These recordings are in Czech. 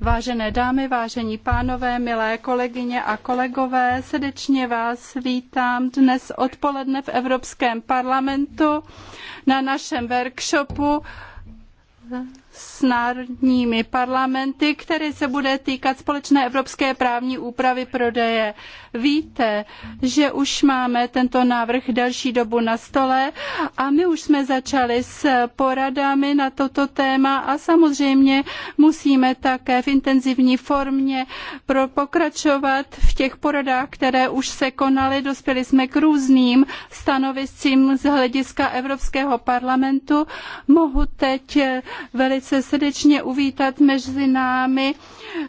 Vážené dámy, vážení pánové, milé kolegyně a kolegové, srdečně vás vítám dnes odpoledne v Evropském parlamentu na našem workshopu s národními parlamenty, který se bude týkat společné evropské právní úpravy prodeje. Víte, že už máme tento návrh další dobu na stole a my už jsme začali s poradami na toto téma a samozřejmě musíme také v intenzivní formě pro pokračovat v těch poradách, které už se konaly. Dospěli jsme k různým stanoviscím z hlediska Evropského parlamentu. Mohu teď velice velice srdečně uvítat mezi námi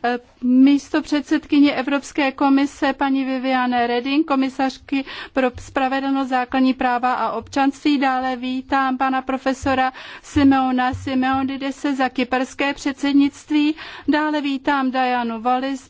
eh, místo předsedkyně Evropské komise paní Viviane Reding, komisařky pro spravedlnost základní práva a občanství. Dále vítám pana profesora Simeona Simeonidise za kyperské předsednictví. Dále vítám Dianu Wallis,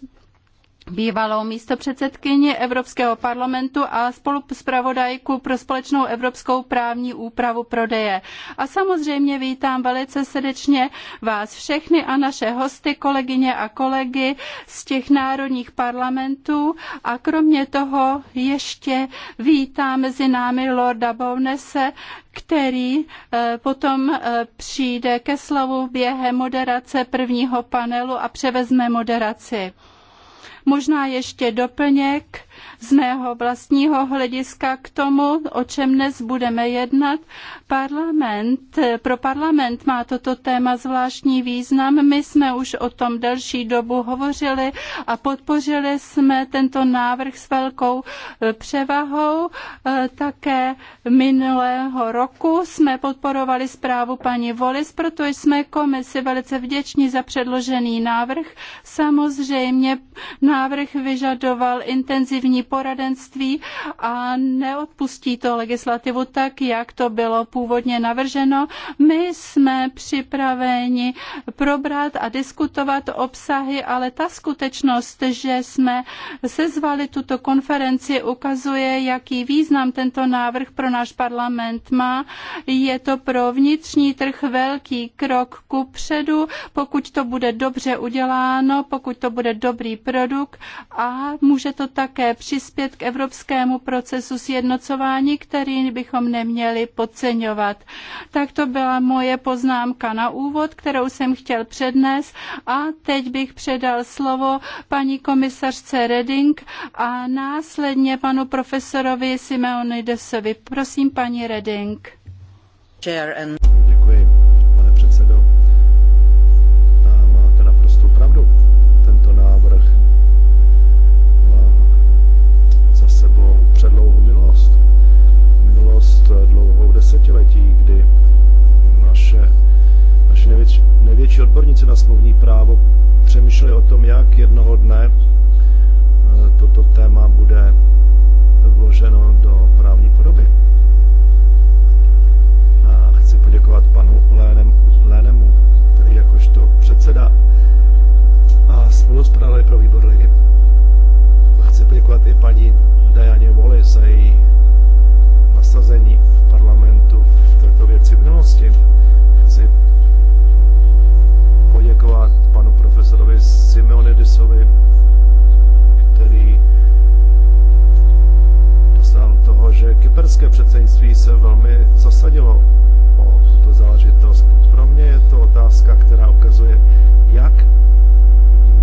bývalou místopředsedkyni Evropského parlamentu a spoluzpravodajku pro společnou evropskou právní úpravu prodeje. A samozřejmě vítám velice srdečně vás všechny a naše hosty, kolegyně a kolegy z těch národních parlamentů a kromě toho ještě vítám mezi námi Lorda Bownese, který eh, potom eh, přijde ke slovu během moderace prvního panelu a převezme moderaci. Možná ještě doplněk z mého vlastního hlediska k tomu, o čem dnes budeme jednat. Parlament, pro parlament má toto téma zvláštní význam. My jsme už o tom delší dobu hovořili a podpořili jsme tento návrh s velkou eh, převahou. Eh, také minulého roku jsme podporovali zprávu paní Volis, protože jsme komisi velice vděční za předložený návrh. Samozřejmě na návrh vyžadoval intenzivní poradenství a neodpustí to legislativu tak, jak to bylo původně navrženo. My jsme připraveni probrat a diskutovat obsahy, ale ta skutečnost, že jsme sezvali tuto konferenci, ukazuje, jaký význam tento návrh pro náš parlament má. Je to pro vnitřní trh velký krok ku předu, pokud to bude dobře uděláno, pokud to bude dobrý produkt, krok a může to také přispět k evropskému procesu sjednocování, který bychom neměli podceňovat. Tak to byla moje poznámka na úvod, kterou jsem chtěl přednést a teď bych předal slovo paní komisařce Reding a následně panu profesorovi Simeonidesovi. Prosím, paní Reding. Chair and největší odborníci na smluvní právo přemýšleli o tom, jak jednoho dne eh, toto téma bude vloženo do právní podoby. A chci poděkovat panu Lénem, Lénemu, který jakožto předseda a spoluzpravodaj pro výbor Ligy. Chci poděkovat i paní Dajaně Voli za její nasazení v parlamentu v této věci v minulosti poděkovat panu profesorovi Simeonidisovi, který dostal toho, že kyperské předsednictví se velmi zasadilo o tuto záležitost. Pro mě je to otázka, která ukazuje, jak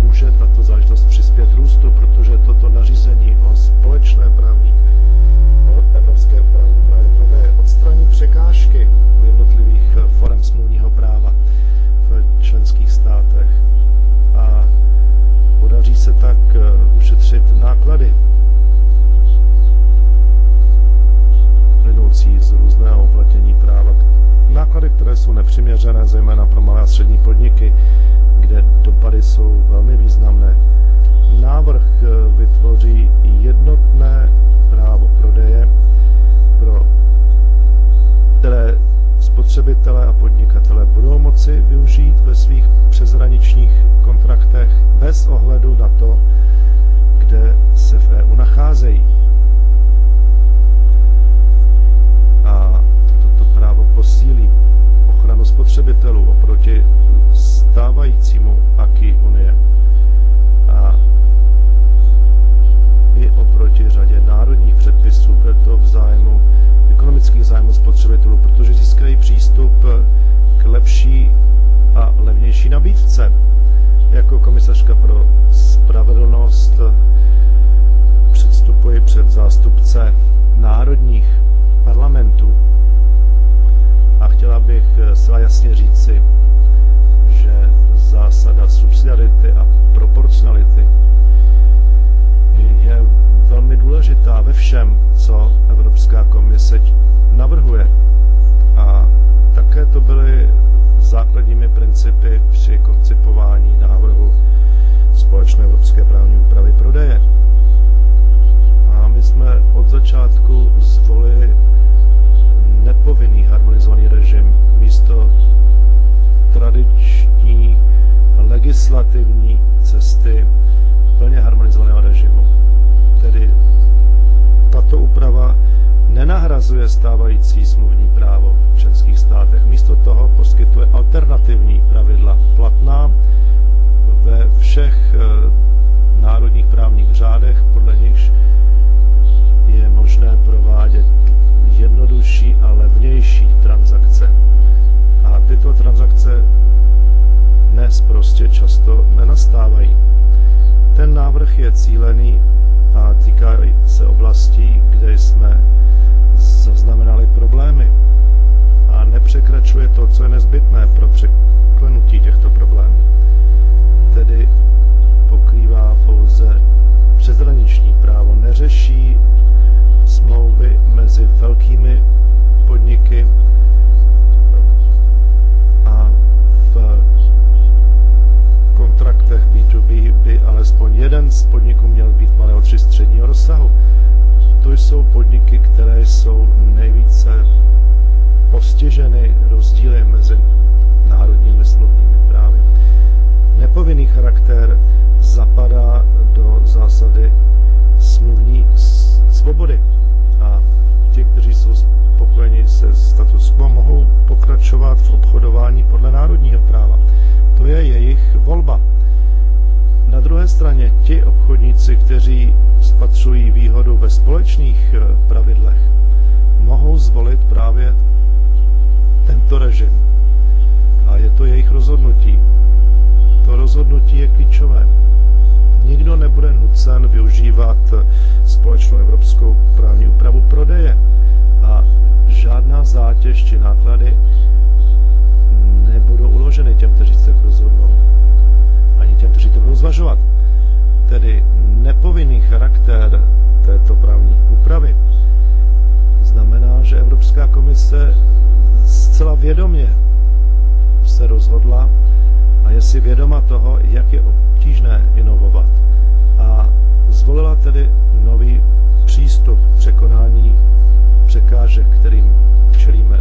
může tato záležitost přispět růstu, protože toto nařízení o společné právní, o evropské právní právě odstraní překážky u jednotlivých forem smluvního práva členských státech a podaří se tak eh, ušetřit náklady plynoucí z různého uplatnění práva. Náklady, které jsou nepřiměřené, zejména pro malé a střední podniky, kde dopady jsou velmi významné. Návrh eh, vytvoří jednotné spotřebitelé a podnikatelé budou moci využít ve svých přezraničních kontraktech bez ohledu na to, kde se v EU nacházejí. A toto právo posílí ochranu spotřebitelů oproti stávajícímu AKI Unie a i oproti řadě národních předpisů, to v zájmu ekonomických zájmů spotřebitelů, protože získají přístup eh, k lepší a levnější nabídce. Jako komisařka pro spravedlnost eh, předstupuji před zástupce národů nahrazuje stávající smluvní právo v členských státech. Místo toho poskytuje alternativní pravidla platná ve všech eh, národních právních řádech, podle nichž je možné provádět jednodušší a levnější transakce. A tyto transakce dnes prostě často nenastávají. Ten návrh je cílený a týká se oblastí, kde jsme zaznamenali problémy a nepřekračuje to, co je nezbytné pro překlenutí těchto problémů. Tedy pokrývá pouze přezraniční právo, neřeší smlouvy mezi velkými podniky a v kontraktech B2B by alespoň jeden z podniků měl být malého či středního rozsahu to jsou podniky, které jsou nejvíce postiženy rozdíly mezi národními slovními právy. Nepovinný charakter zapadá do zásady smluvní svobody a ti, kteří jsou spokojeni se status quo, mohou pokračovat v obchodování podle národního práva. To je jejich volba na druhé straně ti obchodníci, kteří spatřují výhodu ve společných eh, pravidlech, mohou zvolit právě tento režim. A je to jejich rozhodnutí. To rozhodnutí je klíčové. Nikdo nebude nucen využívat eh, společnou evropskou právní úpravu prodeje a žádná zátěž či náklady nebudou uloženy těm, kteří se tak rozhodnou ani těm, kteří to budou zvažovat. Tedy nepovinný charakter této právní úpravy znamená, že Evropská komise zcela vědomě se rozhodla a je si vědoma toho, jak je obtížné inovovat. A zvolila tedy nový přístup překonání překážek, kterým čelíme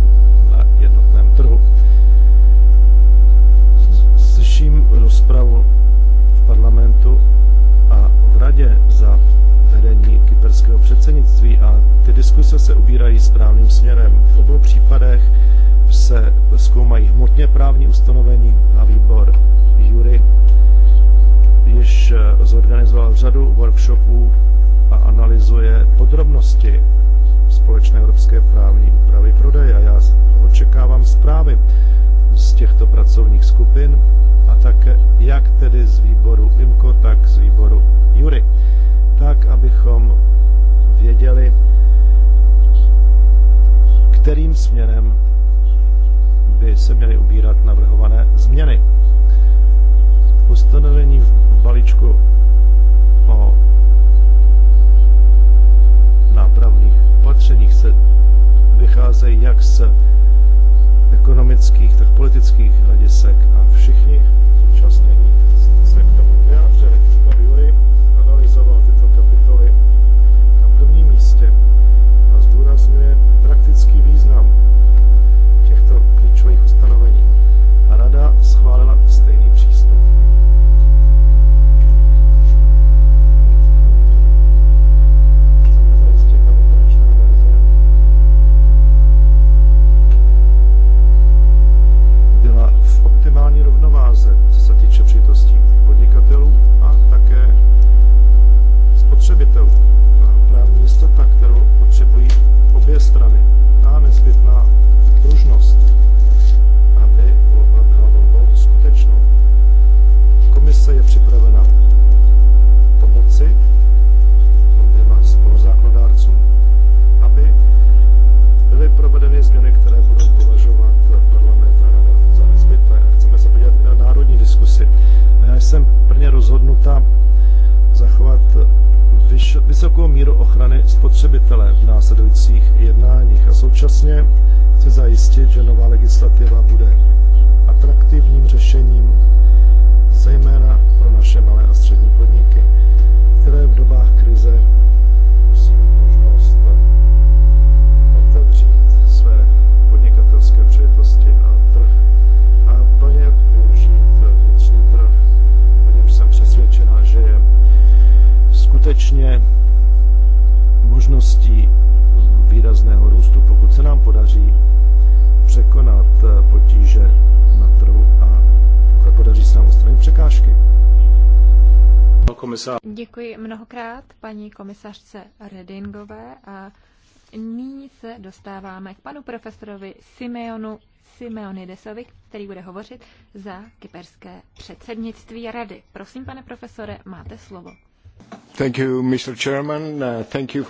Slyším rozpravu v parlamentu a v radě za vedení kyperského předsednictví a ty diskuse se ubírají správným směrem. V obou případech se zkoumají hmotně právní ustanovení a výbor jury již eh, zorganizoval řadu workshopů a analyzuje podrobnosti společné evropské právní úpravy prodeje a já očekávám zprávy z těchto pracovních skupin a také jak tedy z výboru IMCO, tak z výboru JURY, tak abychom věděli, kterým směrem by se měly ubírat navrhované změny. Ustanovení v balíčku o nápravných opatřeních se vycházejí jak z ekonomických, tak politických hledisek a všichni zúčastnění se k tomu vyjádřili. Pan Jury analyzoval tyto kapitoly na prvním místě a zdůrazňuje praktický význam těchto klíčových ustanovení. A rada schválila spotřebitele v následujících jednáních. A současně chci zajistit, že nová legislativa bude atraktivním řešením, zejména pro naše malé a střední podniky, které v dobách krize Děkuji mnohokrát paní komisařce Redingové a nyní se dostáváme k panu profesorovi Simeonu Simeonidesovi, který bude hovořit za kyperské předsednictví rady. Prosím, pane profesore, máte slovo. Thank you, Mr. Chairman. Uh, thank you.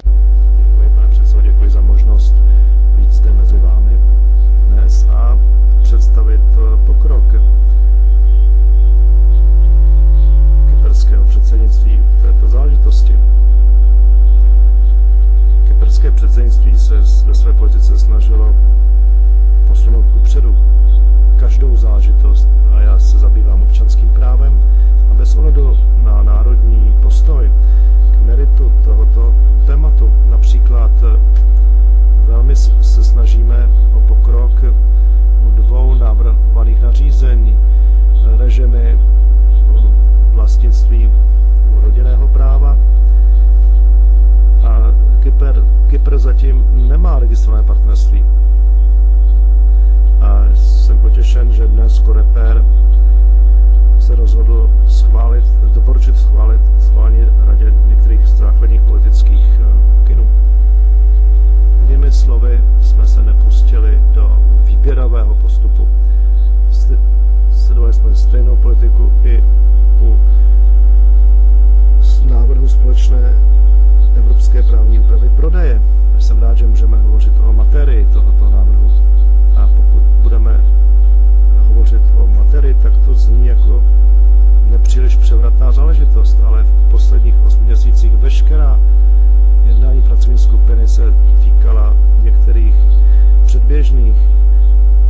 běžných.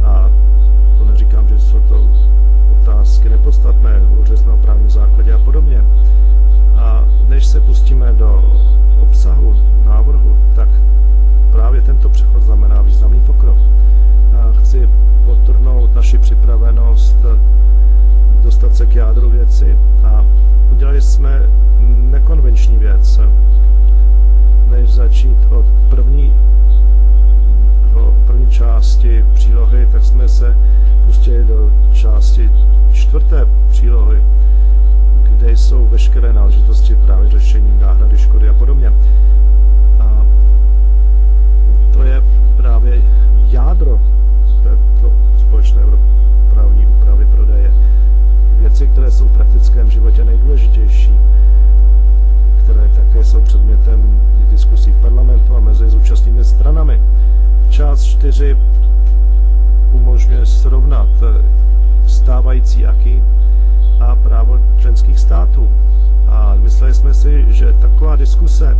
A to neříkám, že jsou to otázky nepodstatné, hovořili jsme o právním základě a podobně. A než se pustíme do obsahu návrhu, tak právě tento přechod znamená významný pokrok. A chci potrhnout naši připravenost dostat se k jádru věci a udělali jsme nekonvenční věc. Než začít od první první části přílohy, tak jsme se pustili do části čtvrté přílohy, kde jsou veškeré náležitosti právě řešení náhrady škody a podobně. A to je právě jádro této společné právní úpravy prodeje. Věci, které jsou v praktickém životě nejdůležitější, které také jsou předmětem diskusí v parlamentu a mezi zúčastnými stranami. Část 4 umožňuje srovnat eh, stávající aky a právo členských států. A mysleli jsme si, že taková diskuse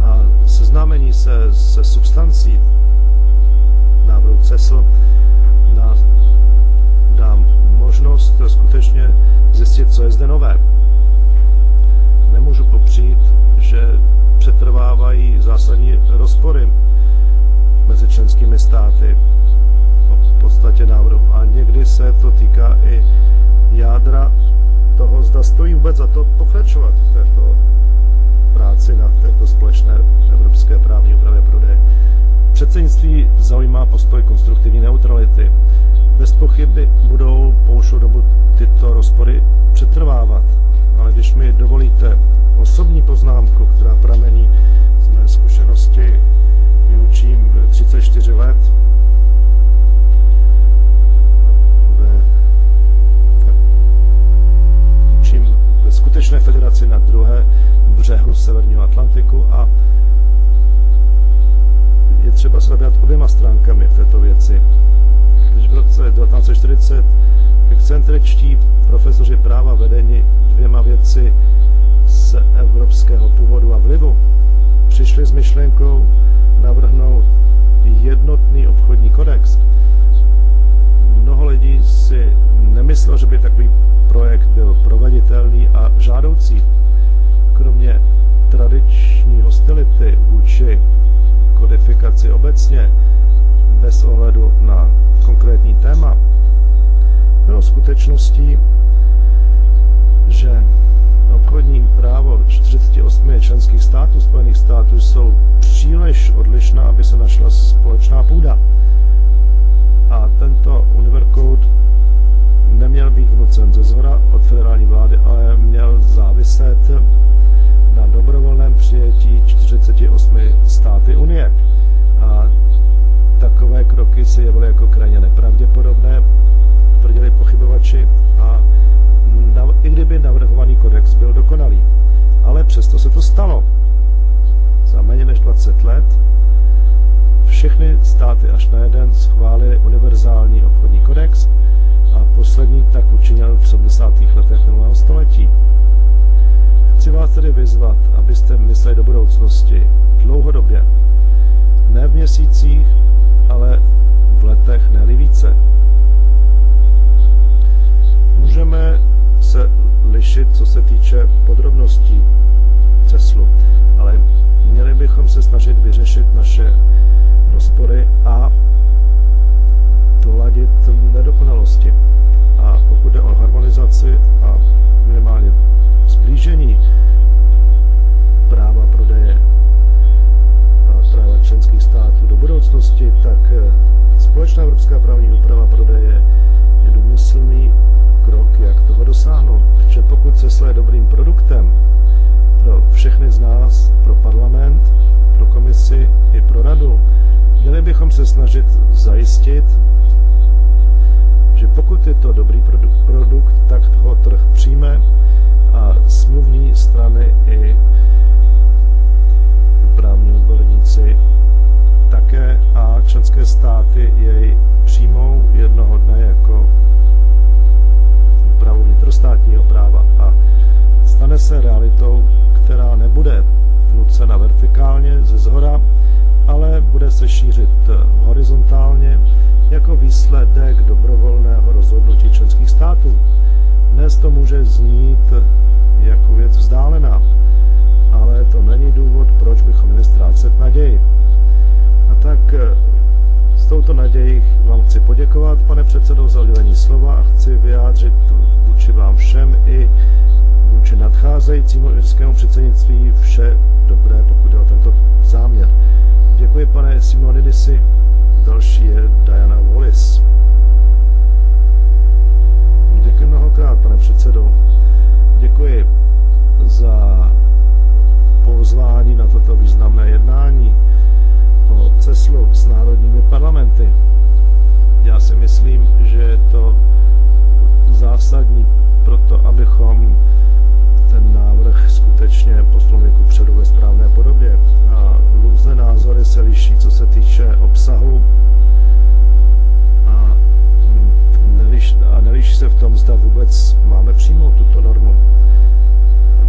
a seznámení se se substancí návrhu CESL dá, dá možnost skutečně zjistit, co je zde nové. Nemůžu popřít, že přetrvávají zásadní rozpory mezi členskými státy v podstatě návrhu. A někdy se to týká i jádra toho, zda stojí vůbec za to pokračovat v této práci na této společné evropské právní úpravě prodeje. Předsednictví zaujímá postoj konstruktivní neutrality. Bez pochyby budou po dobu tyto rozpory přetrvávat, ale když mi dovolíte osobní poznámku, která pramení z mé zkušenosti učím 34 let. Ve, končím ve skutečné federaci na druhé břehu Severního Atlantiku a je třeba se zabývat oběma stránkami v této věci. Když v roce 1940 excentričtí profesoři práva vedení dvěma věci z evropského původu a vlivu, přišli s myšlenkou navrhnout jednotný obchodní kodex. Mnoho lidí si nemyslelo, že by takový projekt byl proveditelný a žádoucí. Kromě tradiční hostility vůči kodifikaci obecně, bez ohledu na konkrétní téma, bylo skutečností, že obchodní právo 48 členských států Spojených států jsou příliš odlišná, aby se našla společná půda. A tento univercode neměl být vnucen ze zhora od federální vlády, ale měl záviset na dobrovolném přijetí 48 státy Unie. A takové kroky se jevily jako krajně nepravděpodobné, tvrdili pochybovači a i kdyby navrhovali přesto se to stalo. Za méně než 20 let všechny státy až na jeden schválili univerzální obchodní kodex a poslední tak učinil v 70. letech minulého století. Chci vás tedy vyzvat, abyste mysleli do budoucnosti dlouhodobě. Ne v měsících, ale v letech, ne více. Můžeme se lišit, co se týče podrobností CESLu, ale měli bychom se snažit vyřešit naše rozpory a doladit nedokonalosti. A pokud jde o harmonizaci a minimálně zblížení práva prodeje a práva členských států do budoucnosti, tak eh, společná evropská právní úprava prodeje je důmyslný krok, jak toho dosáhnout. Protože pokud se je dobrým produktem, pro všechny z nás, pro parlament, pro komisi i pro radu. Měli bychom se snažit zajistit, že pokud je to dobrý produkt, tak ho trh přijme a smluvní strany i právní odborníci také a členské státy jej přijmou jednoho dne jako úpravu vnitrostátního práva a stane se realitou která nebude vnucena vertikálně ze zhora, ale bude se šířit eh, horizontálně jako výsledek dobrovolného rozhodnutí členských států. Dnes to může znít eh, jako věc vzdálená, ale to není důvod, proč bychom měli ztrácet naději. A tak eh, s touto nadějí vám chci poděkovat, pane předsedo, za udělení slova a chci vyjádřit vůči vám všem i vůči nadcházejícímu irskému předsednictví vše dobré, pokud je o tento záměr. Děkuji, pane Simonidisi. Další je Diana Wallis. Děkuji mnohokrát, pane předsedo. Děkuji za pozvání na toto významné jednání o CESLu s národními parlamenty. Já si myslím, že je to zásadní pro to, abychom ten návrh skutečně posunuli ku předu ve správné podobě. A různé názory se liší, co se týče obsahu a, mm, neliš, a neliší se v tom, zda vůbec máme přijmout tuto normu.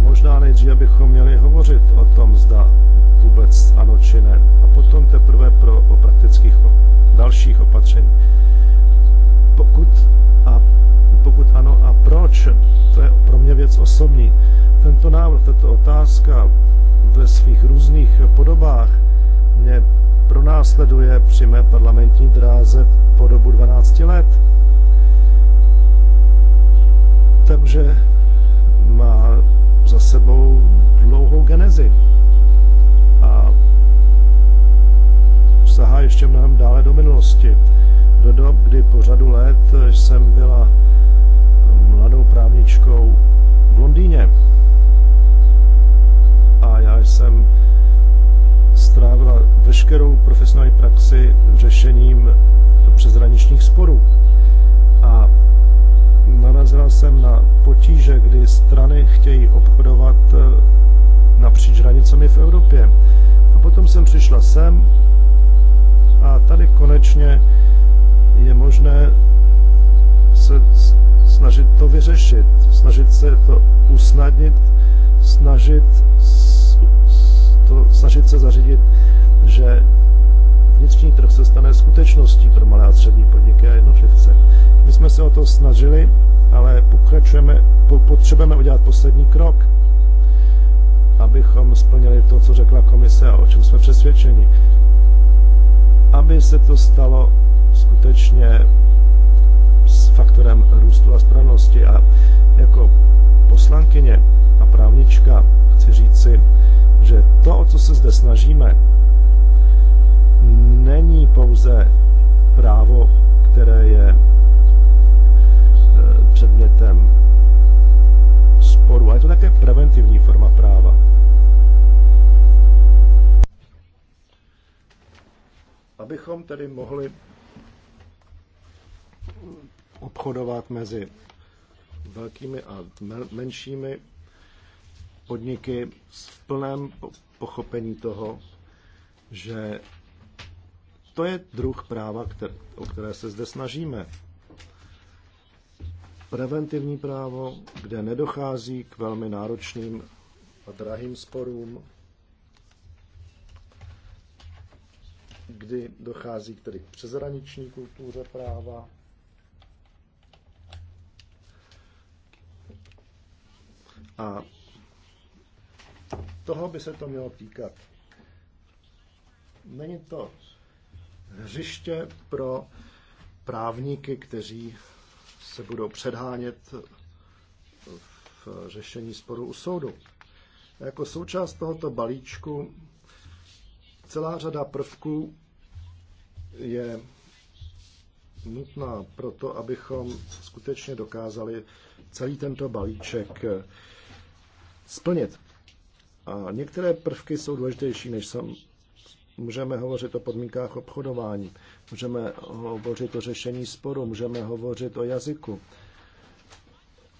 Možná nejdříve bychom měli hovořit o tom, zda vůbec ano či ne. A potom teprve pro o praktických o, dalších opatření. Pokud a pokud ano, a proč? To je pro mě věc osobní. Tento návrh, tato otázka ve svých různých podobách mě pronásleduje při mé parlamentní dráze po dobu 12 let. Takže má za sebou dlouhou genezi. A sahá ještě mnohem dále do minulosti. Do dob, kdy po řadu let jsem byla mladou právničkou v Londýně. A já jsem strávila veškerou profesionální praxi řešením přeshraničních sporů. A narazila jsem na potíže, kdy strany chtějí obchodovat eh, napříč hranicemi v Evropě. A potom jsem přišla sem a tady konečně je možné se snažit to vyřešit, snažit se to usnadnit, snažit, to, snažit se zařídit, že vnitřní trh se stane skutečností pro malé a střední podniky a jednotlivce. My jsme se o to snažili, ale pokračujeme, potřebujeme udělat poslední krok, abychom splnili to, co řekla komise a o čem jsme přesvědčeni. Aby se to stalo skutečně s faktorem růstu a spravnosti. A jako poslankyně a právnička chci říci, že to, o co se zde snažíme, není pouze právo, které je e, předmětem sporu, ale je to také preventivní forma práva. Abychom tedy mohli obchodovat mezi velkými a menšími podniky s plném pochopení toho, že to je druh práva, které, o které se zde snažíme. Preventivní právo, kde nedochází k velmi náročným a drahým sporům, kdy dochází k tedy přezraniční kultuře práva, A toho by se to mělo týkat. Není to hřiště pro právníky, kteří se budou předhánět v řešení sporu u soudu. jako součást tohoto balíčku celá řada prvků je nutná proto, abychom skutečně dokázali celý tento balíček splnit. A některé prvky jsou důležitější než sam. Můžeme hovořit o podmínkách obchodování, můžeme hovořit o řešení sporu, můžeme hovořit o jazyku.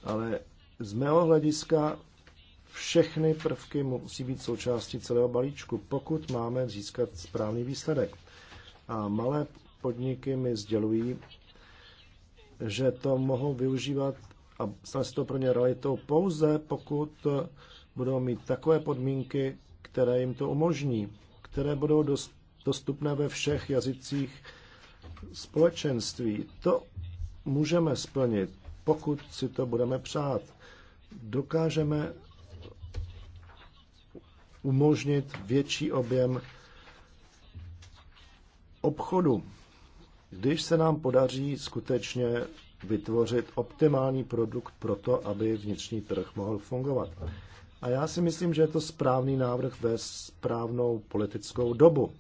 Ale z mého hlediska všechny prvky musí být součástí celého balíčku, pokud máme získat správný výsledek. A malé podniky mi sdělují, že to mohou využívat a stane se to pro ně realitou pouze, pokud budou mít takové podmínky, které jim to umožní, které budou dostupné ve všech jazycích společenství. To můžeme splnit, pokud si to budeme přát. Dokážeme umožnit větší objem obchodu, když se nám podaří skutečně vytvořit optimální produkt pro to, aby vnitřní trh mohl fungovat. A já si myslím, že je to správný návrh ve správnou politickou dobu.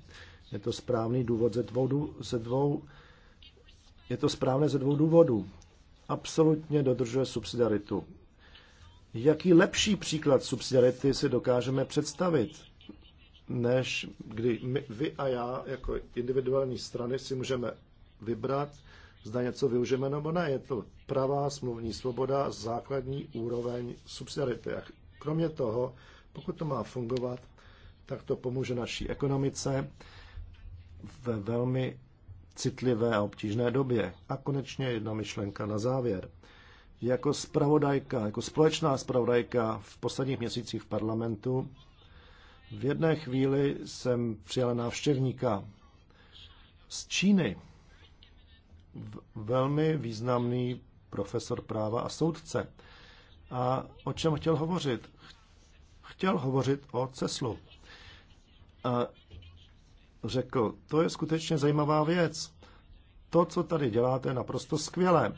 Je to správný důvod ze dvou, ze dvou je to správné ze dvou důvodů. Absolutně dodržuje subsidiaritu. Jaký lepší příklad subsidiarity si dokážeme představit, než kdy my, vy a já jako individuální strany si můžeme vybrat, zda něco využijeme nebo ne. Je to pravá smluvní svoboda, základní úroveň subsidiarity. A kromě toho, pokud to má fungovat, tak to pomůže naší ekonomice ve velmi citlivé a obtížné době. A konečně jedna myšlenka na závěr. Jako spravodajka, jako společná spravodajka v posledních měsících v parlamentu, v jedné chvíli jsem přijala návštěvníka z Číny, velmi významný profesor práva a soudce. A o čem chtěl hovořit? Chtěl hovořit o Ceslu. A řekl, to je skutečně zajímavá věc. To, co tady děláte, je naprosto skvělé.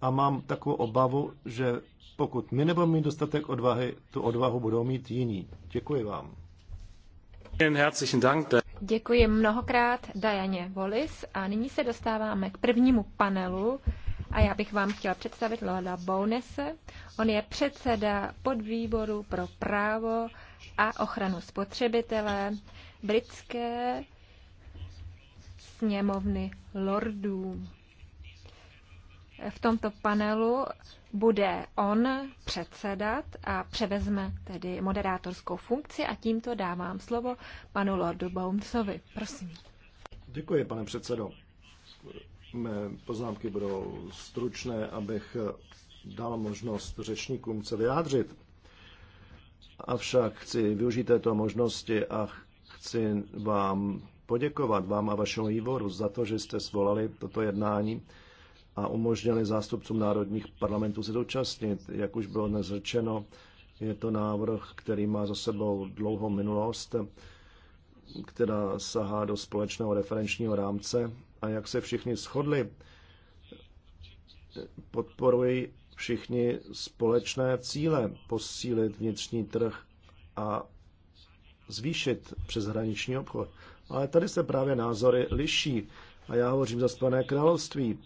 A mám takovou obavu, že pokud my nebudeme mít dostatek odvahy, tu odvahu budou mít jiní. Děkuji vám. Herzlichen Dank. Děkuji mnohokrát Dajaně Volis a nyní se dostáváme k prvnímu panelu a já bych vám chtěla představit Lola Bounese. On je předseda podvýboru pro právo a ochranu spotřebitele britské sněmovny lordů v tomto panelu bude on předsedat a převezme tedy moderátorskou funkci a tímto dávám slovo panu Lordu Bouncovi. Prosím. Děkuji, pane předsedo. Mé poznámky budou stručné, abych dal možnost řečníkům se vyjádřit. Avšak chci využít této možnosti a chci vám poděkovat vám a vašemu výboru za to, že jste svolali toto jednání a umožnili zástupcům národních parlamentů se zúčastnit. Jak už bylo dnes řečeno, je to návrh, který má za sebou dlouhou minulost, která sahá do společného referenčního rámce a jak se všichni shodli, podporují všichni společné cíle posílit vnitřní trh a zvýšit přeshraniční obchod. Ale tady se právě názory liší a já hovořím za Spojené království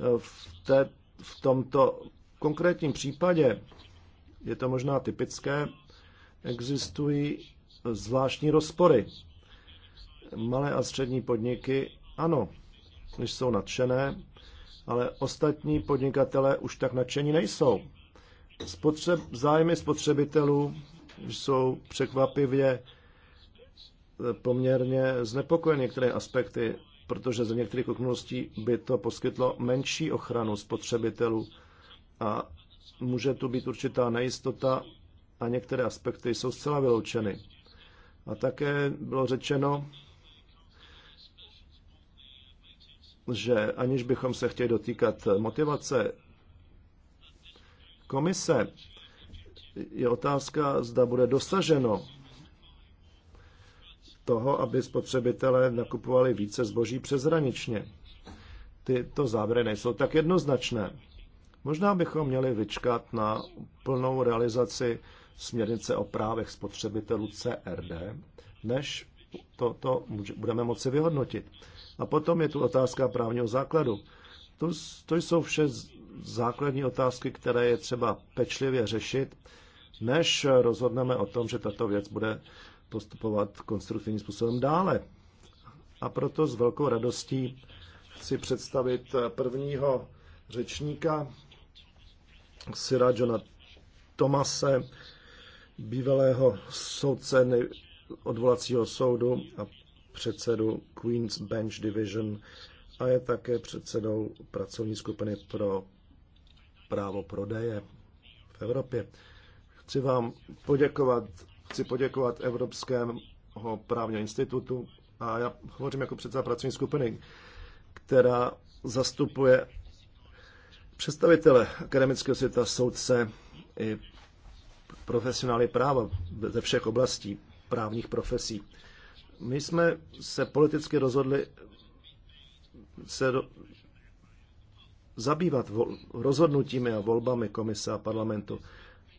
Eh, v, té, v tomto konkrétním případě je to možná typické, existují zvláštní rozpory. Malé a střední podniky, ano, když jsou nadšené, ale ostatní podnikatele už tak nadšení nejsou. Spotřeb, zájmy spotřebitelů jsou překvapivě eh, poměrně znepokojeny některé aspekty protože za některých okolností by to poskytlo menší ochranu spotřebitelů a může tu být určitá nejistota a některé aspekty jsou zcela vyloučeny. A také bylo řečeno, že aniž bychom se chtěli dotýkat motivace komise, je otázka, zda bude dosaženo toho, aby spotřebitelé nakupovali více zboží přeshraničně. Tyto závěry nejsou tak jednoznačné. Možná bychom měli vyčkat na plnou realizaci směrnice o právech spotřebitelů CRD, než to, to budeme moci vyhodnotit. A potom je tu otázka právního základu. To, to jsou vše základní otázky, které je třeba pečlivě řešit, než rozhodneme o tom, že tato věc bude postupovat konstruktivním způsobem dále. A proto s velkou radostí chci představit prvního řečníka, Sira Johna Tomase, bývalého soudce odvolacího soudu a předsedu Queen's Bench Division a je také předsedou pracovní skupiny pro právo prodeje v Evropě. Chci vám poděkovat chci poděkovat Evropskému právního institutu a já hovořím jako předseda pracovní skupiny, která zastupuje představitele akademického světa, soudce i profesionály práva ze všech oblastí právních profesí. My jsme se politicky rozhodli se do, zabývat vol, rozhodnutími a volbami komise a parlamentu.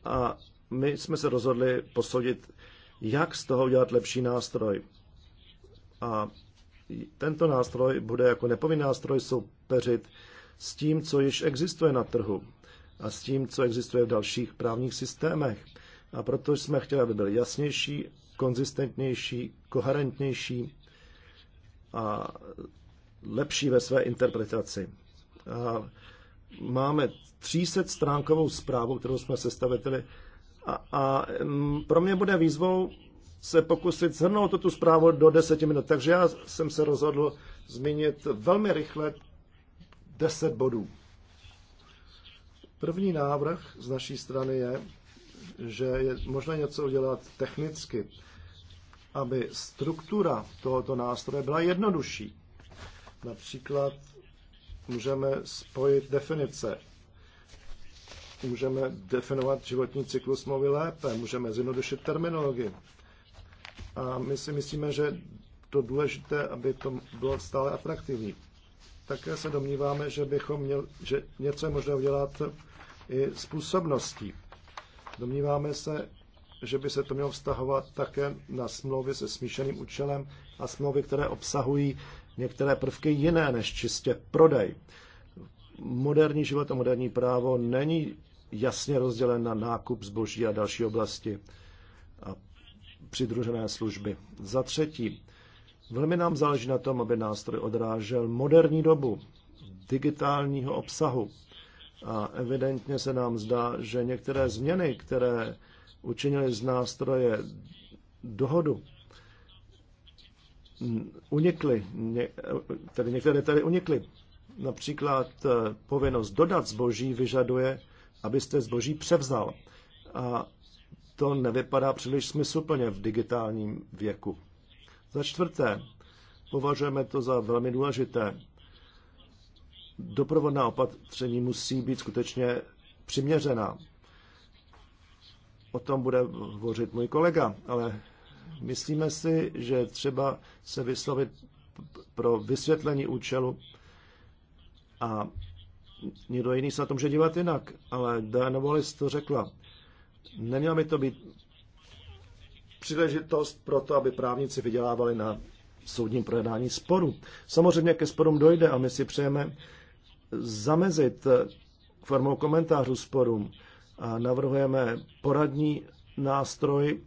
A my jsme se rozhodli posoudit, jak z toho udělat lepší nástroj. A tento nástroj bude jako nepovinný nástroj soupeřit s tím, co již existuje na trhu a s tím, co existuje v dalších právních systémech. A proto jsme chtěli, aby byl jasnější, konzistentnější, koherentnější a lepší ve své interpretaci. A máme 300 stránkovou zprávu, kterou jsme sestavili a, a mm, pro mě bude výzvou se pokusit zhrnout tu zprávu do deseti minut. Takže já jsem se rozhodl zmínit velmi rychle deset bodů. První návrh z naší strany je, že je možné něco udělat technicky, aby struktura tohoto nástroje byla jednodušší. Například můžeme spojit definice můžeme definovat životní cyklus smlouvy lépe, můžeme zjednodušit terminologii. A my si myslíme, že to důležité, aby to bylo stále atraktivní. Také se domníváme, že bychom měl, že něco je možné udělat i způsobností. Domníváme se, že by se to mělo vztahovat také na smlouvy se smíšeným účelem a smlouvy, které obsahují některé prvky jiné než čistě prodej. Moderní život a moderní právo není jasně rozdělen na nákup zboží a další oblasti a přidružené služby. Za třetí, velmi nám záleží na tom, aby nástroj odrážel moderní dobu digitálního obsahu. A evidentně se nám zdá, že některé změny, které učinili z nástroje dohodu, unikly, tedy některé tady unikly. Například eh, povinnost dodat zboží vyžaduje abyste zboží převzal. A to nevypadá příliš smysluplně v digitálním věku. Za čtvrté, považujeme to za velmi důležité. Doprovodná opatření musí být skutečně přiměřená. O tom bude hovořit můj kolega, ale myslíme si, že třeba se vyslovit pro vysvětlení účelu a někdo jiný se na to může dívat jinak, ale Diana Wallace to řekla. Neměla by to být příležitost pro to, aby právníci vydělávali na soudním projednání sporu. Samozřejmě ke sporům dojde a my si přejeme zamezit formou komentářů sporům a navrhujeme poradní nástroj,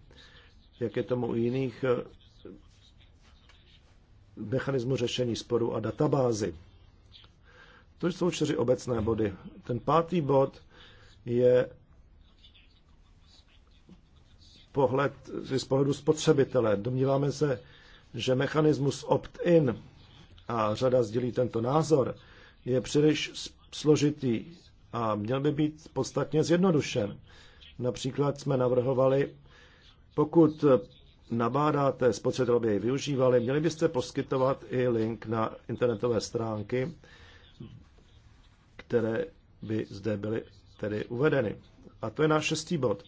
jak je tomu u jiných mechanismu řešení sporu a databázy. To jsou čtyři obecné body. Ten pátý bod je pohled z pohledu spotřebitele. Domníváme se, že mechanismus opt-in, a řada sdělí tento názor, je příliš složitý a měl by být podstatně zjednodušen. Například jsme navrhovali, pokud nabádáte spotřebitele, aby jej využívali, měli byste poskytovat i link na internetové stránky, které by zde byly tedy uvedeny. A to je náš šestý bod.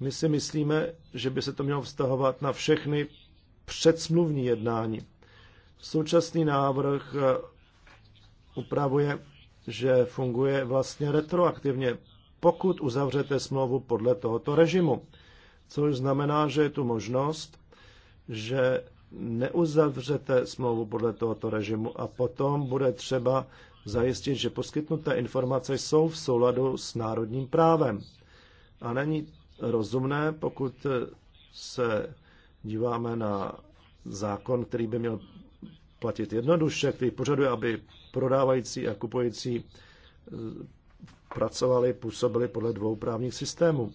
My si myslíme, že by se to mělo vztahovat na všechny předsmluvní jednání. Současný návrh eh, upravuje, že funguje vlastně retroaktivně, pokud uzavřete smlouvu podle tohoto režimu. Což znamená, že je tu možnost, že neuzavřete smlouvu podle tohoto režimu a potom bude třeba zajistit, že poskytnuté informace jsou v souladu s národním právem. A není rozumné, pokud se díváme na zákon, který by měl platit jednoduše, který požaduje, aby prodávající a kupující eh, pracovali, působili podle dvou právních systémů.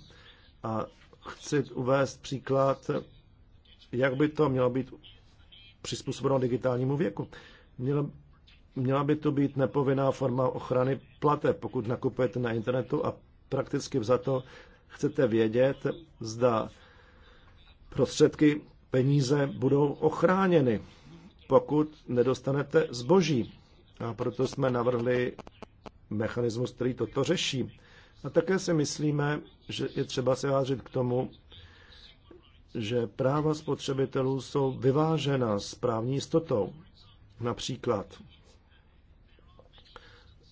A chci uvést příklad, jak by to mělo být přizpůsobeno digitálnímu věku. Mělo měla by to být nepovinná forma ochrany plate, pokud nakupujete na internetu a prakticky to chcete vědět, zda prostředky, peníze budou ochráněny, pokud nedostanete zboží. A proto jsme navrhli mechanismus, který toto řeší. A také si myslíme, že je třeba se vážit k tomu, že práva spotřebitelů jsou vyvážena s právní jistotou. Například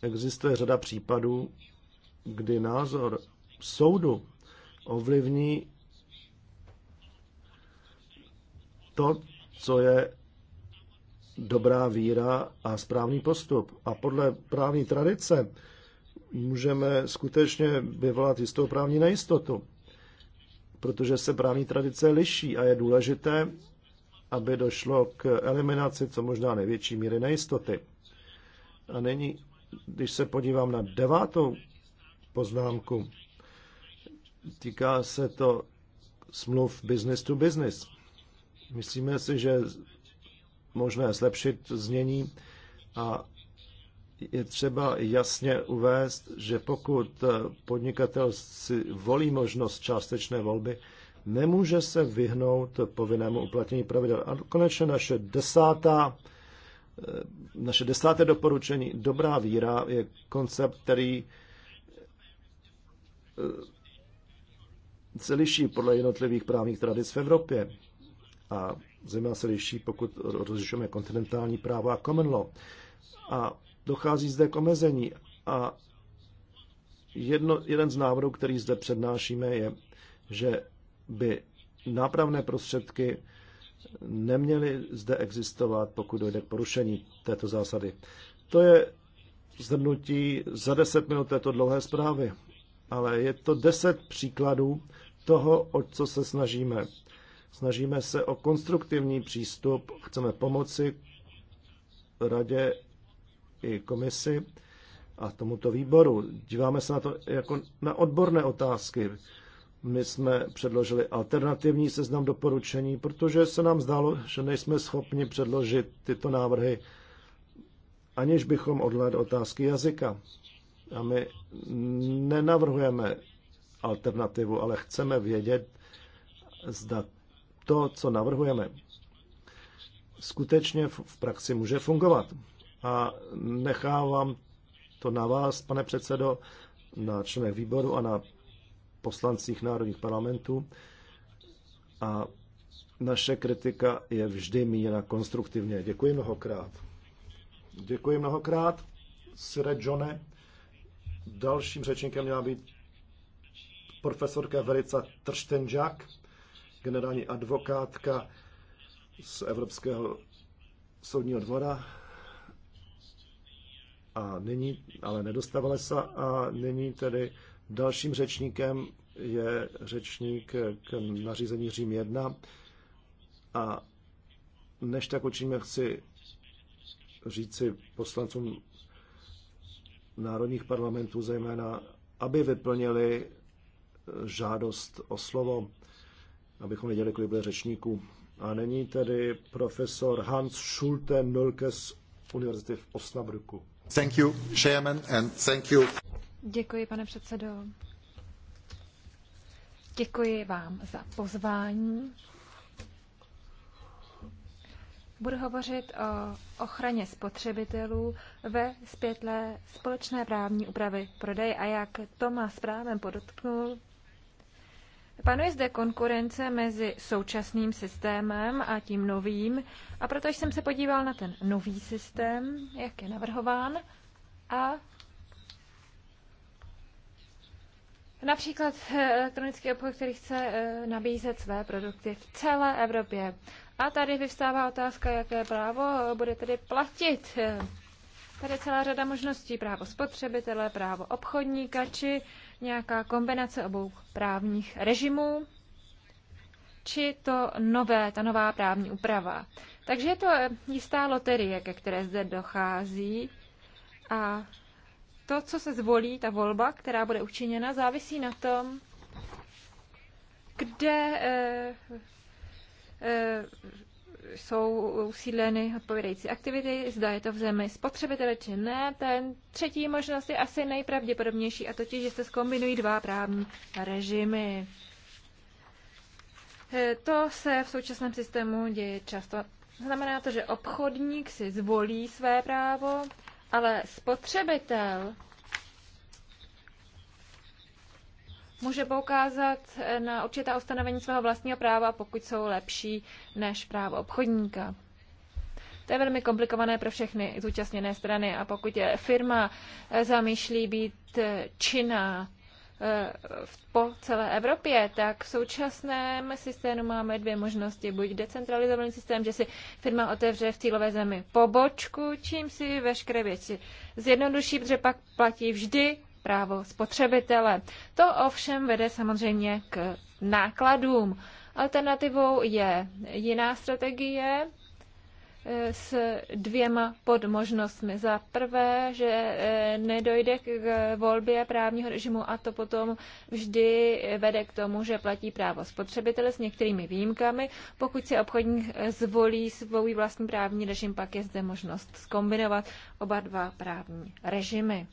existuje řada případů, kdy názor soudu ovlivní to, co je dobrá víra a správný postup. A podle právní tradice můžeme skutečně vyvolat jistou právní nejistotu, protože se právní tradice liší a je důležité, aby došlo k eliminaci co možná největší míry nejistoty. A není když se podívám na devátou poznámku, týká se to smluv business to business. Myslíme si, že možné zlepšit znění a je třeba jasně uvést, že pokud podnikatel si volí možnost částečné volby, nemůže se vyhnout povinnému uplatnění pravidel. A konečně naše desátá Eh, naše desáté doporučení, dobrá víra, je koncept, který eh, se liší podle jednotlivých právních tradic v Evropě. A zejména se liší, pokud rozlišujeme kontinentální právo a common law. A dochází zde k omezení. A jedno, jeden z návrhů, který zde přednášíme, je, že by nápravné prostředky neměly zde existovat, pokud dojde k porušení této zásady. To je zhrnutí za 10 minut této dlouhé zprávy, ale je to 10 příkladů toho, o co se snažíme. Snažíme se o konstruktivní přístup, chceme pomoci radě i komisi a tomuto výboru. Díváme se na to jako na odborné otázky. My jsme předložili alternativní seznam doporučení, protože se nám zdálo, že nejsme schopni předložit tyto návrhy, aniž bychom odhledli otázky jazyka. A my nenavrhujeme alternativu, ale chceme vědět, zda to, co navrhujeme, skutečně v praxi může fungovat. A nechávám to na vás, pane předsedo, na členech výboru a na poslancích národních parlamentů a naše kritika je vždy míněna konstruktivně. Děkuji mnohokrát. Děkuji mnohokrát, Sire Johne. Dalším řečníkem měla být profesorka Verica Trštenžák, generální advokátka z Evropského soudního dvora. A nyní, ale nedostavila se, a nyní tedy Dalším řečníkem je řečník k nařízení Řím 1 a než tak učiníme, chci říci poslancům národních parlamentů zejména, aby vyplnili žádost o slovo, abychom věděli, kolik bude řečníků. A není tedy profesor Hans Schulte Nolkes z Univerzity v Osnabrücku. Thank you, Chairman, and thank you. Děkuji, pane předsedo. Děkuji vám za pozvání. Budu hovořit o ochraně spotřebitelů ve zpětlé společné právní úpravy prodeje a jak to má s právem podotknul. Panuje zde konkurence mezi současným systémem a tím novým a proto jsem se podíval na ten nový systém, jak je navrhován a Například eh, elektronický obchod, který chce eh, nabízet své produkty v celé Evropě. A tady vyvstává otázka, jaké právo bude tedy platit. Tady je celá řada možností. Právo spotřebitele, právo obchodníka, či nějaká kombinace obou právních režimů, či to nové, ta nová právní úprava. Takže je to eh, jistá loterie, ke které zde dochází. A to, co se zvolí, ta volba, která bude učiněna, závisí na tom, kde e, e, jsou usídleny odpovědající aktivity, zda je to v zemi spotřebitele či ne. Ten třetí možnost je asi nejpravděpodobnější, a totiž, že se zkombinují dva právní režimy. Eh, to se v současném systému děje často. Znamená to, že obchodník si zvolí své právo ale spotřebitel může poukázat na určitá ustanovení svého vlastního práva, pokud jsou lepší než právo obchodníka. To je velmi komplikované pro všechny zúčastněné strany a pokud je firma zamýšlí být činná Eh, po celé Evropě, tak v současném systému máme dvě možnosti. Buď decentralizovaný systém, že si firma otevře v cílové zemi pobočku, čím si veškeré věci zjednoduší, protože pak platí vždy právo spotřebitele. To ovšem vede samozřejmě k nákladům. Alternativou je jiná strategie, Eh, s dvěma podmožnostmi. Za prvé, že eh, nedojde k volbě právního režimu a to potom vždy vede k tomu, že platí právo spotřebitele s některými výjimkami. Pokud si obchodník eh, zvolí svůj vlastní právní režim, pak je zde možnost skombinovat oba dva právní režimy.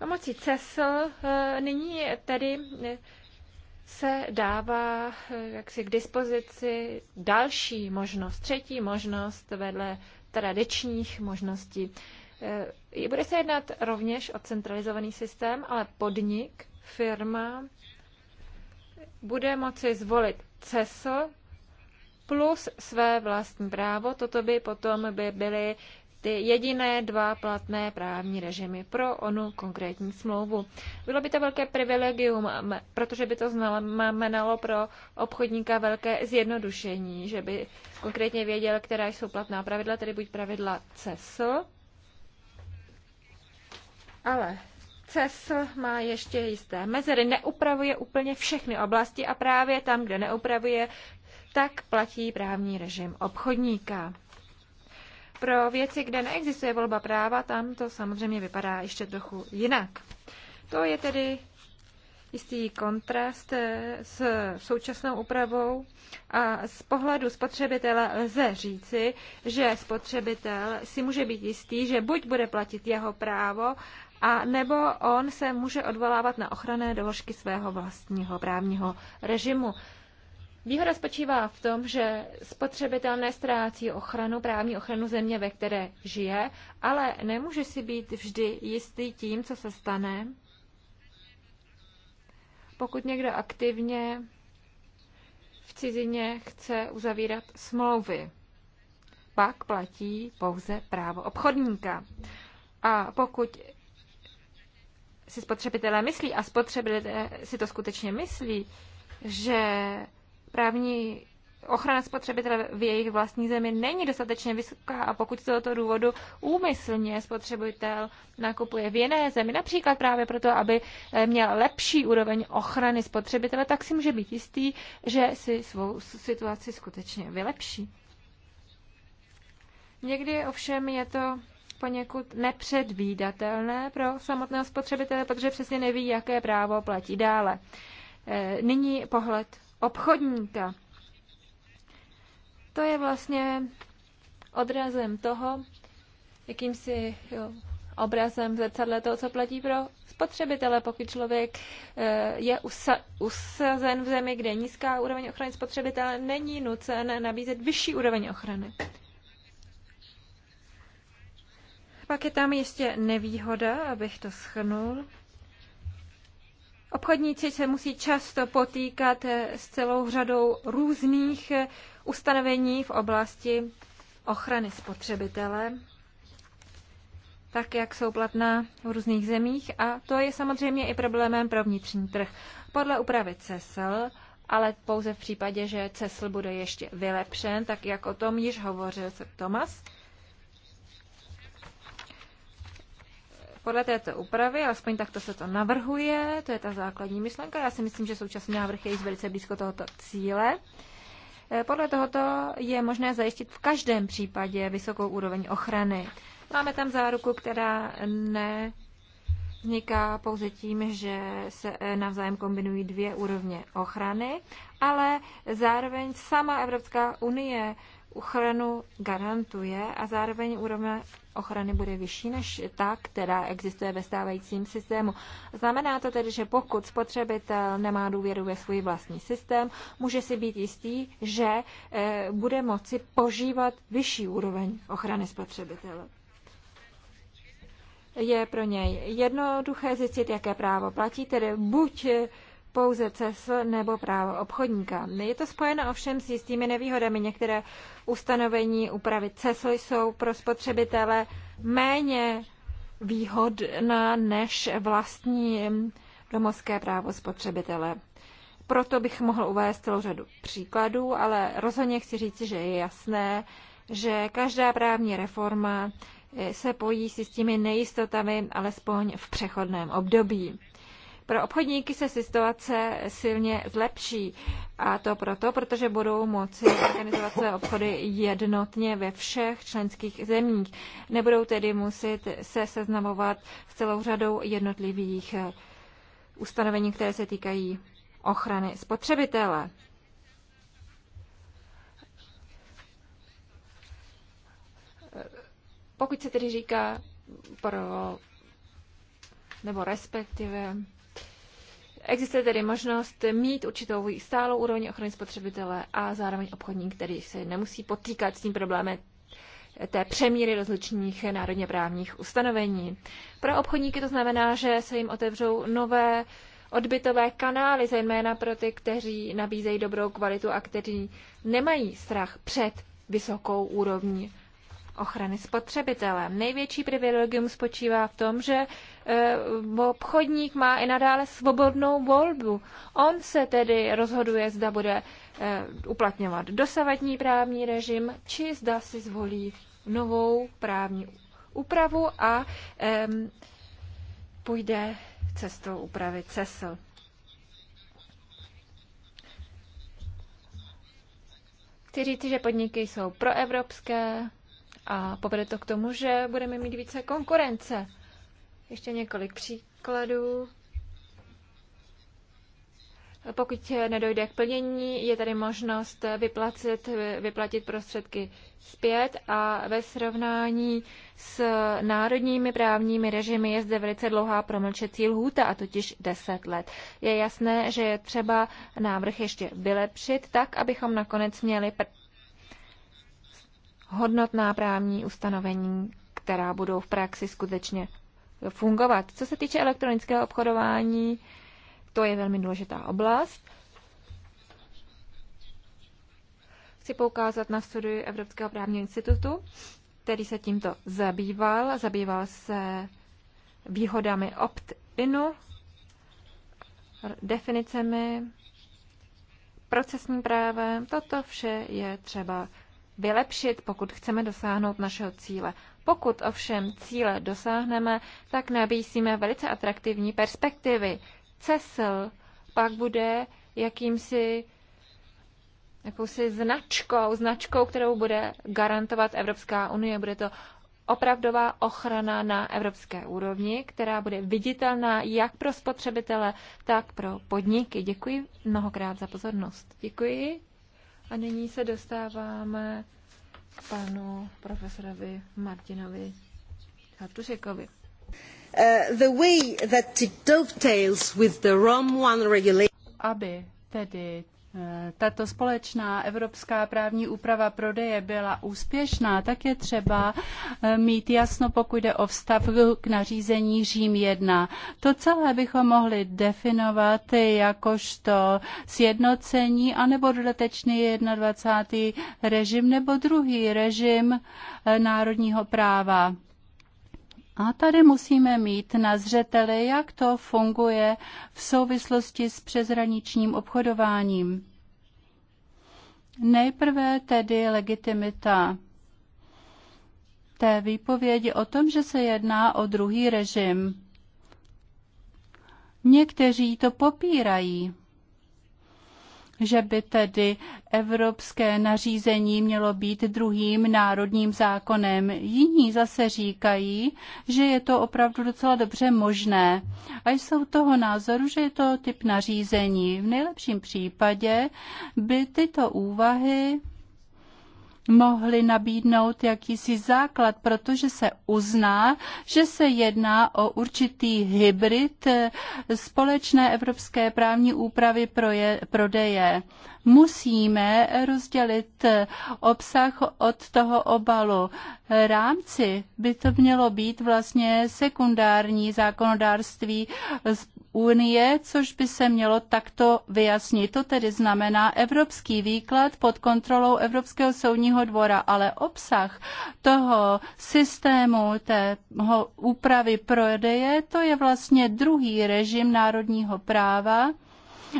Pomocí CESL eh, nyní tedy eh, se dává eh, jaksi k dispozici další možnost, třetí možnost vedle tradičních možností. Bude se jednat rovněž o centralizovaný systém, ale podnik, firma bude moci zvolit CESL plus své vlastní právo. Toto by potom by byly ty jediné dva platné právní režimy pro onu konkrétní smlouvu. Bylo by to velké privilegium, protože by to znamenalo pro obchodníka velké zjednodušení, že by konkrétně věděl, která jsou platná pravidla, tedy buď pravidla CESL, ale CESL má ještě jisté mezery, neupravuje úplně všechny oblasti a právě tam, kde neupravuje, tak platí právní režim obchodníka. Pro věci, kde neexistuje volba práva, tam to samozřejmě vypadá ještě trochu jinak. To je tedy jistý kontrast eh, s současnou úpravou a z pohledu spotřebitele lze říci, že spotřebitel si může být jistý, že buď bude platit jeho právo, a nebo on se může odvolávat na ochranné doložky svého vlastního právního režimu. Výhoda spočívá v tom, že spotřebitel nestrácí ochranu, právní ochranu země, ve které žije, ale nemůže si být vždy jistý tím, co se stane, pokud někdo aktivně v cizině chce uzavírat smlouvy. Pak platí pouze právo obchodníka. A pokud si spotřebitelé myslí, a spotřebitelé si to skutečně myslí, že právní ochrana spotřebitele v jejich vlastní zemi není dostatečně vysoká a pokud z tohoto důvodu úmyslně spotřebitel nakupuje v jiné zemi, například právě proto, aby eh, měl lepší úroveň ochrany spotřebitele, tak si může být jistý, že si svou situaci skutečně vylepší. Někdy ovšem je to poněkud nepředvídatelné pro samotného spotřebitele, protože přesně neví, jaké právo platí dále. Eh, nyní pohled obchodníka. To je vlastně odrazem toho, jakýmsi jo, obrazem zrcadle toho, co platí pro spotřebitele. Pokud člověk eh, je usa- usazen v zemi, kde je nízká úroveň ochrany spotřebitele, není nucen nabízet vyšší úroveň ochrany. Pak je tam ještě nevýhoda, abych to schrnul. Obchodníci se musí často potýkat eh, s celou řadou různých eh, ustanovení v oblasti ochrany spotřebitele, tak jak jsou platná v různých zemích a to je samozřejmě i problémem pro vnitřní trh. Podle úpravy CESL, ale pouze v případě, že CESL bude ještě vylepšen, tak jak o tom již hovořil Tomas, Podle této úpravy, alespoň takto se to navrhuje, to je ta základní myšlenka. Já si myslím, že současný návrh je již velice blízko tohoto cíle. Eh, podle tohoto je možné zajistit v každém případě vysokou úroveň ochrany. Máme tam záruku, která ne vzniká pouze tím, že se eh, navzájem kombinují dvě úrovně ochrany, ale zároveň sama Evropská unie ochranu garantuje a zároveň úroveň ochrany bude vyšší než ta, která existuje ve stávajícím systému. Znamená to tedy, že pokud spotřebitel nemá důvěru ve svůj vlastní systém, může si být jistý, že eh, bude moci požívat vyšší úroveň ochrany spotřebitele je pro něj jednoduché zjistit, jaké právo platí, tedy buď eh, pouze cez nebo právo obchodníka. Je to spojeno ovšem s jistými nevýhodami. Některé ustanovení úpravy CESL jsou pro spotřebitele méně výhodná než vlastní domovské právo spotřebitele. Proto bych mohl uvést celou řadu příkladů, ale rozhodně chci říct, že je jasné, že každá právní reforma se pojí s těmi nejistotami, alespoň v přechodném období. Pro obchodníky se situace silně zlepší. A to proto, protože budou moci organizovat své obchody jednotně ve všech členských zemích. Nebudou tedy muset se seznamovat s celou řadou jednotlivých eh, ustanovení, které se týkají ochrany spotřebitele. Pokud se tedy říká pro, nebo respektive Existuje tedy možnost mít určitou stálou úroveň ochrany spotřebitele a zároveň obchodník, který se nemusí potýkat s tím problémem té přemíry rozličných národně právních ustanovení. Pro obchodníky to znamená, že se jim otevřou nové odbytové kanály, zejména pro ty, kteří nabízejí dobrou kvalitu a kteří nemají strach před vysokou úrovní ochrany spotřebitele. Největší privilegium spočívá v tom, že eh, obchodník má i nadále svobodnou volbu. On se tedy rozhoduje, zda bude eh, uplatňovat dosavadní právní režim, či zda si zvolí novou právní úpravu a půjde cestou úpravy CESL. Chci říct, že podniky jsou proevropské, a povede to k tomu, že budeme mít více konkurence. Ještě několik příkladů. Pokud nedojde k plnění, je tady možnost vyplacit, vyplatit prostředky zpět a ve srovnání s národními právními režimy je zde velice dlouhá promlčecí lhůta, a totiž 10 let. Je jasné, že je třeba návrh ještě vylepšit tak, abychom nakonec měli hodnotná právní ustanovení, která budou v praxi skutečně fungovat. Co se týče elektronického obchodování, to je velmi důležitá oblast. Chci poukázat na studii Evropského právního institutu, který se tímto zabýval. Zabýval se výhodami opt-inu, definicemi, procesním právem. Toto vše je třeba vylepšit, pokud chceme dosáhnout našeho cíle. Pokud ovšem cíle dosáhneme, tak nabízíme velice atraktivní perspektivy. CESL pak bude jakýmsi jakousi značkou, značkou, kterou bude garantovat Evropská unie. Bude to opravdová ochrana na evropské úrovni, která bude viditelná jak pro spotřebitele, tak pro podniky. Děkuji mnohokrát za pozornost. Děkuji. A nyní se dostáváme k panu profesorovi Martinovi Hartušekovi. Eh, the way that it dovetails with the Rom 1 regulation. Aby tedy tato společná evropská právní úprava prodeje byla úspěšná, tak je třeba eh, mít jasno, pokud jde o vstav k nařízení Řím 1. To celé bychom mohli definovat jakožto sjednocení anebo dodatečný 21. režim nebo druhý režim eh, národního práva. A tady musíme mít na zřetele, jak to funguje v souvislosti s přezraničním obchodováním. Nejprve tedy legitimita té výpovědi o tom, že se jedná o druhý režim. Někteří to popírají že by tedy evropské nařízení mělo být druhým národním zákonem. Jiní zase říkají, že je to opravdu docela dobře možné a jsou toho názoru, že je to typ nařízení. V nejlepším případě by tyto úvahy mohli nabídnout jakýsi základ, protože se uzná, že se jedná o určitý hybrid eh, společné evropské právní úpravy prodeje musíme rozdělit obsah od toho obalu. Rámci by to mělo být vlastně sekundární zákonodárství z Unie, což by se mělo takto vyjasnit. To tedy znamená evropský výklad pod kontrolou Evropského soudního dvora, ale obsah toho systému, tého úpravy prodeje, to je vlastně druhý režim národního práva,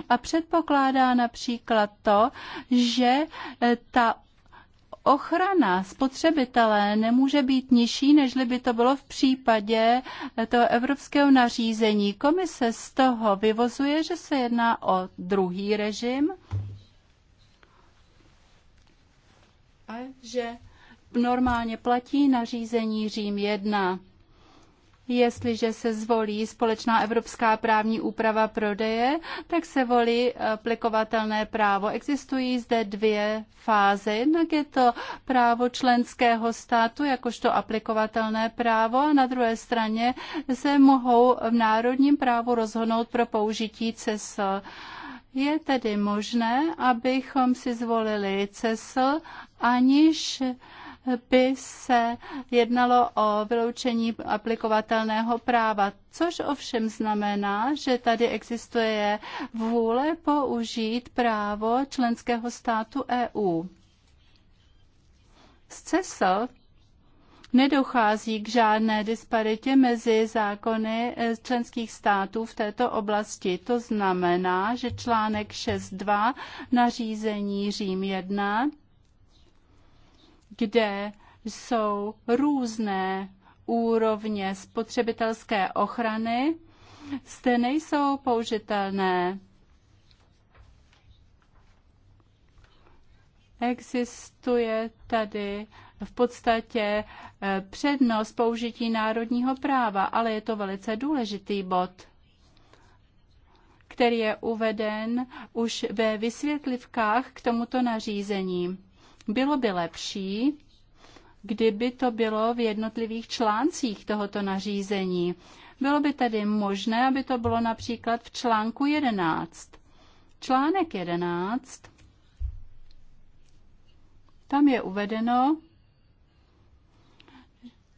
a předpokládá například to, že e, ta ochrana spotřebitele nemůže být nižší, než by to bylo v případě e, toho evropského nařízení. Komise z toho vyvozuje, že se jedná o druhý režim a že normálně platí nařízení Řím 1. Jestliže se zvolí společná evropská právní úprava prodeje, tak se volí aplikovatelné právo. Existují zde dvě fáze. Jednak je to právo členského státu, jakožto aplikovatelné právo, a na druhé straně se mohou v národním právu rozhodnout pro použití CESL. Je tedy možné, abychom si zvolili CESL, aniž by se jednalo o vyloučení aplikovatelného práva, což ovšem znamená, že tady existuje vůle použít právo členského státu EU. Z CESL Nedochází k žádné disparitě mezi zákony eh, členských států v této oblasti. To znamená, že článek 6.2 nařízení Řím 1 kde jsou různé úrovně spotřebitelské ochrany, zde nejsou použitelné. Existuje tady v podstatě eh, přednost použití národního práva, ale je to velice důležitý bod, který je uveden už ve vysvětlivkách k tomuto nařízení. Bylo by lepší, kdyby to bylo v jednotlivých článcích tohoto nařízení. Bylo by tedy možné, aby to bylo například v článku 11. Článek 11. Tam je uvedeno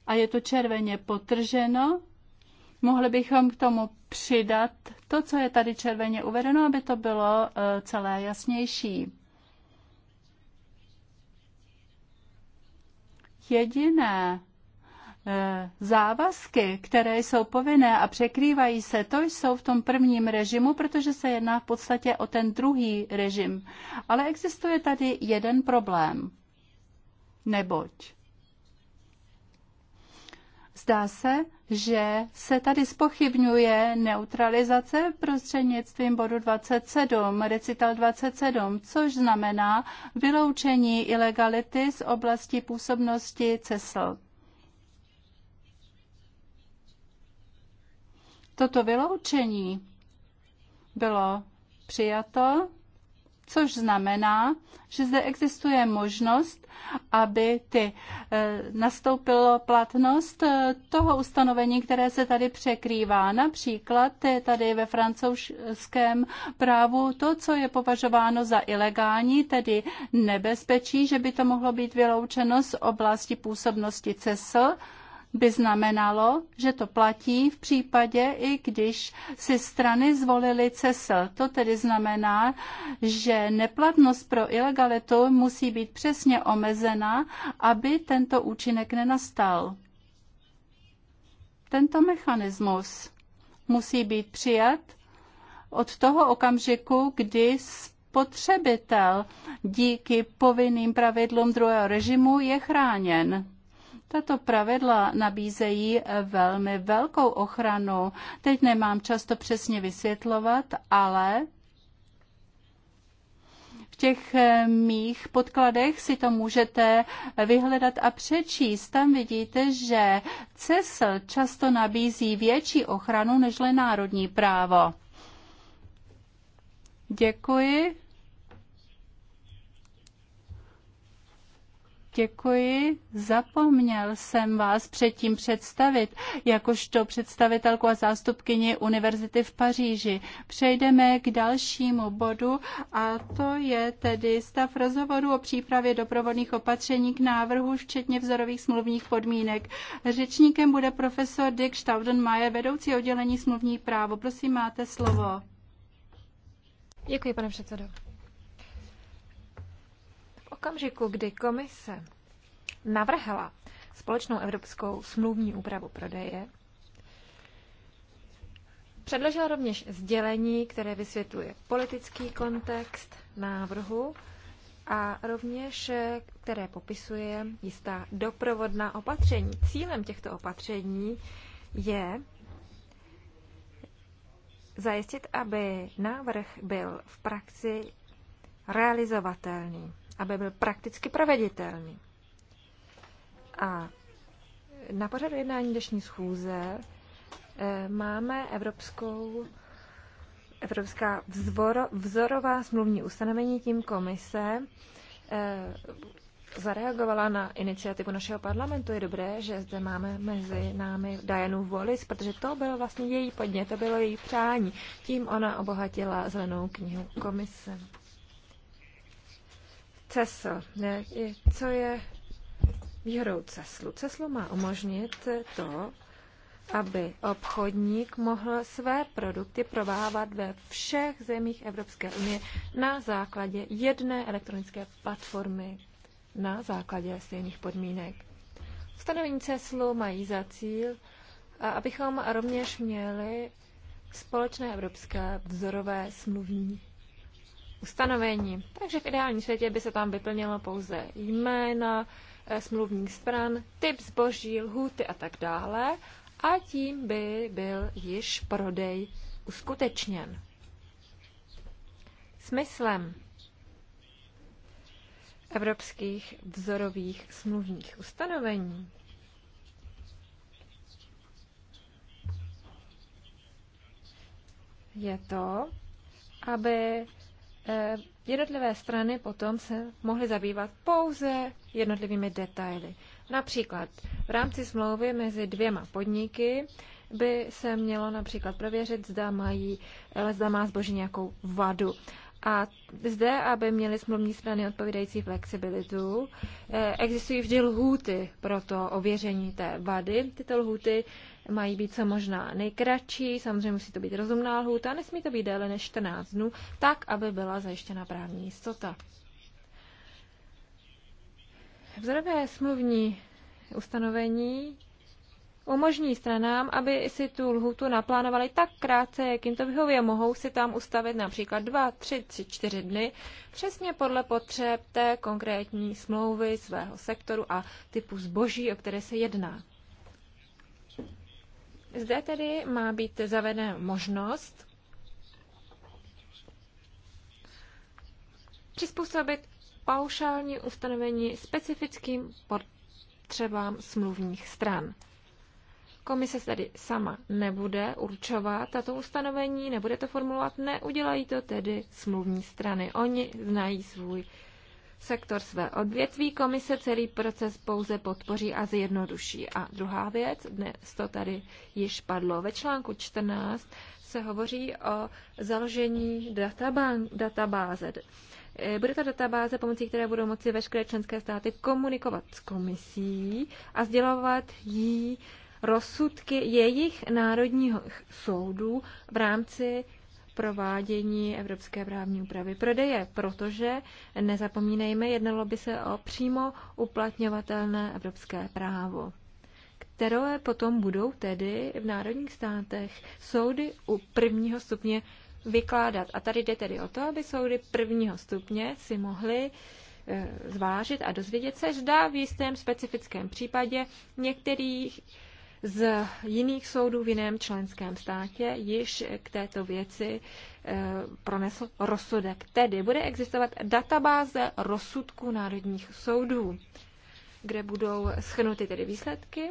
a je to červeně potrženo. Mohli bychom k tomu přidat to, co je tady červeně uvedeno, aby to bylo eh, celé jasnější. jediné eh, závazky, které jsou povinné a překrývají se, to jsou v tom prvním režimu, protože se jedná v podstatě o ten druhý režim. Ale existuje tady jeden problém. Neboť Zdá se, že se tady spochybňuje neutralizace prostřednictvím bodu 27, recital 27, což znamená vyloučení ilegality z oblasti působnosti CESL. Toto vyloučení bylo přijato což znamená, že zde existuje možnost, aby ty eh, nastoupilo platnost eh, toho ustanovení, které se tady překrývá. Například je tady ve francouzském právu to, co je považováno za ilegální, tedy nebezpečí, že by to mohlo být vyloučeno z oblasti působnosti CESL, by znamenalo, že to platí v případě, i když si strany zvolily CESL. To tedy znamená, že neplatnost pro ilegalitu musí být přesně omezena, aby tento účinek nenastal. Tento mechanismus musí být přijat od toho okamžiku, kdy spotřebitel díky povinným pravidlům druhého režimu je chráněn. Tato pravidla nabízejí velmi velkou ochranu. Teď nemám často přesně vysvětlovat, ale v těch eh, mých podkladech si to můžete vyhledat a přečíst. Tam vidíte, že CESL často nabízí větší ochranu než národní právo. Děkuji. Děkuji. Zapomněl jsem vás předtím představit, jakožto představitelku a zástupkyni Univerzity v Paříži. Přejdeme k dalšímu bodu a to je tedy stav rozhovoru o přípravě doprovodných opatření k návrhu, včetně vzorových smluvních podmínek. Řečníkem bude profesor Dick Staudenmayer, vedoucí oddělení smluvní právo. Prosím, máte slovo. Děkuji, pane předsedo okamžiku, kdy komise navrhla společnou evropskou smluvní úpravu prodeje, Předložila rovněž sdělení, které vysvětluje politický kontext návrhu a rovněž které popisuje jistá doprovodná opatření. Cílem těchto opatření je zajistit, aby návrh byl v praxi realizovatelný aby byl prakticky proveditelný. A na pořadu jednání dnešní schůze eh, máme evropskou evropská vzvor, vzorová smluvní ustanovení, tím komise eh, zareagovala na iniciativu našeho parlamentu. Je dobré, že zde máme mezi námi Dianu Wallis, protože to bylo vlastně její podnět, to bylo její přání. Tím ona obohatila zelenou knihu komise. CESL. co je výhodou CESLu? CESLu má umožnit to, aby obchodník mohl své produkty provávat ve všech zemích Evropské unie na základě jedné elektronické platformy na základě stejných podmínek. Stanovení CESLu mají za cíl, abychom rovněž měli společné evropské vzorové smluvní ustanovení. Takže v ideálním světě by se tam vyplnilo pouze jména, eh, smluvních stran, typ zboží, lhůty a tak dále a tím by byl již prodej uskutečněn. Smyslem evropských vzorových smluvních ustanovení je to, aby Eh, jednotlivé strany potom se mohly zabývat pouze jednotlivými detaily. Například v rámci smlouvy mezi dvěma podniky by se mělo například prověřit, zda, mají, eh, zda má zboží nějakou vadu. A zde, aby měly smluvní strany odpovídající flexibilitu, eh, existují vždy lhůty pro to ověření té vady. Tyto lhůty mají být co možná nejkratší, samozřejmě musí to být rozumná lhůta a nesmí to být déle než 14 dnů, tak, aby byla zajištěna právní jistota. Vzorové smluvní ustanovení umožní stranám, aby si tu lhůtu naplánovali tak krátce, jak jim to vyhově. Mohou si tam ustavit například 2, 3, 3, 4 dny, přesně podle potřeb té konkrétní smlouvy svého sektoru a typu zboží, o které se jedná. Zde tedy má být zavedena možnost přizpůsobit paušální ustanovení specifickým potřebám smluvních stran. Komise tedy sama nebude určovat tato ustanovení, nebude to formulovat, neudělají to tedy smluvní strany. Oni znají svůj sektor své odvětví, komise celý proces pouze podpoří a zjednoduší. A druhá věc, dnes to tady již padlo, ve článku 14 se hovoří o založení databáze. E, bude to databáze, pomocí které budou moci veškeré členské státy komunikovat s komisí a sdělovat jí rozsudky jejich národních soudů v rámci provádění evropské právní úpravy prodeje, protože nezapomínejme, jednalo by se o přímo uplatňovatelné evropské právo které potom budou tedy v národních státech soudy u prvního stupně vykládat. A tady jde tedy o to, aby soudy prvního stupně si mohly eh, zvážit a dozvědět se, zda v jistém specifickém případě některých z jiných soudů v jiném členském státě již k této věci eh, pronesl rozsudek. Tedy bude existovat databáze rozsudků národních soudů, kde budou schrnuty tedy výsledky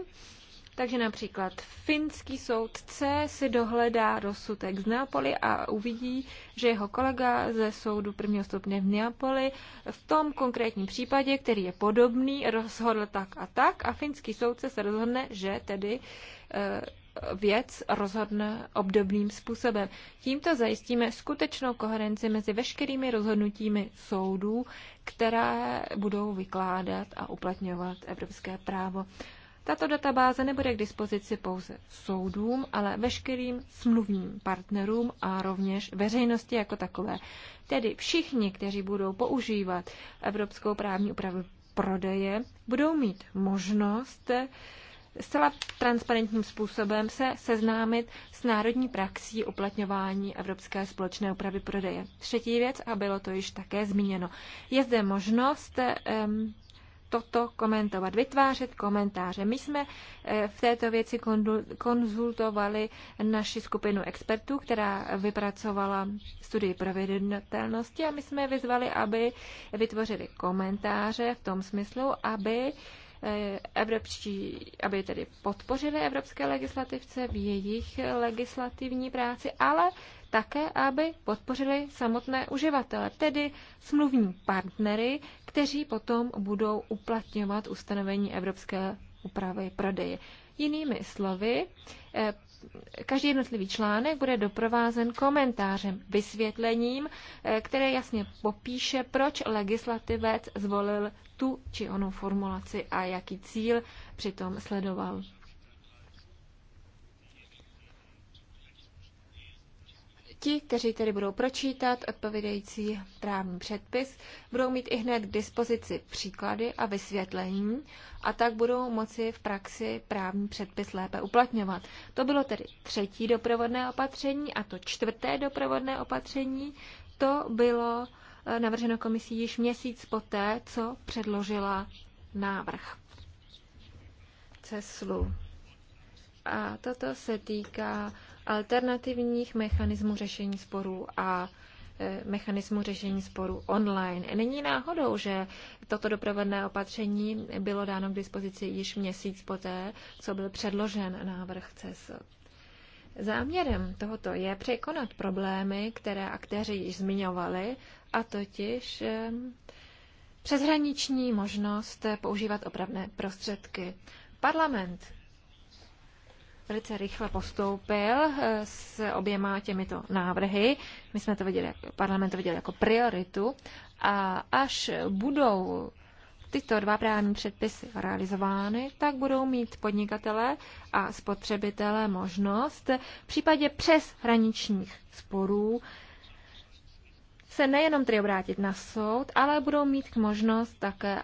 takže například finský soudce si dohledá rozsudek z Neapoli a uvidí, že jeho kolega ze soudu prvního stupně v Neapoli v tom konkrétním případě, který je podobný, rozhodl tak a tak a finský soudce se rozhodne, že tedy eh, věc rozhodne obdobným způsobem. Tímto zajistíme skutečnou koherenci mezi veškerými rozhodnutími soudů, které budou vykládat a uplatňovat evropské právo. Tato databáze nebude k dispozici pouze soudům, ale veškerým smluvním partnerům a rovněž veřejnosti jako takové. Tedy všichni, kteří budou používat evropskou právní úpravu prodeje, budou mít možnost zcela transparentním způsobem se seznámit s národní praxí uplatňování Evropské společné úpravy prodeje. Třetí věc, a bylo to již také zmíněno, je zde možnost um, toto komentovat, vytvářet komentáře. My jsme eh, v této věci konzultovali naši skupinu expertů, která vypracovala studii proveditelnosti a my jsme vyzvali, aby vytvořili komentáře v tom smyslu, aby eh, evropští, aby tedy podpořili evropské legislativce v jejich legislativní práci, ale také, aby podpořili samotné uživatele, tedy smluvní partnery, kteří potom budou uplatňovat ustanovení Evropské úpravy prodeje. Jinými slovy, eh, každý jednotlivý článek bude doprovázen komentářem, vysvětlením, eh, které jasně popíše, proč legislativec zvolil tu či onou formulaci a jaký cíl přitom sledoval. Ti, kteří tedy budou pročítat odpovědající právní předpis, budou mít i hned k dispozici příklady a vysvětlení a tak budou moci v praxi právní předpis lépe uplatňovat. To bylo tedy třetí doprovodné opatření a to čtvrté doprovodné opatření, to bylo eh, navrženo komisí již měsíc poté, co předložila návrh CESLu. A toto se týká alternativních mechanismů řešení sporů a e, mechanismu řešení sporů online. Není náhodou, že toto doprovodné opatření bylo dáno k dispozici již měsíc poté, co byl předložen návrh CES. Záměrem tohoto je překonat problémy, které aktéři již zmiňovali, a totiž e, přeshraniční možnost používat opravné prostředky. Parlament velice rychle postoupil eh, s oběma těmito návrhy. My jsme to viděli, parlament to viděl jako prioritu a až budou tyto dva právní předpisy realizovány, tak budou mít podnikatele a spotřebitele možnost v případě přeshraničních sporů se nejenom tedy obrátit na soud, ale budou mít možnost také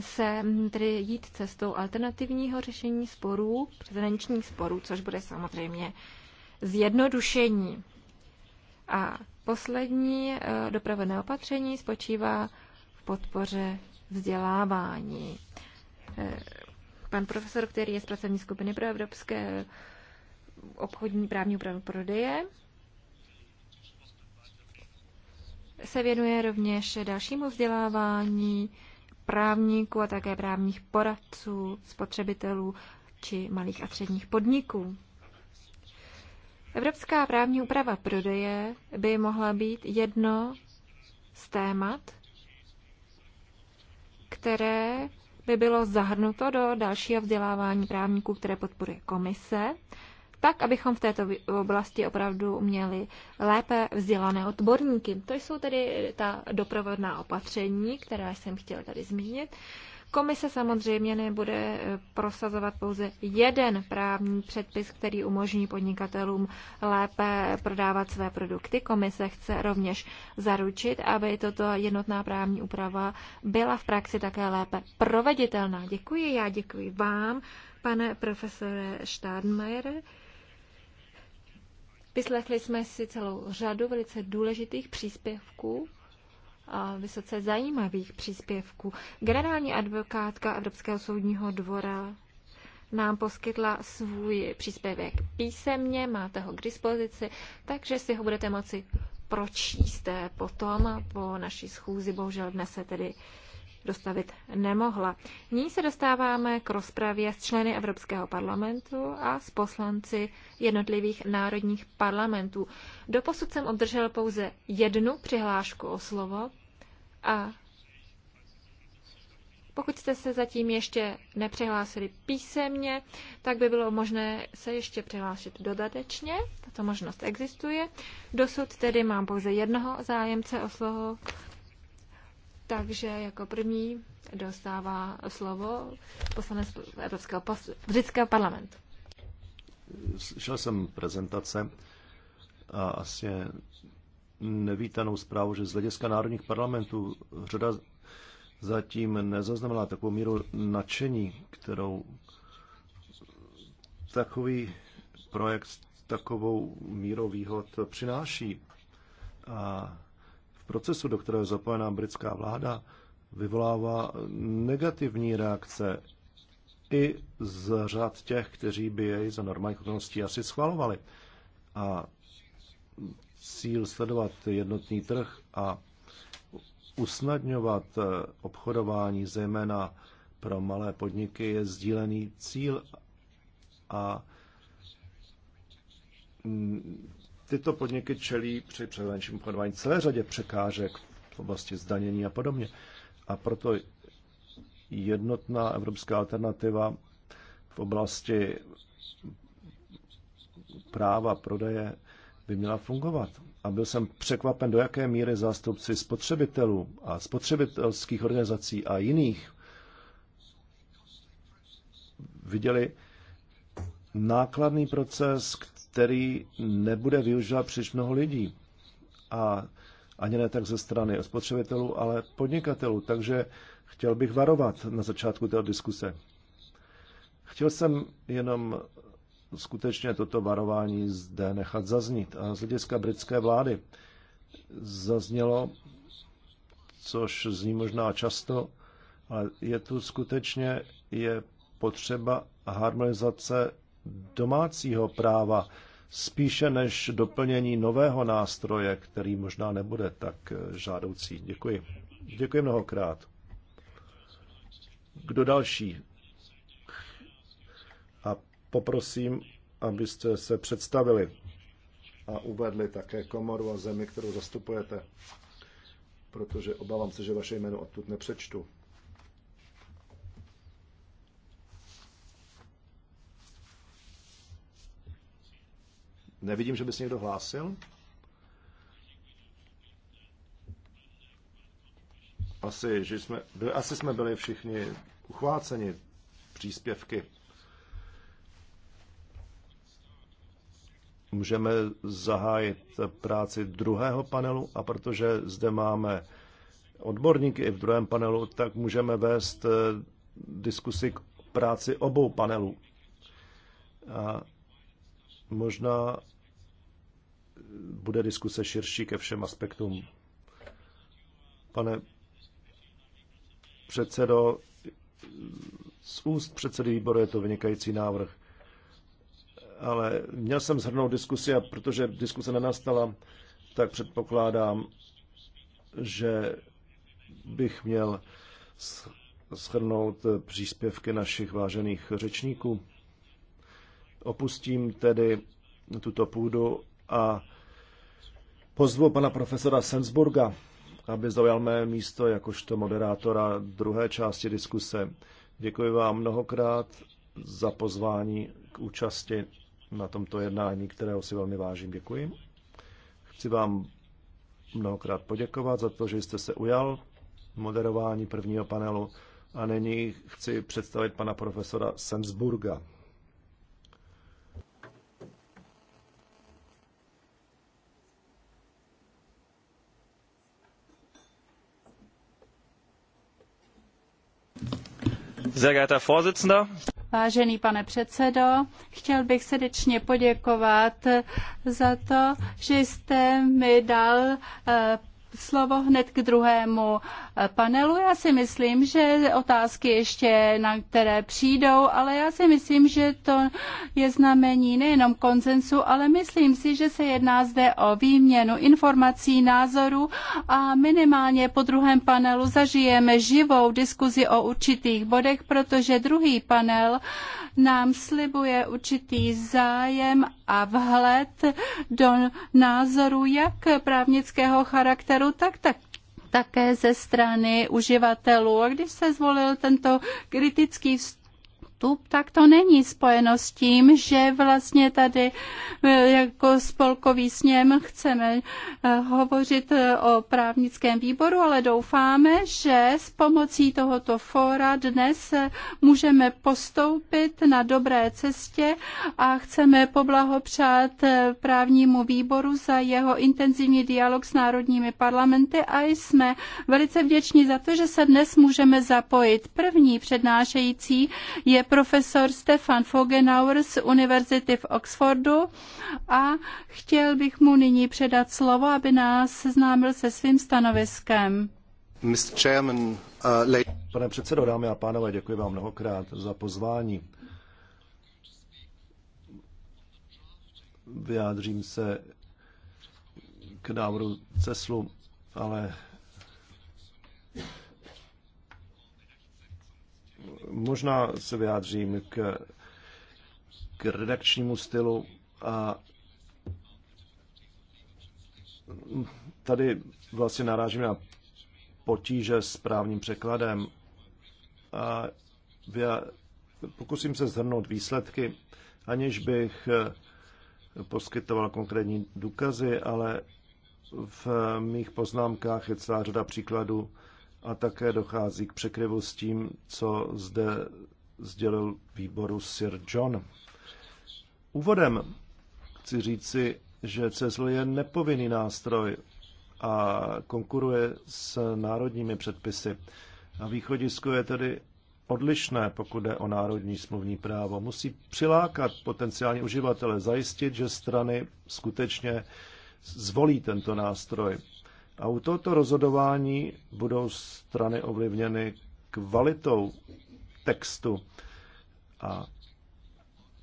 se tedy jít cestou alternativního řešení sporů, přeshraničních sporů, což bude samozřejmě zjednodušení. A poslední eh, doprovodné opatření spočívá v podpoře vzdělávání. Eh, pan profesor, který je z pracovní skupiny pro evropské obchodní právní úpravy prodeje, se věnuje rovněž dalšímu vzdělávání právníků a také právních poradců, spotřebitelů či malých a středních podniků. Evropská právní úprava prodeje by mohla být jedno z témat, které by bylo zahrnuto do dalšího vzdělávání právníků, které podporuje komise tak, abychom v této oblasti opravdu měli lépe vzdělané odborníky. To jsou tedy ta doprovodná opatření, která jsem chtěla tady zmínit. Komise samozřejmě nebude eh, prosazovat pouze jeden právní předpis, který umožní podnikatelům lépe prodávat své produkty. Komise chce rovněž zaručit, aby toto jednotná právní úprava byla v praxi také lépe proveditelná. Děkuji, já děkuji vám, pane profesore Stadmeier. Vyslechli jsme si celou řadu velice důležitých příspěvků a vysoce zajímavých příspěvků. Generální advokátka Evropského soudního dvora nám poskytla svůj příspěvek písemně, máte ho k dispozici, takže si ho budete moci pročíst potom po naší schůzi. Bohužel dnes se tedy dostavit nemohla. Nyní se dostáváme k rozpravě s členy Evropského parlamentu a s poslanci jednotlivých národních parlamentů. Doposud jsem obdržel pouze jednu přihlášku o slovo a pokud jste se zatím ještě nepřihlásili písemně, tak by bylo možné se ještě přihlásit dodatečně. Tato možnost existuje. Dosud tedy mám pouze jednoho zájemce o slovo takže jako první dostává slovo poslanec Evropského britského parlamentu. Slyšel jsem prezentace a asi nevítanou zprávu, že z hlediska národních parlamentů řada zatím nezaznamenala takovou míru nadšení, kterou takový projekt s takovou mírou výhod přináší. A procesu, do kterého je zapojená britská vláda, vyvolává negativní reakce i z řad těch, kteří by jej za normálních okolností asi schvalovali. A cíl sledovat jednotný trh a usnadňovat obchodování, zejména pro malé podniky, je sdílený cíl a tyto podniky čelí při přeshraničním obchodování celé řadě překážek v oblasti zdanění a podobně. A proto jednotná evropská alternativa v oblasti práva prodeje by měla fungovat. A byl jsem překvapen, do jaké míry zástupci spotřebitelů a spotřebitelských organizací a jiných viděli nákladný proces, který nebude využívat příliš mnoho lidí. A ani ne tak ze strany spotřebitelů, ale podnikatelů. Takže chtěl bych varovat na začátku té diskuse. Chtěl jsem jenom skutečně toto varování zde nechat zaznít. A z hlediska britské vlády zaznělo, což zní možná často, ale je tu skutečně je potřeba harmonizace domácího práva spíše než doplnění nového nástroje, který možná nebude tak eh, žádoucí. Děkuji. Děkuji mnohokrát. Kdo další? A poprosím, abyste se představili a uvedli také komoru a zemi, kterou zastupujete, protože obávám se, že vaše jméno odtud nepřečtu. Nevidím, že by se někdo hlásil. Asi, že jsme, asi jsme byli všichni uchváceni příspěvky. Můžeme zahájit práci druhého panelu a protože zde máme odborníky i v druhém panelu, tak můžeme vést eh, diskusi k práci obou panelů. A možná bude diskuse širší ke všem aspektům. Pane předsedo, z úst předsedy výboru je to vynikající návrh. Ale měl jsem zhrnout diskusi a protože diskuse nenastala, tak předpokládám, že bych měl shrnout příspěvky našich vážených řečníků. Opustím tedy tuto půdu a pozvu pana profesora Sensburga, aby zaujal mé místo jakožto moderátora druhé části diskuse. Děkuji vám mnohokrát za pozvání k účasti na tomto jednání, kterého si velmi vážím. Děkuji. Chci vám mnohokrát poděkovat za to, že jste se ujal moderování prvního panelu a nyní chci představit pana profesora Sensburga. Vážený pane předsedo, chtěl bych srdečně poděkovat za to, že jste mi dal eh, slovo hned k druhému eh, panelu. Já si myslím, že otázky ještě na které přijdou, ale já si myslím, že to je znamení nejenom konsensu, ale myslím si, že se jedná zde o výměnu informací, názorů a minimálně po druhém panelu zažijeme živou diskuzi o určitých bodech, protože druhý panel nám slibuje určitý zájem a vhled do názoru jak právnického charakteru, softwaru, tak, tak také ze strany uživatelů. A když se zvolil tento kritický vstup, produktů, tak to není spojeno s tím, že vlastně tady eh, jako spolkový sněm chceme eh, hovořit eh, o právnickém výboru, ale doufáme, že s pomocí tohoto fóra dnes můžeme postoupit na dobré cestě a chceme poblahopřát právnímu výboru za jeho intenzivní dialog s národními parlamenty a jsme velice vděční za to, že se dnes můžeme zapojit. První přednášející je profesor Stefan Fogenauer z Univerzity v Oxfordu a chtěl bych mu nyní předat slovo, aby nás seznámil se svým stanoviskem. Uh, Pane předsedo, dámy a pánové, děkuji vám mnohokrát za pozvání. Vyjádřím se k návrhu CESLu, ale Možná se vyjádřím k, k redakčnímu stylu a tady vlastně narážím na potíže s právním překladem. A já pokusím se zhrnout výsledky, aniž bych eh, poskytoval konkrétní důkazy, ale v mých poznámkách je celá řada příkladů a také dochází k překryvu s tím, co zde sdělil výboru Sir John. Úvodem chci říci, že CESL je nepovinný nástroj a konkuruje s národními předpisy. A východisko je tedy odlišné, pokud jde o národní smluvní právo. Musí přilákat potenciální uživatele, zajistit, že strany skutečně zvolí tento nástroj. A u tohoto rozhodování budou strany ovlivněny kvalitou textu. A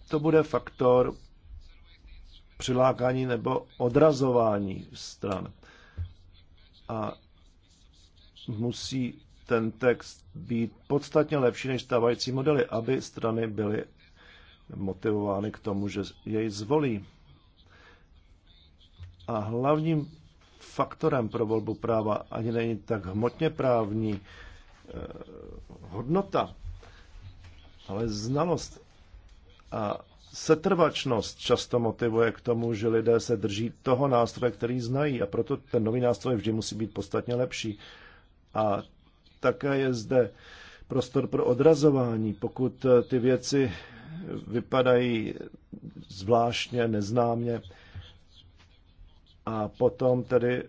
to bude faktor přilákání nebo odrazování stran. A musí ten text být podstatně lepší než stávající modely, aby strany byly motivovány k tomu, že jej zvolí. A hlavním faktorem pro volbu práva, ani není tak hmotně právní eh, hodnota, ale znalost a setrvačnost často motivuje k tomu, že lidé se drží toho nástroje, který znají a proto ten nový nástroj vždy musí být podstatně lepší. A také je zde prostor pro odrazování, pokud eh, ty věci vypadají zvláštně, neznámě, a potom tedy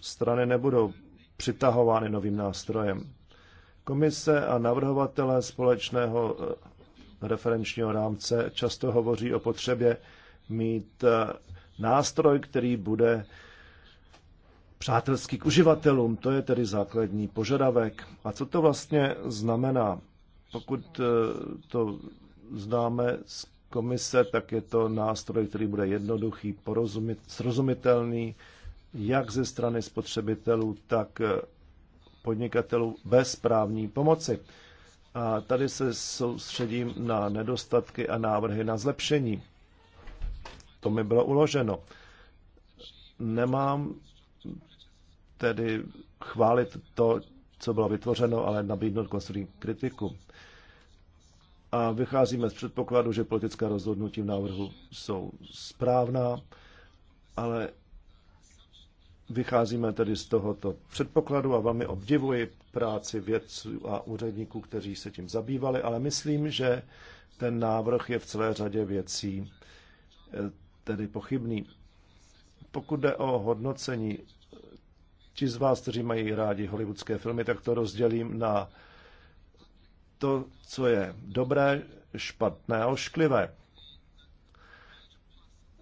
strany nebudou přitahovány novým nástrojem. Komise a navrhovatele společného eh, referenčního rámce často hovoří o potřebě mít eh, nástroj, který bude přátelský k uživatelům. To je tedy základní požadavek. A co to vlastně znamená? Pokud eh, to známe z komise, tak je to nástroj, který bude jednoduchý, porozumit, srozumitelný, jak ze strany spotřebitelů, tak eh, podnikatelů bez právní pomoci. A tady se soustředím na nedostatky a návrhy na zlepšení. To mi bylo uloženo. Nemám tedy chválit to, co bylo vytvořeno, ale nabídnout konstruktivní kritiku a vycházíme z předpokladu, že politická rozhodnutí v návrhu jsou správná, ale vycházíme tedy z tohoto předpokladu a velmi obdivuji práci vědců a úředníků, kteří se tím zabývali, ale myslím, že ten návrh je v celé řadě věcí eh, tedy pochybný. Pokud jde o hodnocení, ti z vás, kteří mají rádi hollywoodské filmy, tak to rozdělím na to, co je dobré, špatné a ošklivé.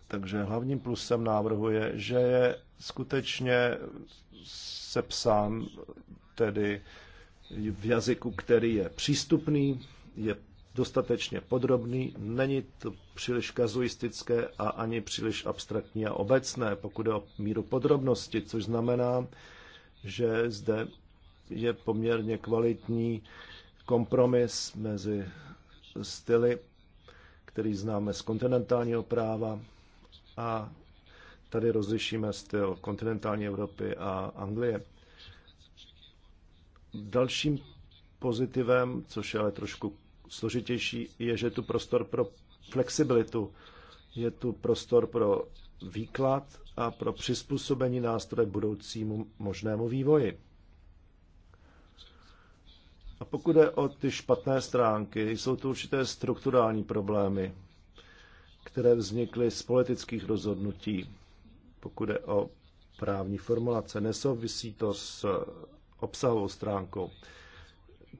Takže hlavním plusem návrhu je, že je skutečně sepsán tedy v jazyku, který je přístupný, je dostatečně podrobný, není to příliš kazuistické a ani příliš abstraktní a obecné, pokud je o míru podrobnosti, což znamená, že zde je poměrně kvalitní kompromis mezi styly, který známe z kontinentálního práva a tady rozlišíme styl kontinentální Evropy a Anglie. Dalším pozitivem, což je ale trošku složitější, je, že je tu prostor pro flexibilitu. Je tu prostor pro výklad a pro přizpůsobení nástroje budoucímu možnému vývoji. A pokud je o ty špatné stránky, jsou to určité strukturální problémy, které vznikly z politických rozhodnutí, pokud je o právní formulace. Nesouvisí to s eh, obsahovou stránkou.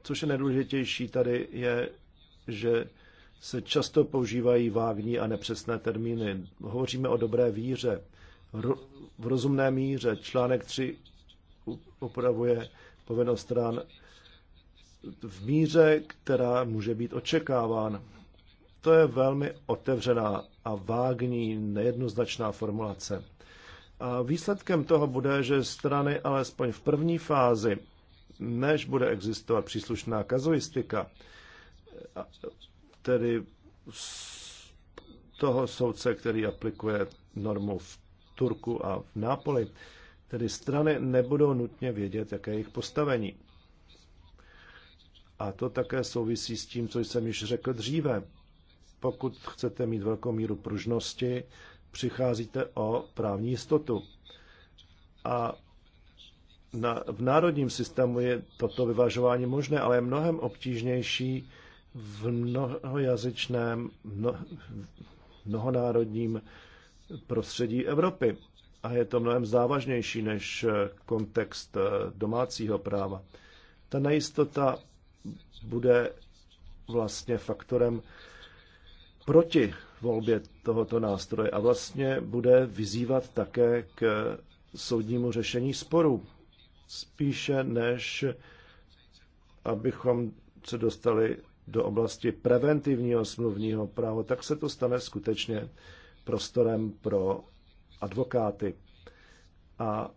Což je nejdůležitější tady je, že se často používají vágní a nepřesné termíny. Hovoříme o dobré víře. V rozumné míře článek 3 upravuje povinnost stran v míře, která může být očekávána. To je velmi otevřená a vágní, nejednoznačná formulace. A výsledkem toho bude, že strany alespoň v první fázi, než bude existovat příslušná kazuistika, tedy toho soudce, který aplikuje normu v Turku a v Nápoli, tedy strany nebudou nutně vědět, jaké je jejich postavení. A to také souvisí s tím, co jsem již řekl dříve. Pokud chcete mít velkou míru pružnosti, přicházíte o právní jistotu. A na, v národním systému je toto vyvažování možné, ale je mnohem obtížnější v mnohojazyčném, mno, mnohonárodním prostředí Evropy. A je to mnohem závažnější než kontext domácího práva. Ta nejistota bude vlastně faktorem proti volbě tohoto nástroje a vlastně bude vyzývat také k soudnímu řešení sporů. Spíše než abychom se dostali do oblasti preventivního smluvního práva, tak se to stane skutečně prostorem pro advokáty. A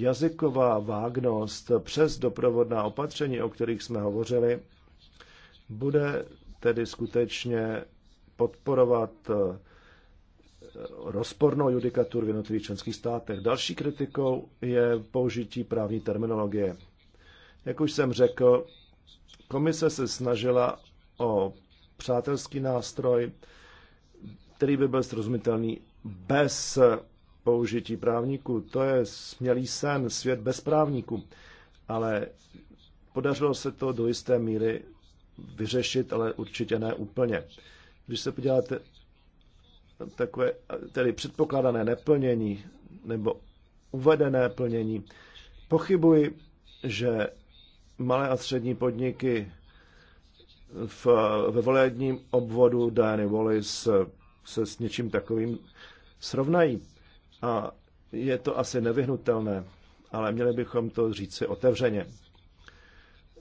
jazyková vágnost přes doprovodná opatření, o kterých jsme hovořili, bude tedy skutečně podporovat eh, rozpornou judikatur v jednotlivých členských státech. Další kritikou je použití právní terminologie. Jak už jsem řekl, komise se snažila o přátelský nástroj, který by byl srozumitelný bez použití právníků. To je smělý sen, svět bez právníků. Ale podařilo se to do jisté míry vyřešit, ale určitě ne úplně. Když se podíváte takové, tedy předpokládané neplnění nebo uvedené plnění, pochybuji, že malé a střední podniky v, ve volédním obvodu Diany Wallis se s něčím takovým srovnají. A je to asi nevyhnutelné, ale měli bychom to říci otevřeně.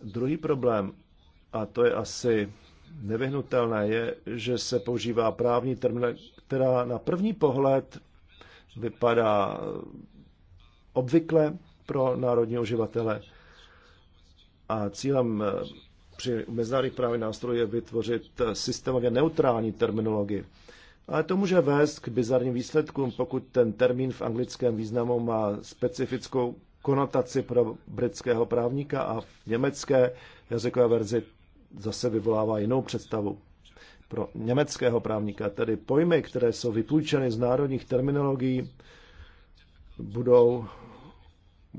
Druhý problém, a to je asi nevyhnutelné, je, že se používá právní termín, která na první pohled vypadá obvykle pro národní uživatele. A cílem eh, při mezinárodních právních nástrojů je vytvořit systémově neutrální terminologii. Ale to může vést k bizarním výsledkům, pokud ten termín v anglickém významu má specifickou konotaci pro britského právníka a v německé jazykové verzi zase vyvolává jinou představu pro německého právníka. Tedy pojmy, které jsou vypůjčeny z národních terminologií, budou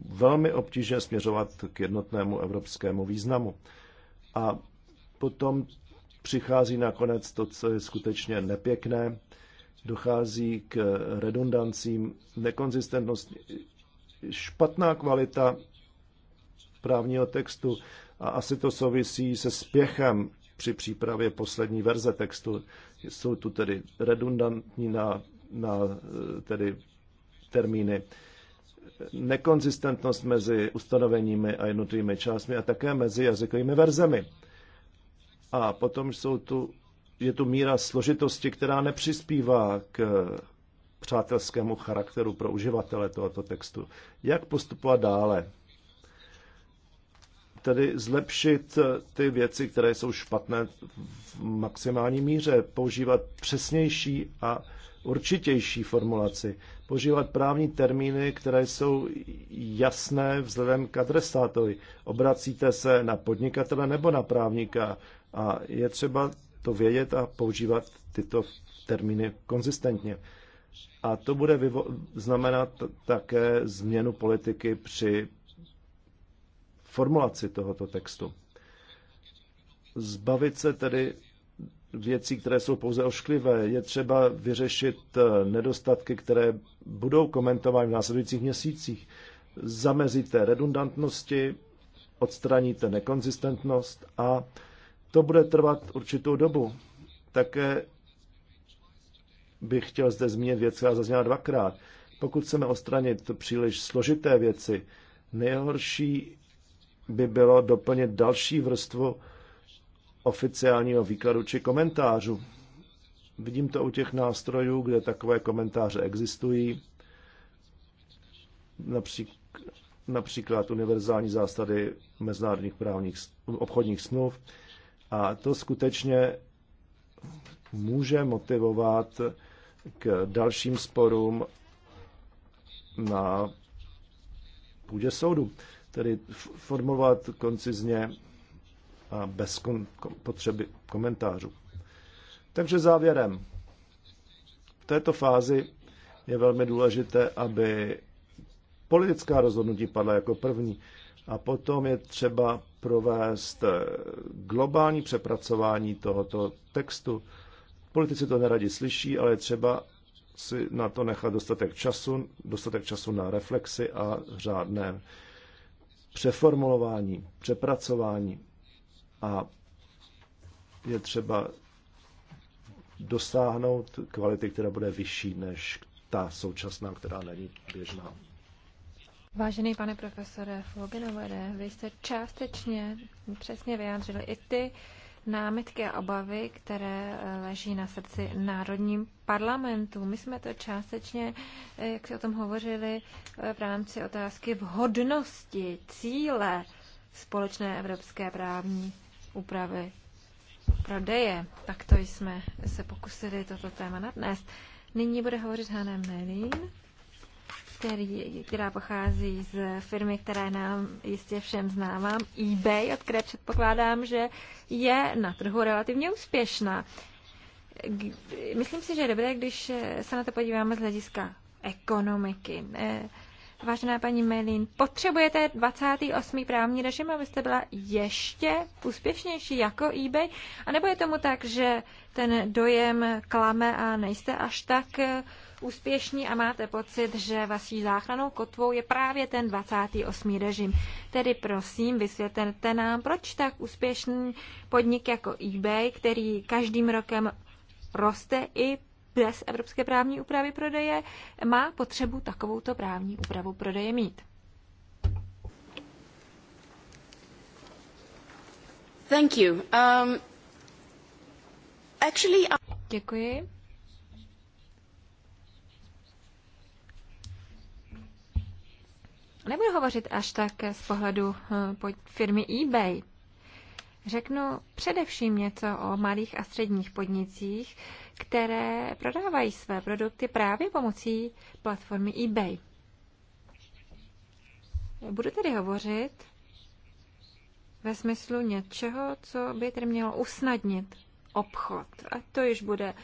velmi obtížně směřovat k jednotnému evropskému významu. A potom přichází nakonec to, co je skutečně nepěkné. Dochází k redundancím, nekonzistentnost, špatná kvalita právního textu a asi to souvisí se spěchem při přípravě poslední verze textu. Jsou tu tedy redundantní na, na eh, tedy termíny nekonzistentnost mezi ustanoveními a jednotlivými částmi a také mezi jazykovými verzemi. A potom jsou tu, je tu míra složitosti, která nepřispívá k přátelskému charakteru pro uživatele tohoto textu. Jak postupovat dále? Tedy zlepšit ty věci, které jsou špatné v maximální míře, používat přesnější a určitější formulaci, používat právní termíny, které jsou jasné vzhledem k adresátovi. Obracíte se na podnikatele nebo na právníka? A je třeba to vědět a používat tyto termíny konzistentně. A to bude znamenat také změnu politiky při formulaci tohoto textu. Zbavit se tedy věcí, které jsou pouze ošklivé. Je třeba vyřešit eh, nedostatky, které budou komentovány v následujících měsících. Zamezíte redundantnosti, odstraníte nekonzistentnost a to bude trvat určitou dobu. Také bych chtěl zde zmínit věc, která zazněla dvakrát. Pokud chceme odstranit příliš složité věci, nejhorší by bylo doplnit další vrstvu oficiálního výkladu či komentářů. Vidím to u těch nástrojů, kde takové komentáře existují, například, například univerzální zásady mezinárodních právních obchodních smluv. A to skutečně může motivovat k dalším sporům na půdě soudu. Tedy formovat koncizně a bez kon- potřeby komentářů. Takže závěrem. V této fázi je velmi důležité, aby politická rozhodnutí padla jako první a potom je třeba provést eh, globální přepracování tohoto textu. Politici to neradi slyší, ale je třeba si na to nechat dostatek času, dostatek času na reflexy a řádné přeformulování, přepracování a je třeba dosáhnout kvality, která bude vyšší než ta současná, která není běžná. Vážený pane profesore Foginovere, vy jste částečně přesně vyjádřili i ty námitky a obavy, které eh, leží na srdci národním parlamentu. My jsme to částečně, eh, jak se o tom hovořili, eh, v rámci otázky vhodnosti cíle společné evropské právní úpravy prodeje. Tak to jsme se pokusili toto téma nadnést. Nyní bude hovořit Hanem Melín který, která pochází z firmy, která je nám jistě všem známá, eBay, od které předpokládám, že je na trhu relativně úspěšná. Myslím si, že je dobré, když se na to podíváme z hlediska ekonomiky. Eh, vážená paní Melin, potřebujete 28. právní režim, abyste byla ještě úspěšnější jako eBay? A nebo je tomu tak, že ten dojem klame a nejste až tak eh, úspěšní a máte pocit, že vaší záchranou kotvou je právě ten 28. režim. Tedy prosím, vysvětlete nám, proč tak úspěšný podnik jako eBay, který každým rokem roste i bez evropské právní úpravy prodeje, má potřebu takovouto právní úpravu prodeje mít. Thank you. Um, actually, I... Děkuji. Nebudu hovořit až tak z pohledu eh, firmy eBay. Řeknu především něco o malých a středních podnicích, které prodávají své produkty právě pomocí platformy eBay. Budu tedy hovořit ve smyslu něčeho, co by tedy mělo usnadnit obchod. A to již bude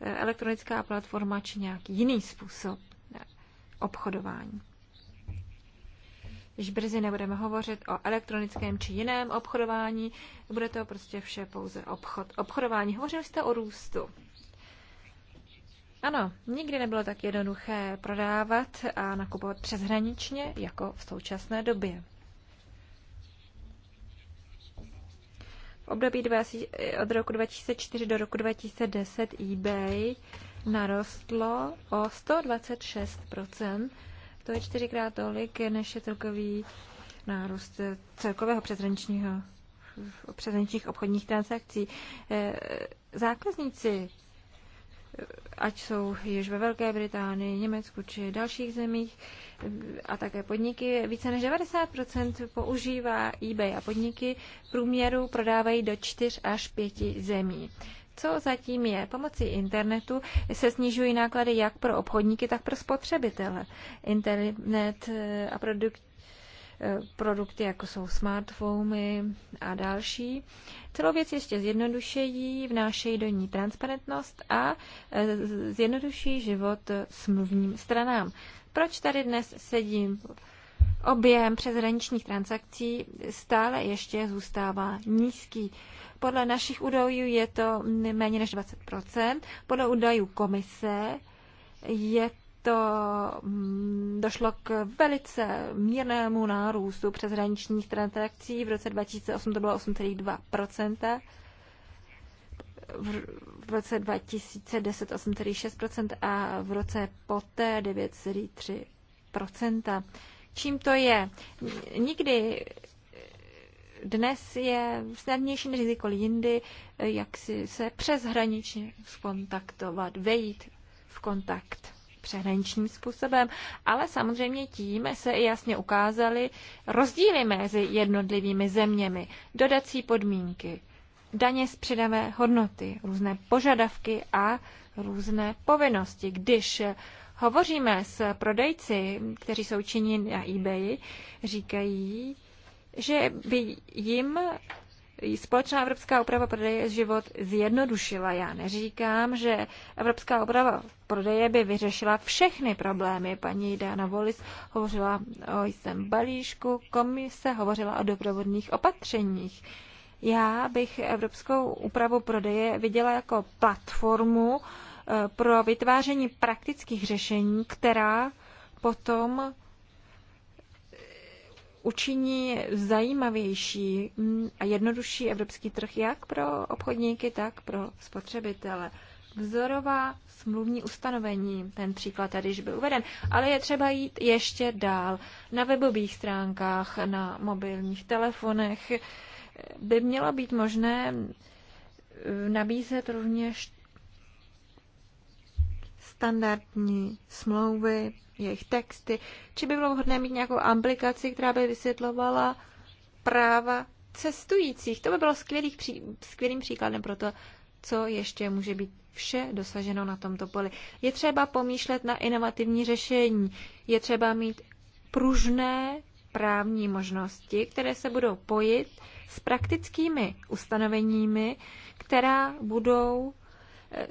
eh, elektronická platforma či nějaký jiný způsob eh, obchodování již brzy nebudeme hovořit o elektronickém či jiném obchodování, bude to prostě vše pouze obchod. Obchodování, hovořili jste o růstu. Ano, nikdy nebylo tak jednoduché prodávat a nakupovat přeshraničně jako v současné době. V období 20, od roku 2004 do roku 2010 eBay narostlo o 126 to je čtyřikrát tolik, než je celkový nárůst celkového přeshraničního přeshraničních obchodních transakcí. Eh, zákazníci, eh, ať jsou již ve Velké Británii, Německu či dalších zemích, eh, a také podniky, více než 90% používá eBay a podniky v průměru prodávají do 4 až 5 zemí co zatím je. Pomocí internetu se snižují náklady jak pro obchodníky, tak pro spotřebitele. Internet eh, a produkt, eh, produkty, jako jsou smartfony a další. Celou věc ještě zjednodušejí, vnášejí do ní transparentnost a eh, zjednoduší život smluvním stranám. Proč tady dnes sedím? Objem přeshraničních transakcí stále ještě zůstává nízký. Podle našich údajů je to méně než 20 podle údajů komise je to mm, došlo k velice mírnému nárůstu přeshraničních transakcí. V roce 2008 to bylo 8,2 v roce 2010 8,6 a v roce poté 9,3 Čím to je? Nikdy dnes je snadnější než kdykoliv jindy, eh, jak si se přeshraničně skontaktovat, vejít v kontakt přehraničním způsobem, ale samozřejmě tím se i jasně ukázaly rozdíly mezi jednotlivými zeměmi, dodací podmínky, daně z přidavé hodnoty, různé požadavky a různé povinnosti. Když hovoříme s prodejci, kteří jsou činí na eBay, říkají, že by jim společná evropská úprava prodeje život zjednodušila. Já neříkám, že evropská úprava prodeje by vyřešila všechny problémy. Paní Dana Volis hovořila o jsem balíšku, komise hovořila o doprovodných opatřeních. Já bych evropskou úpravu prodeje viděla jako platformu eh, pro vytváření praktických řešení, která potom učiní zajímavější a jednodušší evropský trh jak pro obchodníky, tak pro spotřebitele. Vzorová smluvní ustanovení, ten příklad tady již byl uveden, ale je třeba jít ještě dál. Na webových stránkách, na mobilních telefonech by mělo být možné nabízet rovněž standardní smlouvy, jejich texty, či by bylo vhodné mít nějakou aplikaci, která by vysvětlovala práva cestujících. To by bylo skvělý, skvělým příkladem pro to, co ještě může být vše dosaženo na tomto poli. Je třeba pomýšlet na inovativní řešení, je třeba mít pružné právní možnosti, které se budou pojit s praktickými ustanoveními, která budou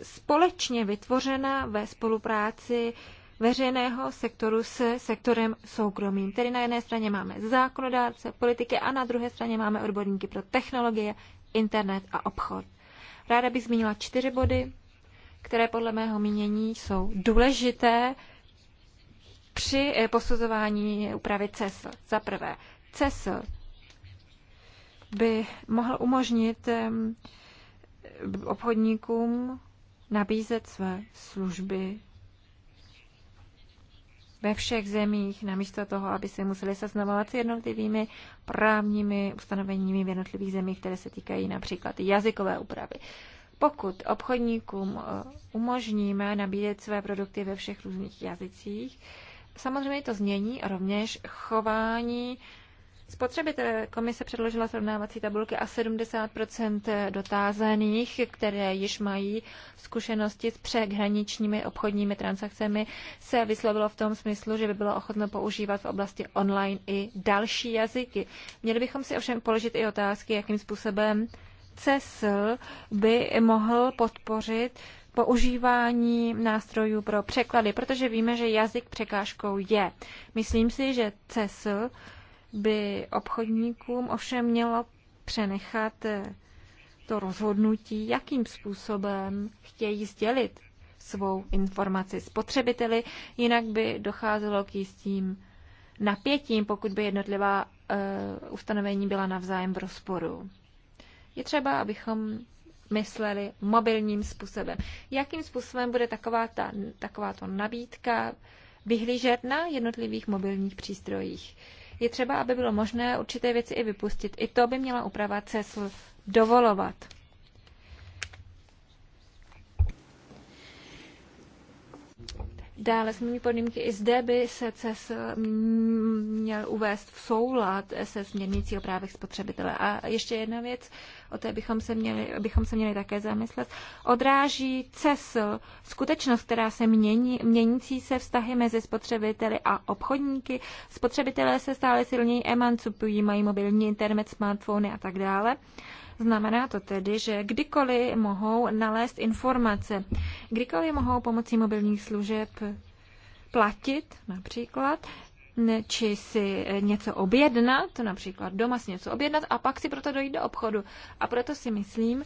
společně vytvořena ve spolupráci veřejného sektoru s sektorem soukromým. Tedy na jedné straně máme zákonodárce, politiky a na druhé straně máme odborníky pro technologie, internet a obchod. Ráda bych zmínila čtyři body, které podle mého mínění jsou důležité při eh, posuzování úpravy CESL. Za prvé, CESL by mohl umožnit obchodníkům nabízet své služby ve všech zemích, namísto toho, aby se museli seznamovat s jednotlivými právními ustanoveními v jednotlivých zemích, které se týkají například jazykové úpravy. Pokud obchodníkům eh, umožníme nabídet své produkty ve všech různých jazycích, samozřejmě to změní rovněž chování Spotřebitelé komise předložila srovnávací tabulky a 70 dotázaných, které již mají zkušenosti s přehraničními obchodními transakcemi, se vyslovilo v tom smyslu, že by bylo ochotno používat v oblasti online i další jazyky. Měli bychom si ovšem položit i otázky, jakým způsobem CESL by mohl podpořit používání nástrojů pro překlady, protože víme, že jazyk překážkou je. Myslím si, že CESL by obchodníkům ovšem mělo přenechat eh, to rozhodnutí, jakým způsobem chtějí sdělit svou informaci spotřebiteli, jinak by docházelo k jistým napětím, pokud by jednotlivá e, ustanovení byla navzájem v rozporu. Je třeba, abychom mysleli mobilním způsobem. Jakým způsobem bude taková ta, takováto nabídka vyhlížet na jednotlivých mobilních přístrojích? je třeba, aby bylo možné určité věci i vypustit. I to by měla úprava CESL dovolovat. Dále změní podmínky. I zde by se CES mm, měl uvést v soulad se směrnicí o právech spotřebitele. A ještě jedna věc, o té bychom se měli, bychom se měli také zamyslet. Odráží CES skutečnost, která se mění, měnící se vztahy mezi spotřebiteli a obchodníky. Spotřebitelé se stále silněji emancipují, mají mobilní internet, smartfony a tak dále. Znamená to tedy, že kdykoliv mohou nalézt informace, kdykoliv mohou pomocí mobilních služeb platit například, či si něco objednat, například doma si něco objednat a pak si proto dojít do obchodu. A proto si myslím,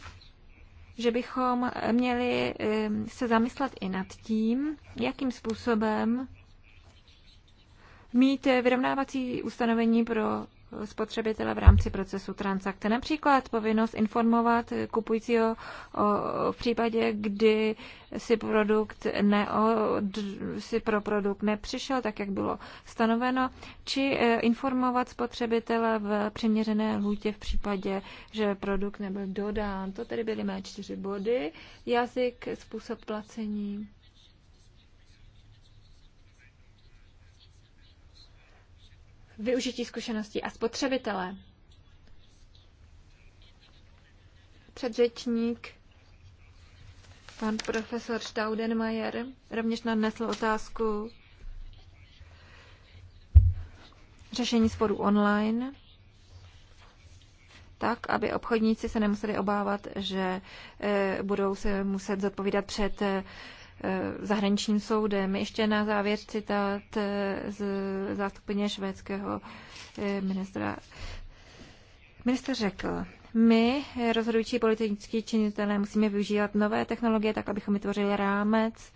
že bychom měli se zamyslet i nad tím, jakým způsobem mít vyrovnávací ustanovení pro spotřebitele v rámci procesu transakce. Například povinnost informovat kupujícího o, o, v případě, kdy si, produkt ne, o, d, si pro produkt nepřišel, tak jak bylo stanoveno, či e, informovat spotřebitele v přiměřené lhůtě v případě, že produkt nebyl dodán. To tedy byly mé čtyři body. Jazyk, způsob placení využití zkušeností a spotřebitele. Předřečník pan profesor Staudenmayer rovněž nadnesl otázku řešení sporů online, tak, aby obchodníci se nemuseli obávat, že eh, budou se muset zodpovídat před eh, Eh, zahraničním soudem. Ještě na závěr citát eh, z zástupně švédského eh, ministra. Minister řekl, my, rozhodující politický činitelé, musíme využívat nové technologie tak, abychom vytvořili rámec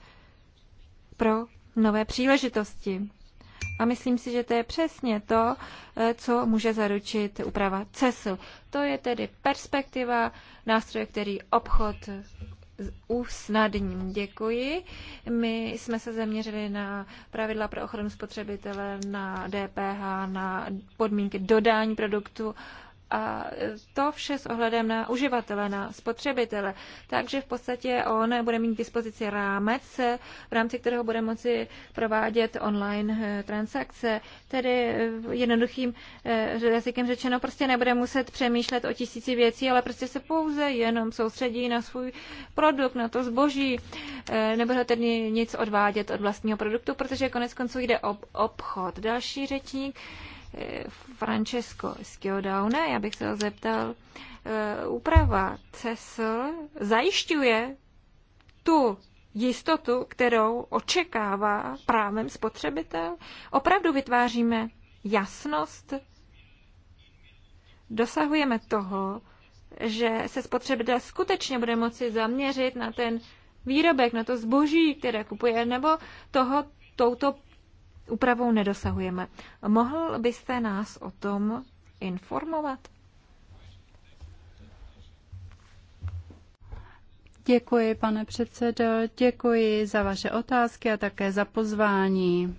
pro nové příležitosti. A myslím si, že to je přesně to, co může zaručit úprava CESL. To je tedy perspektiva, nástroje, který obchod usnadním. Děkuji. My jsme se zaměřili na pravidla pro ochranu spotřebitele, na DPH, na podmínky dodání produktu a to vše s ohledem na uživatele, na spotřebitele. Takže v podstatě on bude mít k dispozici rámec, v rámci kterého bude moci provádět online eh, transakce. Tedy eh, jednoduchým eh, jazykem řečeno, prostě nebude muset přemýšlet o tisíci věcí, ale prostě se pouze jenom soustředí na svůj produkt, na to zboží. Nebude tedy nic odvádět od vlastního produktu, protože konec konců jde o ob obchod. Další řečník Francesco Skiodaune. Já bych se ho zeptal, eh, úprava CESL zajišťuje tu jistotu, kterou očekává právem spotřebitel? Opravdu vytváříme jasnost? Dosahujeme toho, že se spotřebitel skutečně bude moci zaměřit na ten výrobek, na to zboží, které kupuje, nebo toho touto úpravou nedosahujeme. Mohl byste nás o tom informovat? Děkuji, pane předsedo, děkuji za vaše otázky a také za pozvání.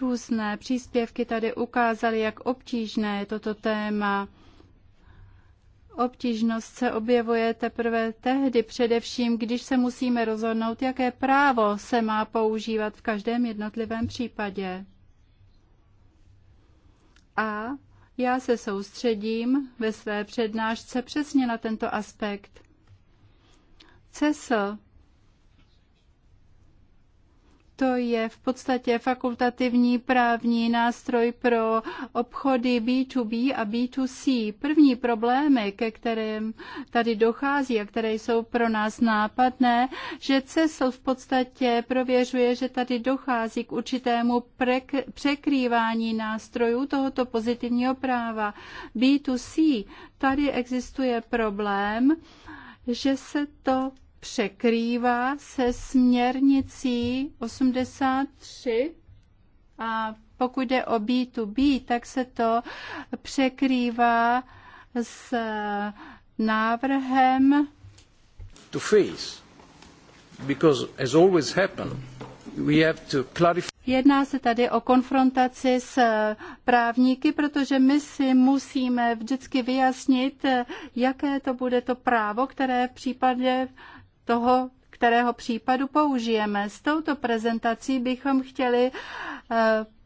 Různé příspěvky tady ukázaly, jak obtížné je toto téma. Obtížnost se objevuje teprve tehdy, především když se musíme rozhodnout, jaké právo se má používat v každém jednotlivém případě. A já se soustředím ve své přednášce přesně na tento aspekt. Cecil to je v podstatě fakultativní právní nástroj pro obchody B2B a B2C. První problémy, ke kterým tady dochází a které jsou pro nás nápadné, že CESL v podstatě prověřuje, že tady dochází k určitému překrývání nástrojů tohoto pozitivního práva. B2C, tady existuje problém, že se to překrývá se směrnicí 83 a pokud jde o B2B, tak se to překrývá s návrhem to face because as always happened we have to clarify Jedná se tady o konfrontaci s právníky, protože my si musíme vždycky vyjasnit, jaké to bude to právo, které v případě toho, kterého případu použijeme. S touto prezentací bychom chtěli eh,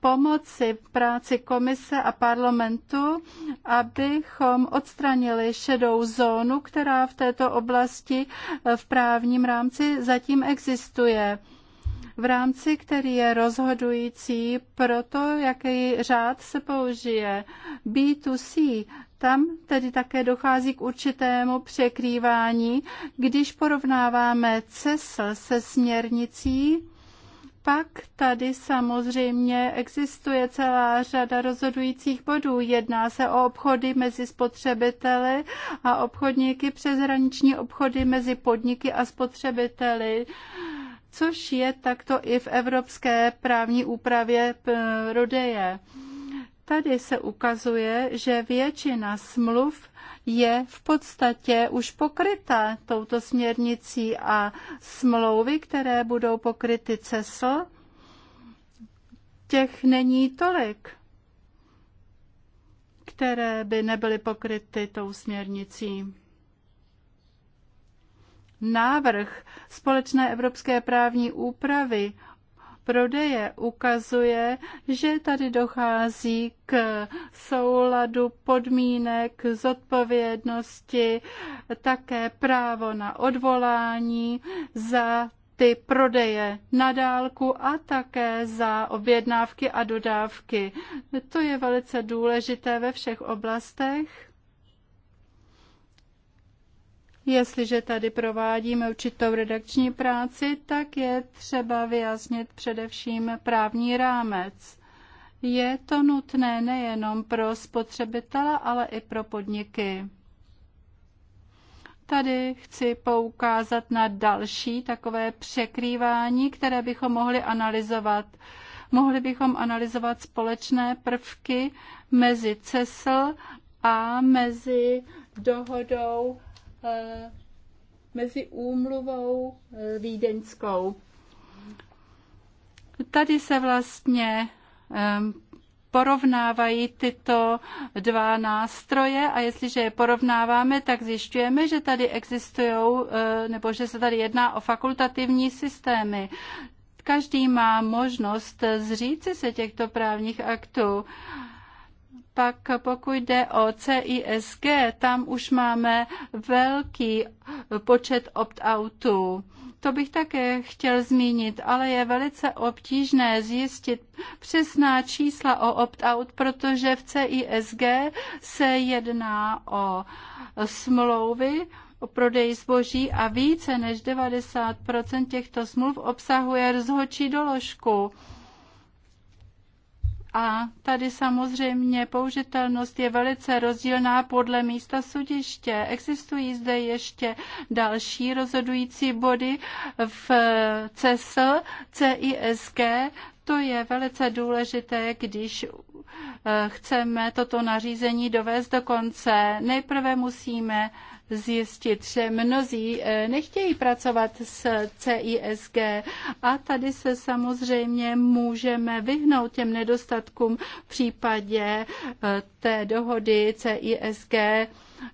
pomoci práci komise a parlamentu, abychom odstranili šedou zónu, která v této oblasti eh, v právním rámci zatím existuje v rámci, který je rozhodující pro to, jaký řád se použije. B2C tam tedy také dochází k určitému překrývání. Když porovnáváme CESL se směrnicí, pak tady samozřejmě existuje celá řada rozhodujících bodů. Jedná se o obchody mezi spotřebiteli a obchodníky, hraniční obchody mezi podniky a spotřebiteli což je takto i v evropské právní úpravě prodeje. Tady se ukazuje, že většina smluv je v podstatě už pokryta touto směrnicí a smlouvy, které budou pokryty CESL, těch není tolik, které by nebyly pokryty tou směrnicí. Návrh společné evropské právní úpravy prodeje ukazuje, že tady dochází k souladu podmínek zodpovědnosti, také právo na odvolání za ty prodeje na dálku a také za objednávky a dodávky. To je velice důležité ve všech oblastech Jestliže tady provádíme určitou redakční práci, tak je třeba vyjasnit především právní rámec. Je to nutné nejenom pro spotřebitele, ale i pro podniky. Tady chci poukázat na další takové překrývání, které bychom mohli analyzovat. Mohli bychom analyzovat společné prvky mezi CESL a mezi dohodou Eh, mezi úmluvou eh, vídeňskou. Tady se vlastně porovnávají tyto dva nástroje a jestliže je porovnáváme, tak zjišťujeme, že tady existují eh, nebo že se tady jedná o fakultativní systémy. Každý má možnost zříci se těchto právních aktů pak pokud jde o CISG, tam už máme velký počet opt-outů. To bych také chtěl zmínit, ale je velice obtížné zjistit přesná čísla o opt-out, protože v CISG se jedná o smlouvy, o prodej zboží a více než 90 těchto smluv obsahuje rozhodčí doložku. A tady samozřejmě použitelnost je velice rozdílná podle místa sudiště. Existují zde ještě další rozhodující body v CESL, CISK. To je velice důležité, když eh, chceme toto nařízení dovést do konce. Nejprve musíme zjistit, že mnozí eh, nechtějí pracovat s CISG a tady se samozřejmě můžeme vyhnout těm nedostatkům v případě eh, té dohody CISG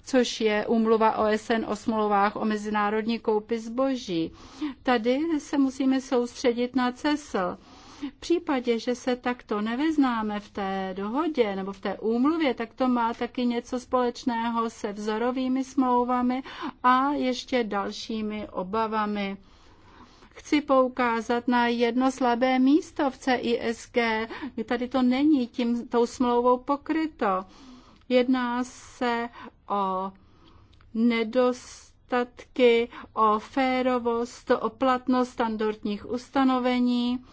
což je umluva OSN o smlouvách o mezinárodní koupi zboží. Tady se musíme soustředit na CESL. V případě, že se takto nevyznáme v té dohodě nebo v té úmluvě, tak to má taky něco společného se vzorovými smlouvami a ještě dalšími obavami chci poukázat na jedno slabé místo v CISG. Tady to není tím, tou smlouvou pokryto. Jedná se o nedostatky, o férovost, o platnost standardních ustanovení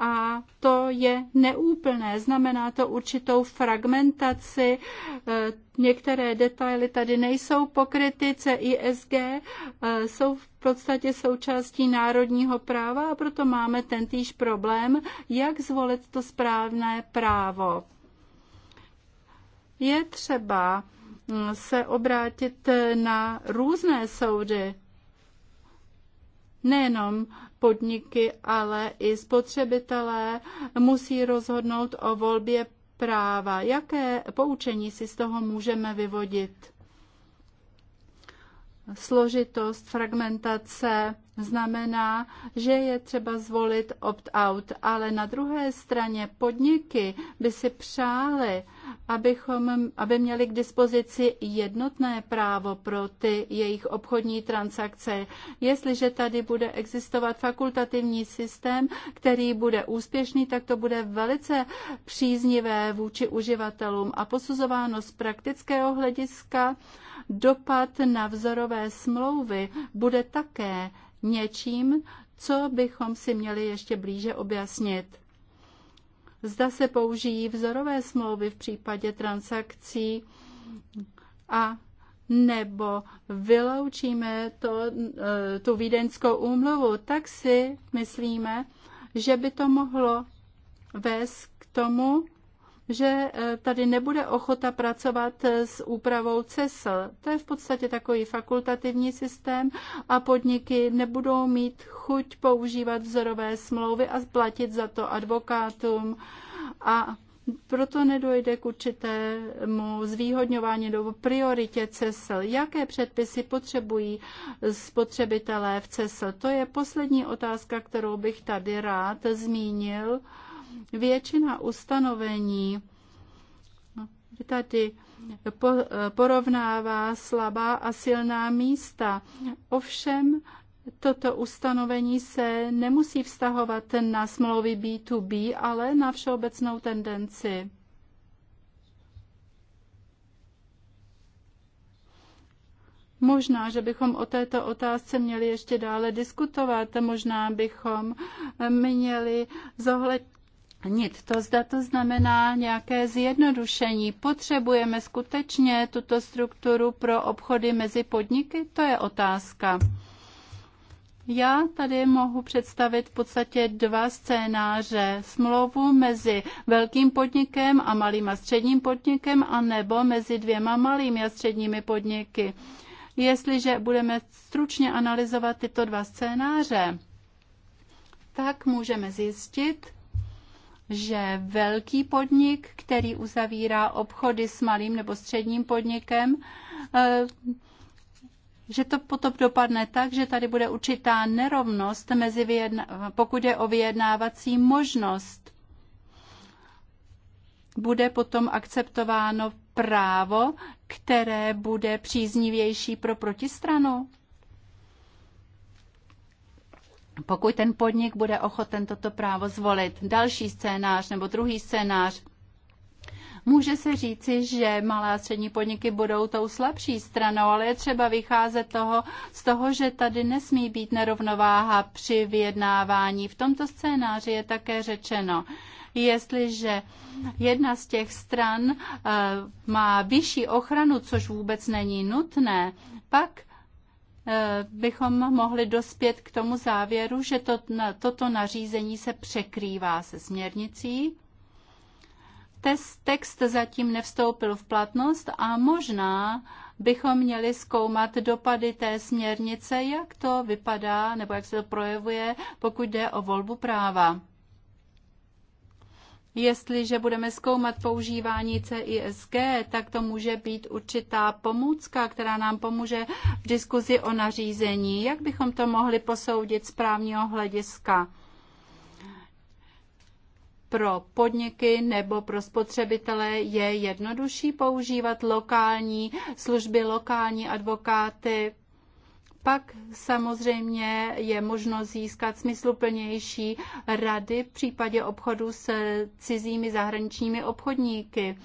a to je neúplné. Znamená to určitou fragmentaci. E, některé detaily tady nejsou pokryty. CISG e, jsou v podstatě součástí národního práva a proto máme tentýž problém, jak zvolit to správné právo. Je třeba mm, se obrátit na různé soudy, nejenom podniky, ale i spotřebitelé musí rozhodnout o volbě práva. Jaké poučení si z toho můžeme vyvodit? Složitost, fragmentace znamená, že je třeba zvolit opt-out, ale na druhé straně podniky by si přály, abychom, aby měli k dispozici jednotné právo pro ty jejich obchodní transakce. Jestliže tady bude existovat fakultativní systém, který bude úspěšný, tak to bude velice příznivé vůči uživatelům a posuzováno z praktického hlediska dopad na vzorové smlouvy bude také něčím, co bychom si měli ještě blíže objasnit zda se použijí vzorové smlouvy v případě transakcí a nebo vyloučíme to, eh, tu vídeňskou úmluvu, tak si myslíme, že by to mohlo vést k tomu, že eh, tady nebude ochota pracovat eh, s úpravou CESL. To je v podstatě takový fakultativní systém a podniky nebudou mít chuť používat vzorové smlouvy a platit za to advokátům a proto nedojde k určitému zvýhodňování nebo prioritě CESL. Jaké předpisy potřebují spotřebitelé v CESL? To je poslední otázka, kterou bych tady rád zmínil. Většina ustanovení no, tady porovnává slabá a silná místa. Ovšem toto ustanovení se nemusí vztahovat na smlouvy B2B, ale na všeobecnou tendenci. Možná, že bychom o této otázce měli ještě dále diskutovat, možná bychom měli zohled, nit. To zda to znamená nějaké zjednodušení. Potřebujeme skutečně tuto strukturu pro obchody mezi podniky? To je otázka. Já tady mohu představit v podstatě dva scénáře. Smlouvu mezi velkým podnikem a malým a středním podnikem a nebo mezi dvěma malými a středními podniky. Jestliže budeme stručně analyzovat tyto dva scénáře, tak můžeme zjistit, že velký podnik, který uzavírá obchody s malým nebo středním podnikem, eh, že to potom dopadne tak, že tady bude určitá nerovnost, mezi vyjedna- pokud je o vyjednávací možnost. Bude potom akceptováno právo, které bude příznivější pro protistranu? pokud ten podnik bude ochoten toto právo zvolit. Další scénář nebo druhý scénář. Může se říci, že malé a střední podniky budou tou slabší stranou, ale je třeba vycházet toho, z toho, že tady nesmí být nerovnováha při vyjednávání. V tomto scénáři je také řečeno, jestliže jedna z těch stran eh, má vyšší ochranu, což vůbec není nutné, pak Eh, bychom mohli dospět k tomu závěru, že to, na, toto nařízení se překrývá se směrnicí. Test, text zatím nevstoupil v platnost a možná bychom měli zkoumat dopady té směrnice, jak to vypadá nebo jak se to projevuje, pokud jde o volbu práva. Jestliže budeme zkoumat používání CISG, tak to může být určitá pomůcka, která nám pomůže v diskuzi o nařízení. Jak bychom to mohli posoudit z právního hlediska? Pro podniky nebo pro spotřebitele je jednodušší používat lokální služby, lokální advokáty, pak samozřejmě je možno získat smysluplnější rady v případě obchodu s cizími zahraničními obchodníky.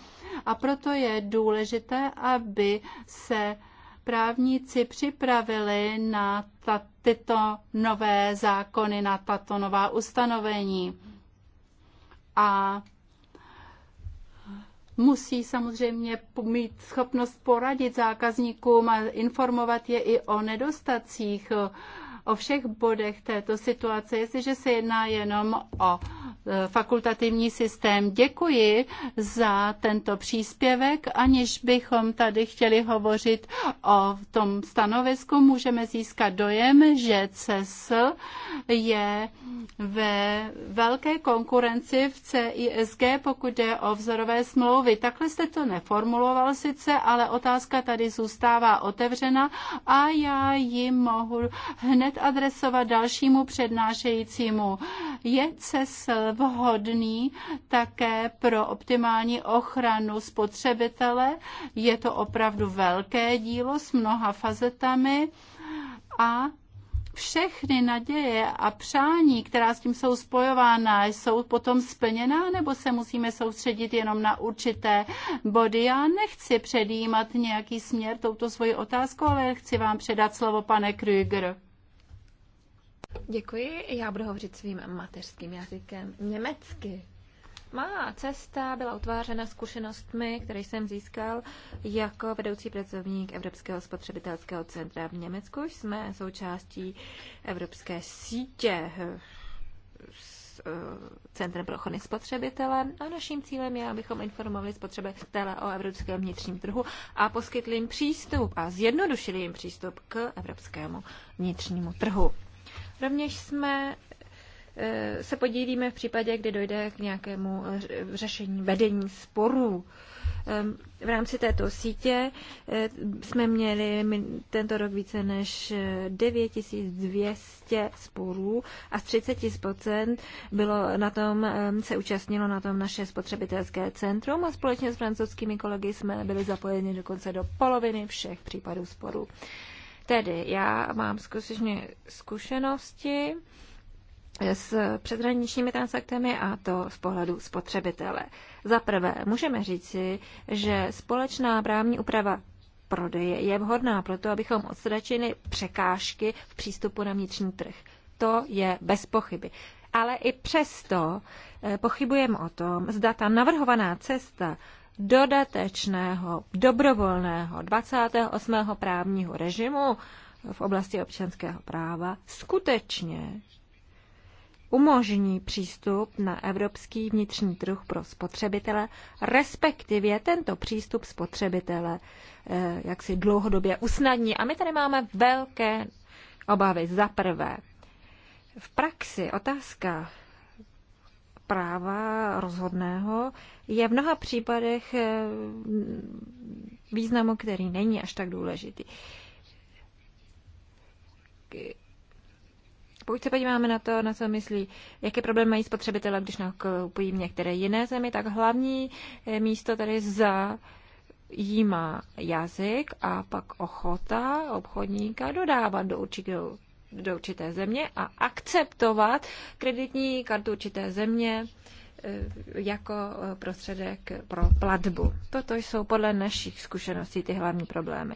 A proto je důležité, aby se právníci připravili na ta, tyto nové zákony, na tato nová ustanovení. A musí samozřejmě mít schopnost poradit zákazníkům a informovat je i o nedostacích o všech bodech této situace, jestliže se jedná jenom o e, fakultativní systém. Děkuji za tento příspěvek, aniž bychom tady chtěli hovořit o tom stanovisku, můžeme získat dojem, že CESL je ve velké konkurenci v CISG, pokud jde o vzorové smlouvy. Takhle jste to neformuloval sice, ale otázka tady zůstává otevřena a já ji mohu hned adresovat dalšímu přednášejícímu. Je CESL vhodný také pro optimální ochranu spotřebitele? Je to opravdu velké dílo s mnoha fazetami a všechny naděje a přání, která s tím jsou spojována, jsou potom splněná, nebo se musíme soustředit jenom na určité body? Já nechci předjímat nějaký směr touto svoji otázkou, ale chci vám předat slovo, pane Krüger. Děkuji, já budu hovořit svým mateřským jazykem, německy. Má cesta byla utvářena zkušenostmi, které jsem získal jako vedoucí pracovník Evropského spotřebitelského centra v Německu. Jsme součástí Evropské sítě s eh, Centrem pro ochrany spotřebitele a naším cílem je, abychom informovali spotřebitele o evropském vnitřním trhu a poskytli jim přístup a zjednodušili jim přístup k evropskému vnitřnímu trhu. Rovněž jsme eh, se podílíme v případě, kdy dojde k nějakému řešení vedení sporů. Ehm, v rámci této sítě eh, jsme měli tento rok více než 9200 eh, sporů a z 30% bylo na tom, ehm, se účastnilo na tom naše spotřebitelské centrum a společně s francouzskými kolegy jsme byli zapojeni dokonce do poloviny všech případů sporů. Tedy já mám skutečně zkušenosti s přeshraničními transakcemi a to z pohledu spotřebitele. Za prvé, můžeme říci, že společná právní úprava prodeje je vhodná pro to, abychom odstračili překážky v přístupu na vnitřní trh. To je bez pochyby. Ale i přesto eh, pochybujeme o tom, zda ta navrhovaná cesta dodatečného, dobrovolného 28. právního režimu v oblasti občanského práva skutečně umožní přístup na evropský vnitřní trh pro spotřebitele, respektive tento přístup spotřebitele eh, jak si dlouhodobě usnadní. A my tady máme velké obavy. Za prvé, v praxi otázka práva rozhodného je v mnoha případech eh, významu, který není až tak důležitý. Pokud se podíváme na to, na co myslí, jaké problémy mají spotřebitelé, když nakoupují v některé jiné zemi, tak hlavní eh, místo tady za jí má jazyk a pak ochota obchodníka dodávat do určitého do určité země a akceptovat kreditní kartu určité země eh, jako eh, prostředek pro platbu. Toto jsou podle našich zkušeností ty hlavní problémy.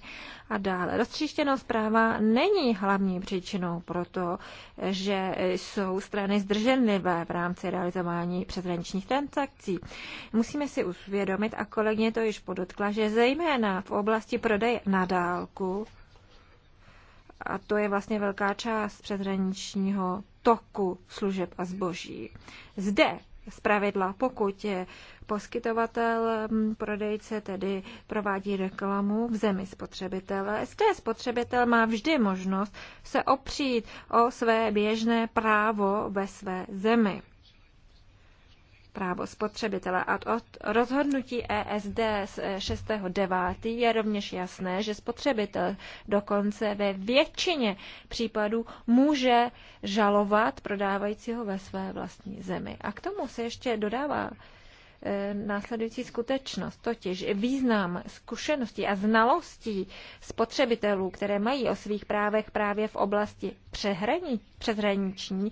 A dále, roztříštěnost práva není hlavní příčinou pro to, že jsou strany zdrženlivé v rámci realizování přeshraničních transakcí. Musíme si uvědomit, a kolegně to již podotkla, že zejména v oblasti prodeje na dálku a to je vlastně velká část přeshraničního toku služeb a zboží. Zde pravidla, pokud je poskytovatel mm, prodejce tedy provádí reklamu v zemi spotřebitele, zde spotřebitel má vždy možnost se opřít o své běžné právo ve své zemi právo spotřebitele. A od rozhodnutí ESD z 6.9. Eh, je rovněž jasné, že spotřebitel dokonce ve většině případů může žalovat prodávajícího ve své vlastní zemi. A k tomu se ještě dodává Eh, následující skutečnost, totiž význam zkušeností a znalostí spotřebitelů, které mají o svých právech právě v oblasti přehraní, přeshraniční,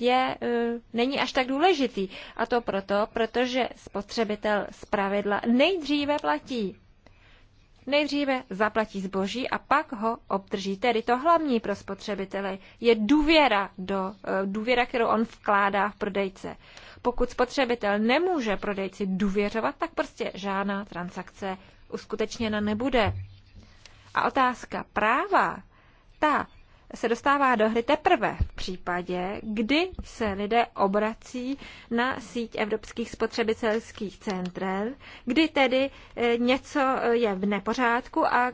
je, eh, není až tak důležitý. A to proto, protože spotřebitel z pravidla nejdříve platí. Nejdříve zaplatí zboží a pak ho obdrží. Tedy to hlavní pro spotřebitele je důvěra, do, eh, důvěra kterou on vkládá v prodejce. Pokud spotřebitel nemůže prodejci důvěřovat, tak prostě žádná transakce uskutečněna nebude. A otázka práva, ta se dostává do hry teprve v případě, kdy se lidé obrací na síť evropských spotřebitelských centrel, kdy tedy eh, něco je v nepořádku a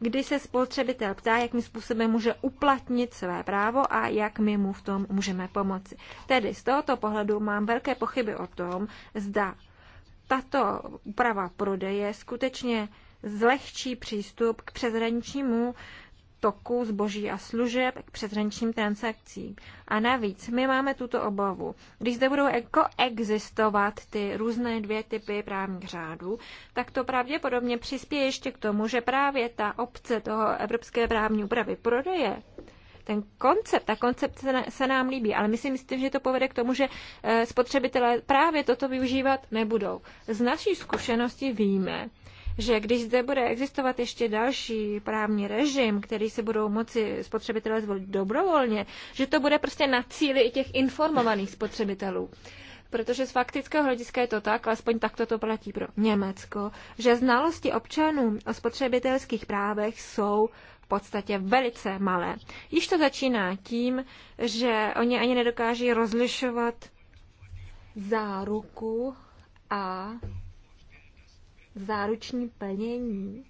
kdy se spotřebitel ptá, jakým způsobem může uplatnit své právo a jak my mu v tom můžeme pomoci. Tedy z tohoto pohledu mám velké pochyby o tom, zda tato úprava prodeje skutečně zlehčí přístup k přezraničnímu toku zboží a služeb k přeshraničním transakcím. A navíc my máme tuto obavu. Když zde budou jako e- existovat ty různé dvě typy právních řádů, tak to pravděpodobně přispěje ještě k tomu, že právě ta obce toho evropské právní úpravy prodeje ten koncept, ta koncept se, se nám líbí, ale my si myslím, že to povede k tomu, že eh, spotřebitelé právě toto využívat nebudou. Z naší zkušenosti víme, že když zde bude existovat ještě další právní režim, který si budou moci spotřebitelé zvolit dobrovolně, že to bude prostě na cíli i těch informovaných spotřebitelů protože z faktického hlediska je to tak, alespoň takto to platí pro Německo, že znalosti občanů o spotřebitelských právech jsou v podstatě velice malé. Již to začíná tím, že oni ani nedokáží rozlišovat záruku a záruční plnění.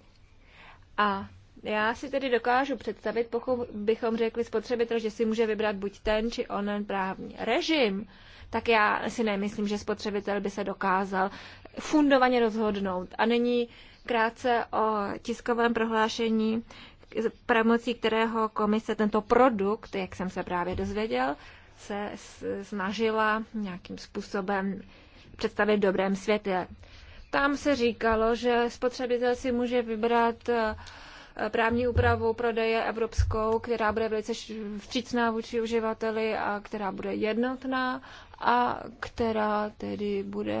A já si tedy dokážu představit, pokud bychom řekli spotřebitel, že si může vybrat buď ten či onen právní režim, tak já si nemyslím, že spotřebitel by se dokázal fundovaně rozhodnout. A není krátce o tiskovém prohlášení, pravomocí kterého komise tento produkt, jak jsem se právě dozvěděl, se snažila nějakým způsobem představit v dobrém světě. Tam se říkalo, že spotřebitel si může vybrat eh, právní úpravu prodeje evropskou, která bude velice vstřícná vůči uživateli a která bude jednotná a která tedy bude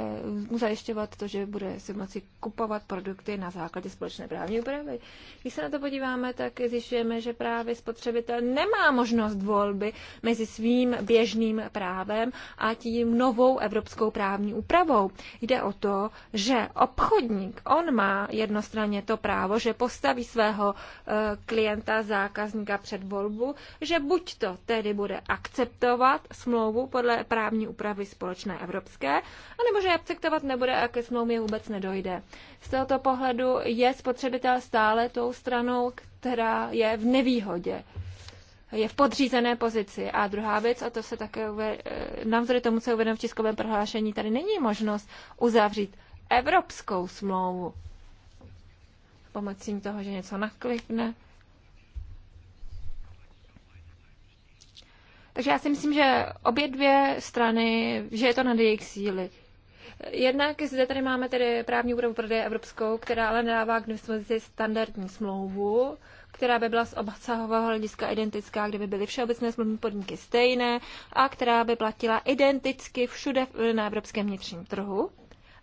mu zajišťovat to, že bude si moci kupovat produkty na základě společné právní úpravy. Když se na to podíváme, tak zjišťujeme, že právě spotřebitel nemá možnost volby mezi svým běžným právem a tím novou evropskou právní úpravou. Jde o to, že obchodník, on má jednostranně to právo, že postaví svého e, klienta, zákazníka před volbu, že buď to tedy bude akceptovat smlouvu podle právní úpravy společné evropské, anebo že akceptovat nebude a ke smlouvě vůbec nedojde. Z tohoto pohledu je spotřebitel stále tou stranou, která je v nevýhodě je v podřízené pozici. A druhá věc, a to se také uve, e, navzdory tomu, co je uvedeno v českovém prohlášení, tady není možnost uzavřít evropskou smlouvu pomocí toho, že něco naklikne, Takže já si myslím, že obě dvě strany, že je to nad jejich síly. Jednak zde tady máme tedy právní úpravu prodeje evropskou, která ale nedává k dispozici standardní smlouvu, která by byla z obsahového hlediska identická, kdyby byly všeobecné smluvní podmínky stejné a která by platila identicky všude na evropském vnitřním trhu.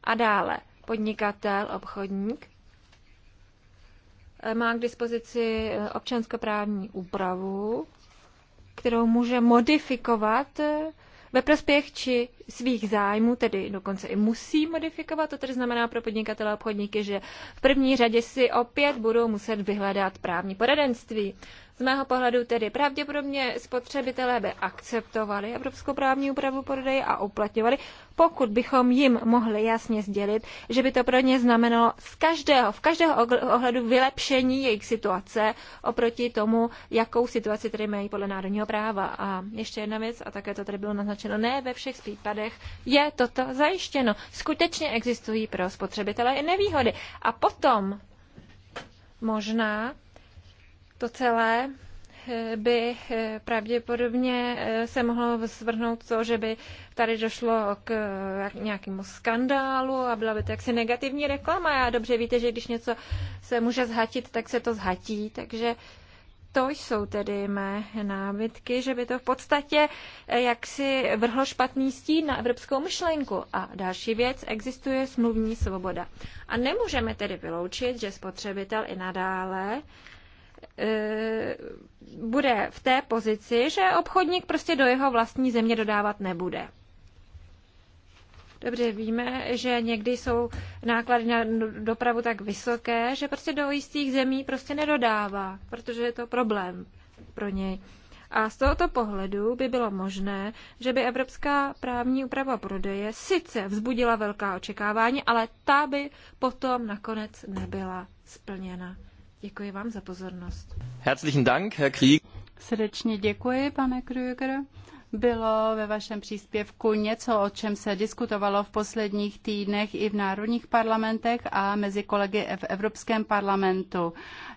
A dále podnikatel, obchodník eh, má k dispozici eh, občanskoprávní úpravu, kterou může modifikovat eh, ve prospěch či svých zájmů, tedy dokonce i musí modifikovat. To tedy znamená pro podnikatele a obchodníky, že v první řadě si opět budou muset vyhledat právní poradenství. Z mého pohledu tedy pravděpodobně spotřebitelé by akceptovali evropskou právní úpravu prodeje a uplatňovali, pokud bychom jim mohli jasně sdělit, že by to pro ně znamenalo z každého, v každého ohledu vylepšení jejich situace oproti tomu, jakou situaci tedy mají podle národního práva. A ještě jedna věc, a také to tady bylo naznačeno, ne ve všech případech je toto zajištěno. Skutečně existují pro spotřebitele i nevýhody. A potom možná to celé eh, by eh, pravděpodobně eh, se mohlo svrhnout to, že by tady došlo k nějakému skandálu a byla by to jaksi negativní reklama. Já dobře víte, že když něco se může zhatit, tak se to zhatí, takže to jsou tedy mé námitky, že by to v podstatě jaksi vrhlo špatný stín na evropskou myšlenku. A další věc, existuje smluvní svoboda. A nemůžeme tedy vyloučit, že spotřebitel i nadále Eh, bude v té pozici, že obchodník prostě do jeho vlastní země dodávat nebude. Dobře víme, že někdy jsou náklady na dopravu tak vysoké, že prostě do jistých zemí prostě nedodává, protože je to problém pro něj. A z tohoto pohledu by bylo možné, že by evropská právní úprava prodeje sice vzbudila velká očekávání, ale ta by potom nakonec nebyla splněna. Děkuji vám za pozornost. Herzlichen Dank, Herr Krieg. Srdečně děkuji, pane Krüger bylo ve vašem příspěvku něco, o čem se diskutovalo v posledních týdnech i v národních parlamentech a mezi kolegy v Evropském parlamentu.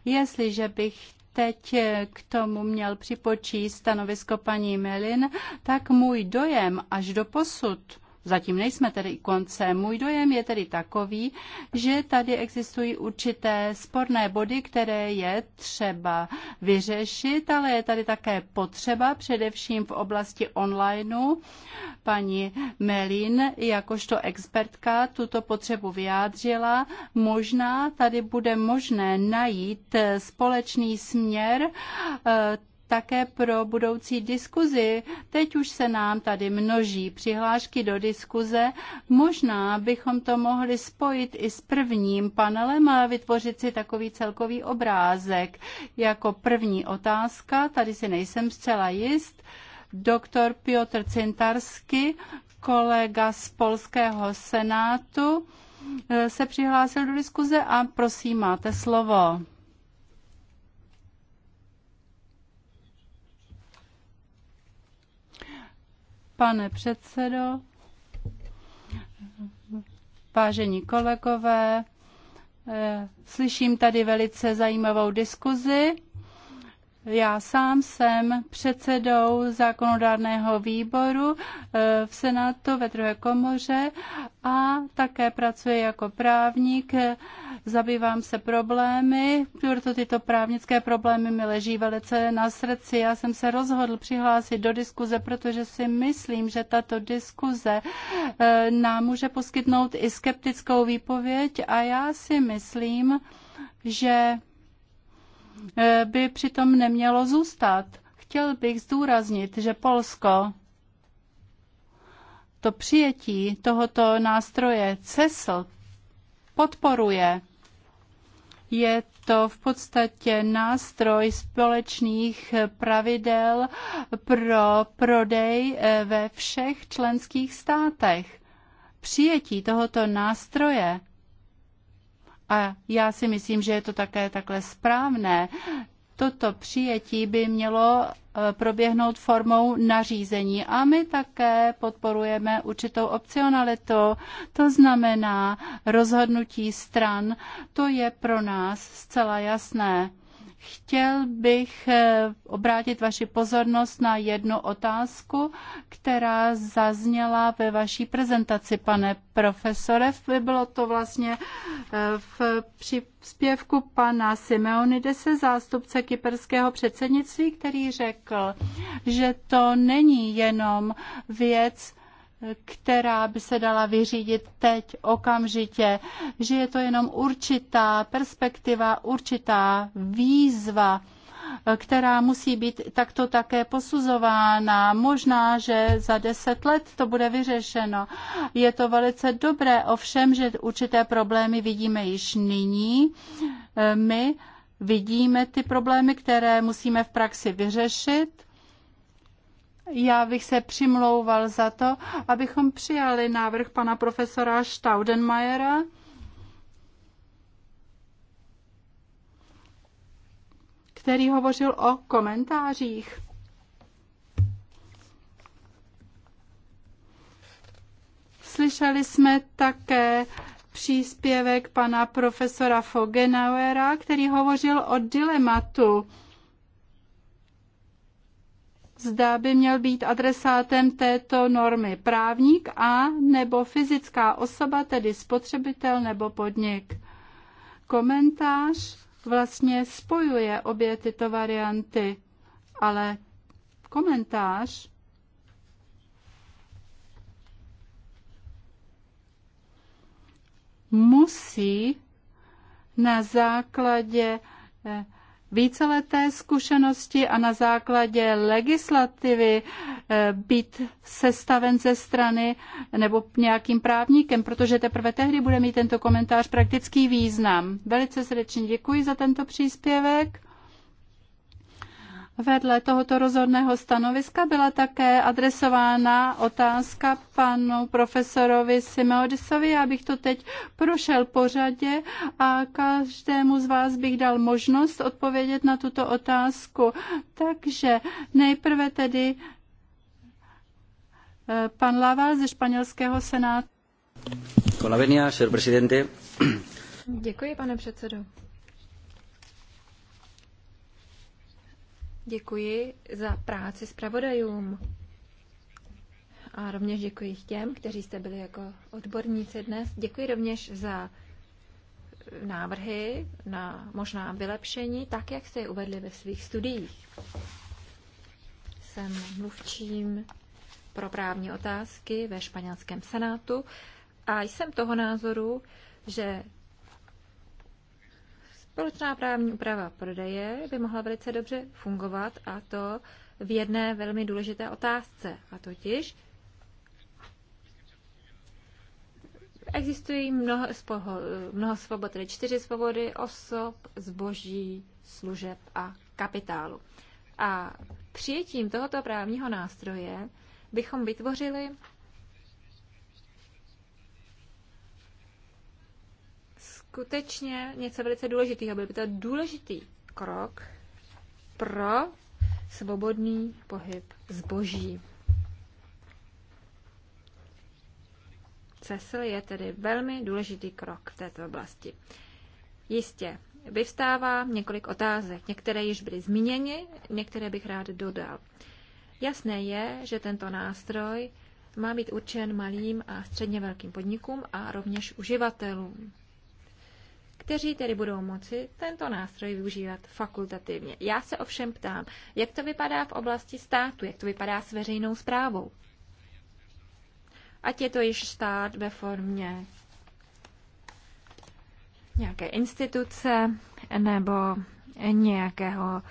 Jestliže bych teď k tomu měl připočíst stanovisko paní Melin, tak můj dojem až do posud Zatím nejsme tedy konce. Můj dojem je tedy takový, že tady existují určité sporné body, které je třeba vyřešit, ale je tady také potřeba, především v oblasti online. Paní Melin, jakožto expertka, tuto potřebu vyjádřila. Možná tady bude možné najít společný směr eh, také pro budoucí diskuzi. Teď už se nám tady množí přihlášky do diskuze. Možná bychom to mohli spojit i s prvním panelem a vytvořit si takový celkový obrázek. Jako první otázka, tady si nejsem zcela jist, doktor Piotr Cintarsky, kolega z Polského senátu, eh, se přihlásil do diskuze a prosím, máte slovo. pane předsedo, vážení kolegové, eh, slyším tady velice zajímavou diskuzi. Já sám jsem předsedou zákonodárného výboru eh, v Senátu ve druhé komoře a také pracuji jako právník. Zabývám se problémy, proto tyto právnické problémy mi leží velice na srdci. Já jsem se rozhodl přihlásit do diskuze, protože si myslím, že tato diskuze eh, nám může poskytnout i skeptickou výpověď a já si myslím, že E, by přitom nemělo zůstat. Chtěl bych zdůraznit, že Polsko to přijetí tohoto nástroje CESL podporuje. Je to v podstatě nástroj společných pravidel pro prodej e, ve všech členských státech. Přijetí tohoto nástroje a já si myslím, že je to také takhle správné. Toto přijetí by mělo eh, proběhnout formou nařízení a my také podporujeme určitou opcionalitu. To znamená rozhodnutí stran, to je pro nás zcela jasné. Chtěl bych eh, obrátit vaši pozornost na jednu otázku, která zazněla ve vaší prezentaci, pane profesore. Bylo to vlastně eh, v příspěvku pana Simeonidese, zástupce kyperského předsednictví, který řekl, že to není jenom věc která by se dala vyřídit teď, okamžitě, že je to jenom určitá perspektiva, určitá výzva, která musí být takto také posuzována. Možná, že za deset let to bude vyřešeno. Je to velice dobré, ovšem, že určité problémy vidíme již nyní. My vidíme ty problémy, které musíme v praxi vyřešit já bych se přimlouval za to, abychom přijali návrh pana profesora Staudenmayera, který hovořil o komentářích. Slyšeli jsme také příspěvek pana profesora Fogenauera, který hovořil o dilematu zda by měl být adresátem této normy právník a nebo fyzická osoba, tedy spotřebitel nebo podnik. Komentář vlastně spojuje obě tyto varianty, ale komentář musí na základě eh, víceleté zkušenosti a na základě legislativy eh, být sestaven ze strany nebo nějakým právníkem, protože teprve tehdy bude mít tento komentář praktický význam. Velice srdečně děkuji za tento příspěvek. Vedle tohoto rozhodného stanoviska byla také adresována otázka panu profesorovi Simeodisovi. Já bych to teď prošel po řadě a každému z vás bych dal možnost odpovědět na tuto otázku. Takže nejprve tedy eh, pan Lava ze španělského senátu. Děkuji, pane předsedo. Děkuji za práci s pravodajům. A rovněž děkuji těm, kteří jste byli jako odborníci dnes. Děkuji rovněž za návrhy na možná vylepšení, tak jak jste je uvedli ve svých studiích. Jsem mluvčím pro právní otázky ve španělském senátu a jsem toho názoru, že Společná právní úprava prodeje by mohla velice dobře fungovat a to v jedné velmi důležité otázce, a totiž existují mnoho, spoho, mnoho svobod, tedy čtyři svobody osob, zboží, služeb a kapitálu. A přijetím tohoto právního nástroje bychom vytvořili skutečně něco velice důležitého. Byl by to důležitý krok pro svobodný pohyb zboží. Cecil je tedy velmi důležitý krok v této oblasti. Jistě, vyvstává několik otázek. Některé již byly zmíněny, některé bych rád dodal. Jasné je, že tento nástroj má být určen malým a středně velkým podnikům a rovněž uživatelům kteří tedy budou moci tento nástroj využívat fakultativně. Já se ovšem ptám, jak to vypadá v oblasti státu, jak to vypadá s veřejnou zprávou. Ať je to již stát ve formě nějaké instituce nebo nějakého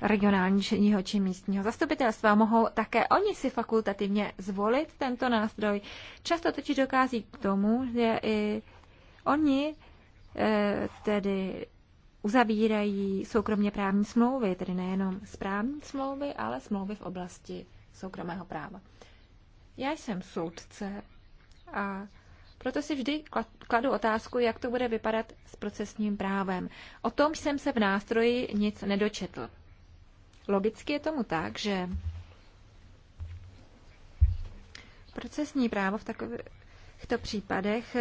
regionálního či místního zastupitelstva. Mohou také oni si fakultativně zvolit tento nástroj. Často totiž dokází k tomu, že i oni Eh, tedy uzavírají soukromně právní smlouvy, tedy nejenom správní smlouvy, ale smlouvy v oblasti soukromého práva. Já jsem soudce a proto si vždy kladu otázku, jak to bude vypadat s procesním právem. O tom jsem se v nástroji nic nedočetl. Logicky je tomu tak, že procesní právo v takovýchto případech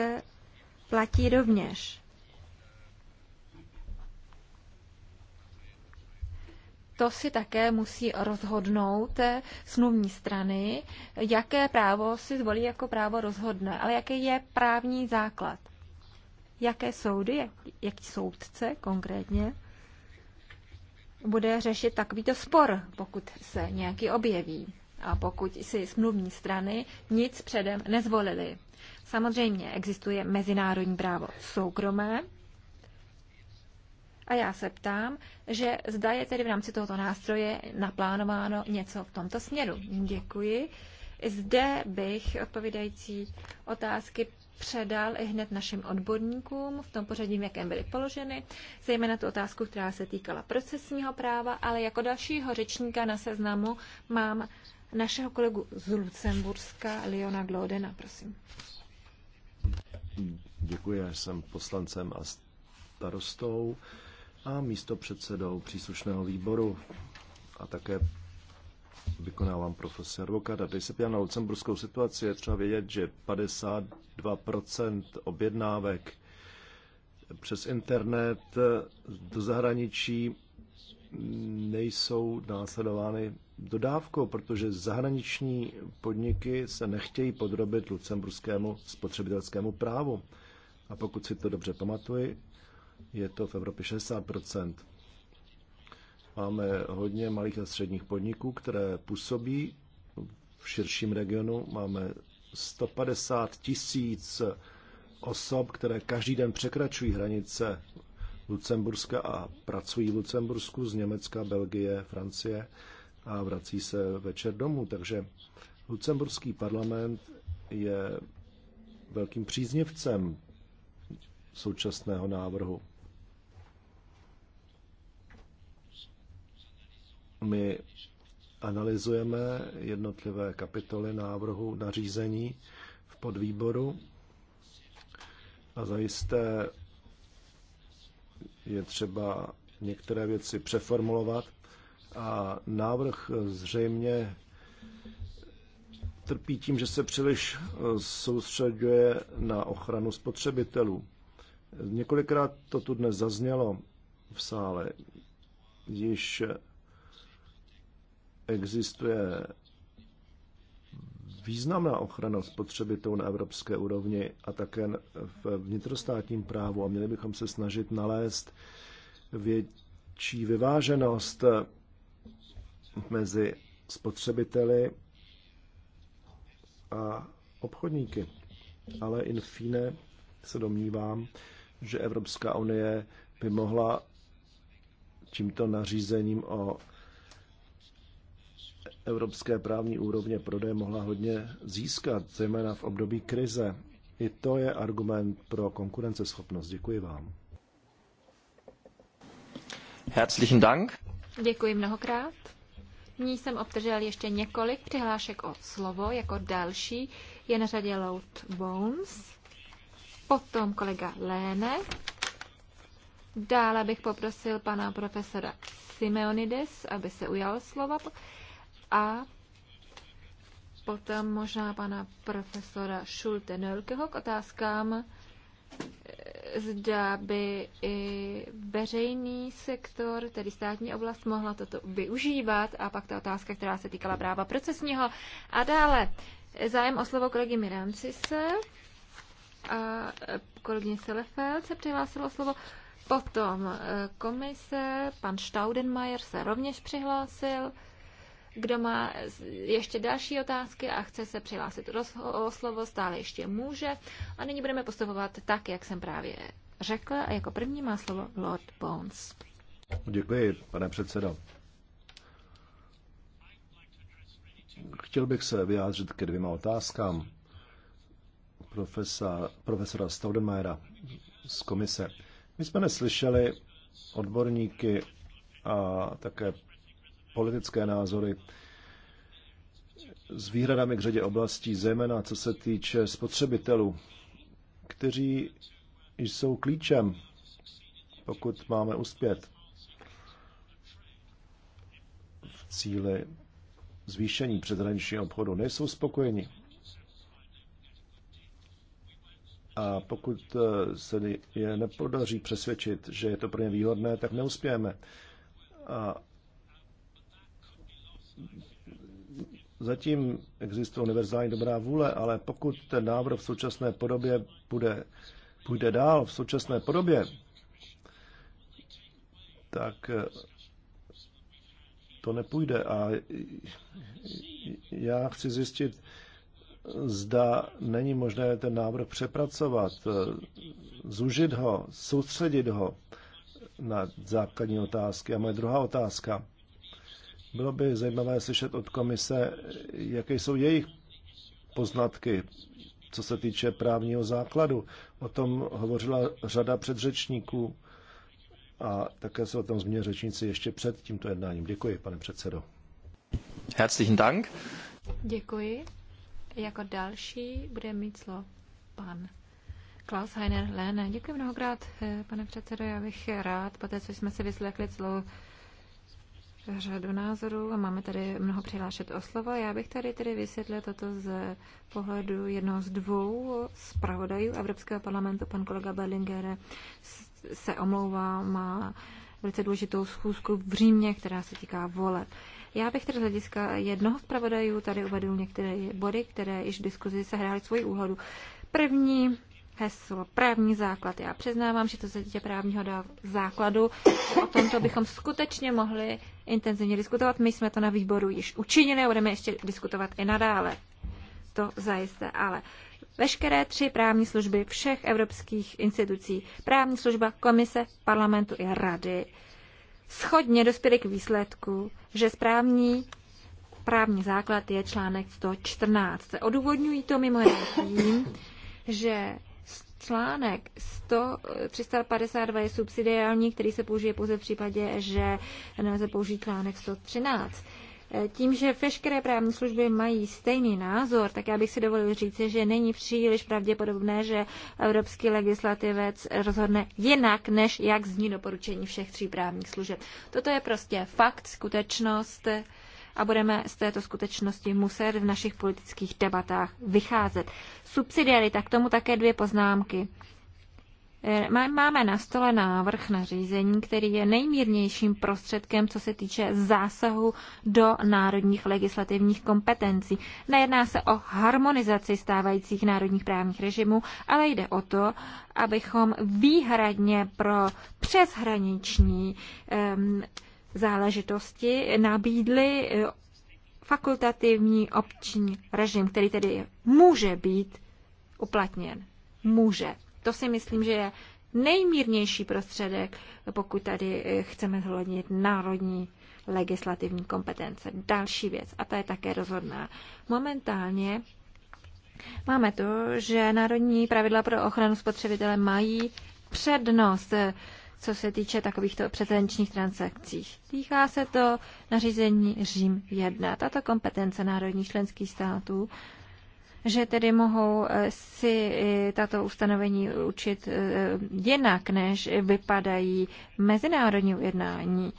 platí rovněž. to si také musí rozhodnout eh, smluvní strany, jaké právo si zvolí jako právo rozhodné, ale jaký je právní základ. Jaké soudy, jak, jak soudce konkrétně, bude řešit takovýto spor, pokud se nějaký objeví a pokud si smluvní strany nic předem nezvolili. Samozřejmě existuje mezinárodní právo soukromé, a já se ptám, že zda je tedy v rámci tohoto nástroje naplánováno něco v tomto směru. Děkuji. Zde bych odpovídající otázky předal i hned našim odborníkům v tom pořadí, v jakém byly položeny, zejména tu otázku, která se týkala procesního práva, ale jako dalšího řečníka na seznamu mám našeho kolegu z Lucemburska, Leona Glodena, prosím. Děkuji, já jsem poslancem a starostou a místo předsedou příslušného výboru a také vykonávám profesor advokáta. Když se pěl na lucemburskou situaci, je třeba vědět, že 52% objednávek přes internet do zahraničí nejsou následovány dodávkou, protože zahraniční podniky se nechtějí podrobit lucemburskému spotřebitelskému právu. A pokud si to dobře pamatuji, je to v Evropě 60 Máme hodně malých a středních podniků, které působí v širším regionu. Máme 150 tisíc osob, které každý den překračují hranice Lucemburska a pracují v Lucembursku z Německa, Belgie, Francie a vrací se večer domů. Takže Lucemburský parlament je velkým příznivcem současného návrhu. My analyzujeme jednotlivé kapitoly návrhu nařízení v podvýboru a zajisté je třeba některé věci přeformulovat a návrh zřejmě trpí tím, že se příliš soustředuje na ochranu spotřebitelů. Několikrát to tu dnes zaznělo v sále. Již existuje významná ochrana spotřebitelů na evropské úrovni a také v vnitrostátním právu a měli bychom se snažit nalézt větší vyváženost mezi spotřebiteli a obchodníky. Ale in fine se domnívám, že Evropská unie by mohla tímto nařízením o evropské právní úrovně prodeje mohla hodně získat, zejména v období krize. I to je argument pro konkurenceschopnost. Děkuji vám. Herzlichen Dank. Děkuji mnohokrát. Nyní jsem obdržel ještě několik přihlášek o slovo. Jako další je na řadě Lout Bones, potom kolega Léne, dále bych poprosil pana profesora Simeonides, aby se ujal slova a potom možná pana profesora Schulte Nölkeho k otázkám, e, zda by i veřejný sektor, tedy státní oblast, mohla toto využívat. A pak ta otázka, která se týkala práva procesního. A dále zájem o slovo kolegy Mirancise a kolegyně Selefeld se přihlásilo slovo. Potom e, komise, pan Staudenmayer se rovněž přihlásil. Kdo má ještě další otázky a chce se přihlásit o slovo, stále ještě může. A nyní budeme postupovat tak, jak jsem právě řekl. A jako první má slovo Lord Bones. Děkuji, pane předsedo. Chtěl bych se vyjádřit ke dvěma otázkám profesa, profesora Staudemajera z komise. My jsme neslyšeli odborníky a také politické názory s výhradami k řadě oblastí, zejména co se týče spotřebitelů, kteří jsou klíčem, pokud máme uspět v cíli zvýšení předhraničního obchodu, nejsou spokojeni. A pokud eh, se je nepodaří přesvědčit, že je to pro ně výhodné, tak neuspějeme. A zatím existuje univerzální dobrá vůle, ale pokud ten návrh v současné podobě bude, půjde dál v současné podobě, tak eh, to nepůjde. A já chci zjistit, zda není možné ten návrh přepracovat, eh, zužit ho, soustředit ho na základní otázky. A moje druhá otázka bylo by zajímavé slyšet od komise, jaké jsou jejich poznatky, co se týče právního základu. O tom hovořila řada předřečníků a také se o tom zmínili řečníci ještě před tímto jednáním. Děkuji, pane předsedo. Herzlichen Dank. Děkuji. Jako další bude mít slovo pan Klaus Heiner Lehne. Děkuji mnohokrát, eh, pane předsedo. Já bych rád, poté, co jsme si vyslechli celou řadu názorů a máme tady mnoho přihlášet o slovo. Já bych tady tedy vysvětlil toto z pohledu jednoho z dvou zpravodajů Evropského parlamentu. Pan kolega Berlinger se omlouvá, má velice důležitou schůzku v Římě, která se týká voleb. Já bych tedy z hlediska jednoho zpravodajů tady uvedl některé body, které již v diskuzi sehrály svoji úhodu. První heslo právní základ. Já přiznávám, že to se dítě právního základu, o tomto bychom skutečně mohli intenzivně diskutovat. My jsme to na výboru již učinili a budeme ještě diskutovat i nadále. To zajisté, ale veškeré tři právní služby všech evropských institucí, právní služba, komise, parlamentu i rady, schodně dospěly k výsledku, že správní právní základ je článek 114. Odůvodňují to mimo jiné tím, že Článek 100, 352 je subsidiální, který se použije pouze v případě, že nelze použít článek 113. Tím, že veškeré právní služby mají stejný názor, tak já bych si dovolil říct, že není příliš pravděpodobné, že evropský legislativec rozhodne jinak, než jak zní doporučení všech tří právních služeb. Toto je prostě fakt, skutečnost, a budeme z této skutečnosti muset v našich politických debatách vycházet. Subsidiarita, k tomu také dvě poznámky. Eh, máme na stole návrh na řízení, který je nejmírnějším prostředkem, co se týče zásahu do národních legislativních kompetencí. Nejedná se o harmonizaci stávajících národních právních režimů, ale jde o to, abychom výhradně pro přeshraniční um, záležitosti nabídly eh, fakultativní obční režim, který tedy může být uplatněn. Může. To si myslím, že je nejmírnější prostředek, pokud tady eh, chceme zhlednit národní legislativní kompetence. Další věc, a ta je také rozhodná. Momentálně máme to, že národní pravidla pro ochranu spotřebitele mají přednost eh, co se týče takovýchto přeshraničních transakcí. Týká se to nařízení Řím 1. Tato kompetence národních členských států že tedy mohou eh, si eh, tato ustanovení učit eh, jinak, než vypadají mezinárodní ujednání.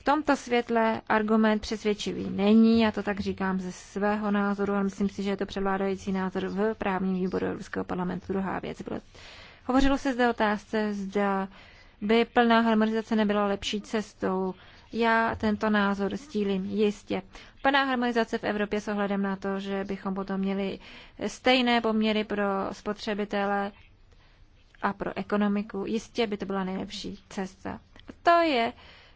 V tomto světle argument přesvědčivý není, já to tak říkám ze svého názoru, ale myslím si, že je to převládající názor v právním výboru Evropského parlamentu. Druhá věc byla Hovořilo se zde otázce, zda by plná harmonizace nebyla lepší cestou. Já tento názor stílím jistě. Plná harmonizace v Evropě s ohledem na to, že bychom potom měli stejné poměry pro spotřebitele a pro ekonomiku, jistě by to byla nejlepší cesta. A to je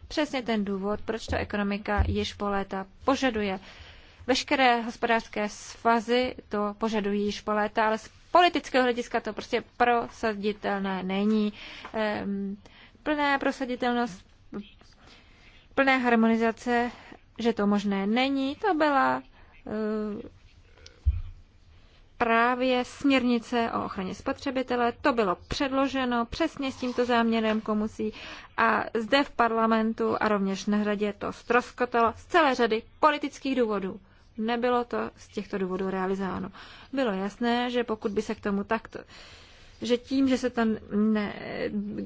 přesně ten důvod, proč to ekonomika již po léta požaduje. Veškeré hospodářské svazy to požadují již po léta, ale z politického hlediska to prostě prosaditelné není. Plné plná prosaditelnost, plné harmonizace, že to možné není, to byla eh, právě směrnice o ochraně spotřebitele. To bylo předloženo přesně s tímto záměrem komusí a zde v parlamentu a rovněž na hradě to stroskotalo z celé řady politických důvodů. Nebylo to z těchto důvodů realizováno. Bylo jasné, že pokud by se k tomu takto že tím, že se to ne,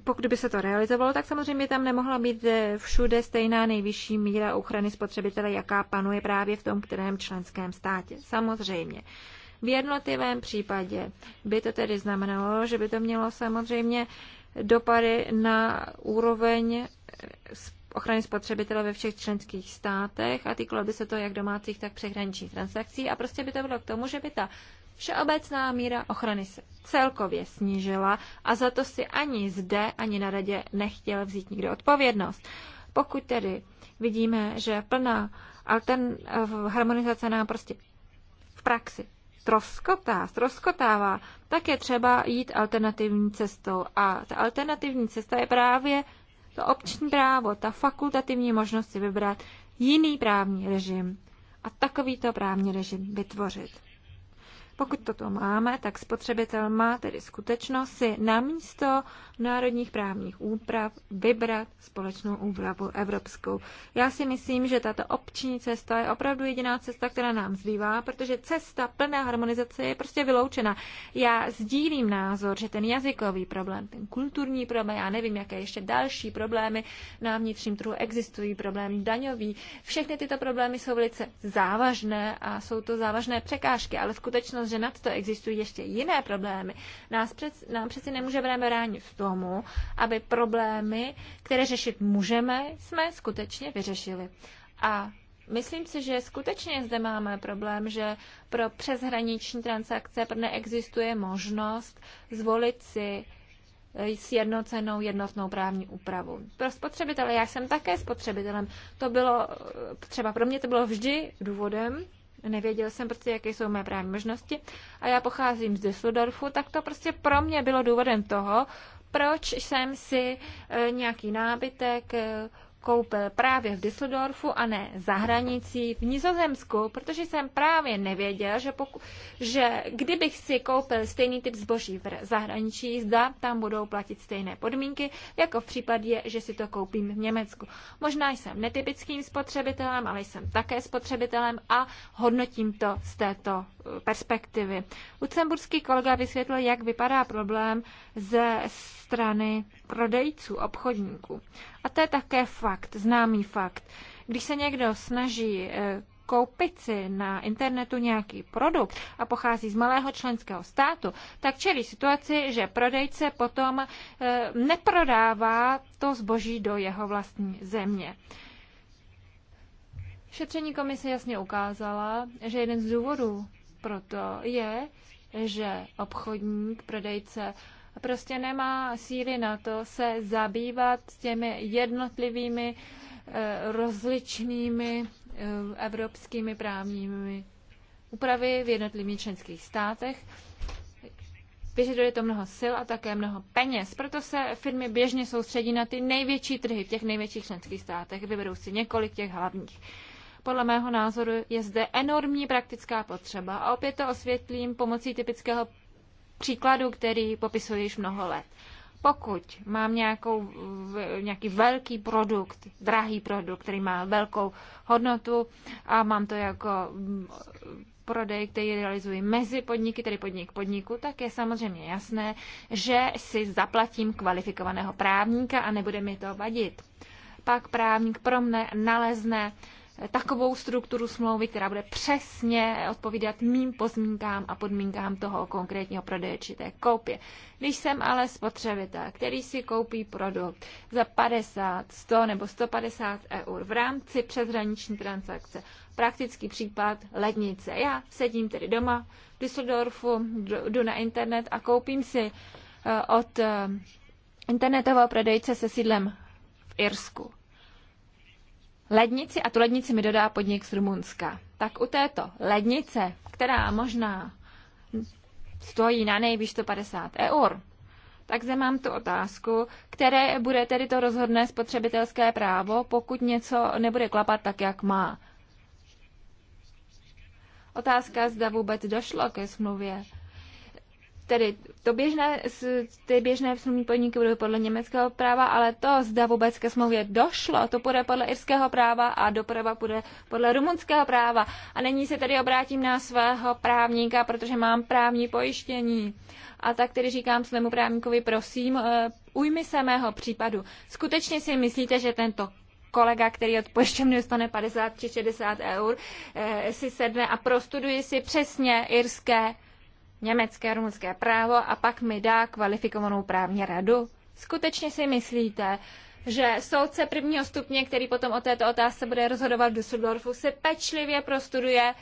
pokud by se to realizovalo, tak samozřejmě tam nemohla být eh, všude stejná nejvyšší míra ochrany spotřebitele, jaká panuje právě v tom kterém členském státě. Samozřejmě. V jednotlivém případě by to tedy znamenalo, že by to mělo samozřejmě dopady na úroveň eh, ochrany spotřebitele ve všech členských státech a týkalo by se to jak domácích, tak přehraničních transakcí a prostě by to bylo k tomu, že by ta všeobecná míra ochrany se celkově snížila a za to si ani zde, ani na radě nechtěl vzít nikdo odpovědnost. Pokud tedy vidíme, že plná altern, harmonizace nám prostě v praxi troskotá, stroskotává, tak je třeba jít alternativní cestou. A ta alternativní cesta je právě to opční právo, ta fakultativní možnost si vybrat jiný právní režim a takovýto právní režim vytvořit. Pokud toto máme, tak spotřebitel má tedy skutečnost si na místo národních právních úprav vybrat společnou úpravu evropskou. Já si myslím, že tato obční cesta je opravdu jediná cesta, která nám zbývá, protože cesta plné harmonizace je prostě vyloučena. Já sdílím názor, že ten jazykový problém, ten kulturní problém, já nevím, jaké ještě další problémy na vnitřním trhu existují, problém daňový, všechny tyto problémy jsou velice závažné a jsou to závažné překážky, ale skutečnost, že nad to existují ještě jiné problémy. Nás před, nám přeci nemůžeme bránit v tomu, aby problémy, které řešit můžeme, jsme skutečně vyřešili. A myslím si, že skutečně zde máme problém, že pro přeshraniční transakce neexistuje možnost zvolit si eh, sjednocenou jednotnou právní úpravu. Pro spotřebitele, já jsem také spotřebitelem, to bylo, eh, třeba pro mě to bylo vždy důvodem, Nevěděl jsem prostě, jaké jsou mé právní možnosti. A já pocházím z Düsseldorfu, tak to prostě pro mě bylo důvodem toho, proč jsem si eh, nějaký nábytek eh, koupil právě v Düsseldorfu a ne za hranicí v Nizozemsku, protože jsem právě nevěděl, že, poku- že kdybych si koupil stejný typ zboží v zahraničí, zda tam budou platit stejné podmínky, jako v případě, že si to koupím v Německu. Možná jsem netypickým spotřebitelem, ale jsem také spotřebitelem a hodnotím to z této perspektivy. Lucemburský kolega vysvětlil, jak vypadá problém ze strany prodejců, obchodníků. A to je také fakt, známý fakt. Když se někdo snaží eh, koupit si na internetu nějaký produkt a pochází z malého členského státu, tak čelí situaci, že prodejce potom eh, neprodává to zboží do jeho vlastní země. Šetření komise jasně ukázala, že jeden z důvodů, proto je, že obchodník, prodejce prostě nemá síly na to se zabývat těmi jednotlivými eh, rozličnými eh, evropskými právními úpravy v jednotlivých členských státech. Vyžaduje to mnoho sil a také mnoho peněz. Proto se firmy běžně soustředí na ty největší trhy v těch největších členských státech. Vyberou si několik těch hlavních. Podle mého názoru je zde enormní praktická potřeba a opět to osvětlím pomocí typického příkladu, který popisuji již mnoho let. Pokud mám nějakou, nějaký velký produkt, drahý produkt, který má velkou hodnotu a mám to jako mm, prodej, který realizuji mezi podniky, tedy podnik podniku, tak je samozřejmě jasné, že si zaplatím kvalifikovaného právníka a nebude mi to vadit. Pak právník pro mne nalezne uh, takovou strukturu smlouvy, která bude přesně odpovídat mým pozmínkám a podmínkám toho konkrétního prodeje či té koupě. Když jsem ale spotřebitel, který si koupí produkt za 50, 100 nebo 150 eur v rámci přeshraniční transakce, praktický případ lednice. Já sedím tedy doma v Düsseldorfu, jdu na internet a koupím si eh, od eh, internetového prodejce se sídlem v Irsku lednici a tu lednici mi dodá podnik z Rumunska. Tak u této lednice, která možná stojí na nejvýš 150 eur, tak zde mám tu otázku, které bude tedy to rozhodné spotřebitelské právo, pokud něco nebude klapat tak, jak má. Otázka, zda vůbec došlo ke smluvě Tedy to běžné, ty běžné smluvní podmínky budou podle německého práva, ale to, zda vůbec ke smlouvě došlo, to bude podle irského práva a doprava bude podle rumunského práva. A nyní se tedy obrátím na svého právníka, protože mám právní pojištění. A tak tedy říkám svému právníkovi, prosím, eh, ujmi se mého případu. Skutečně si myslíte, že tento kolega, který od pojišťovny dostane 50 či 60 eur, eh, si sedne a prostuduje si přesně irské německé a rumunské právo a pak mi dá kvalifikovanou právní radu? Skutečně si myslíte, že soudce prvního stupně, který potom o této otázce bude rozhodovat v Düsseldorfu, se pečlivě prostuduje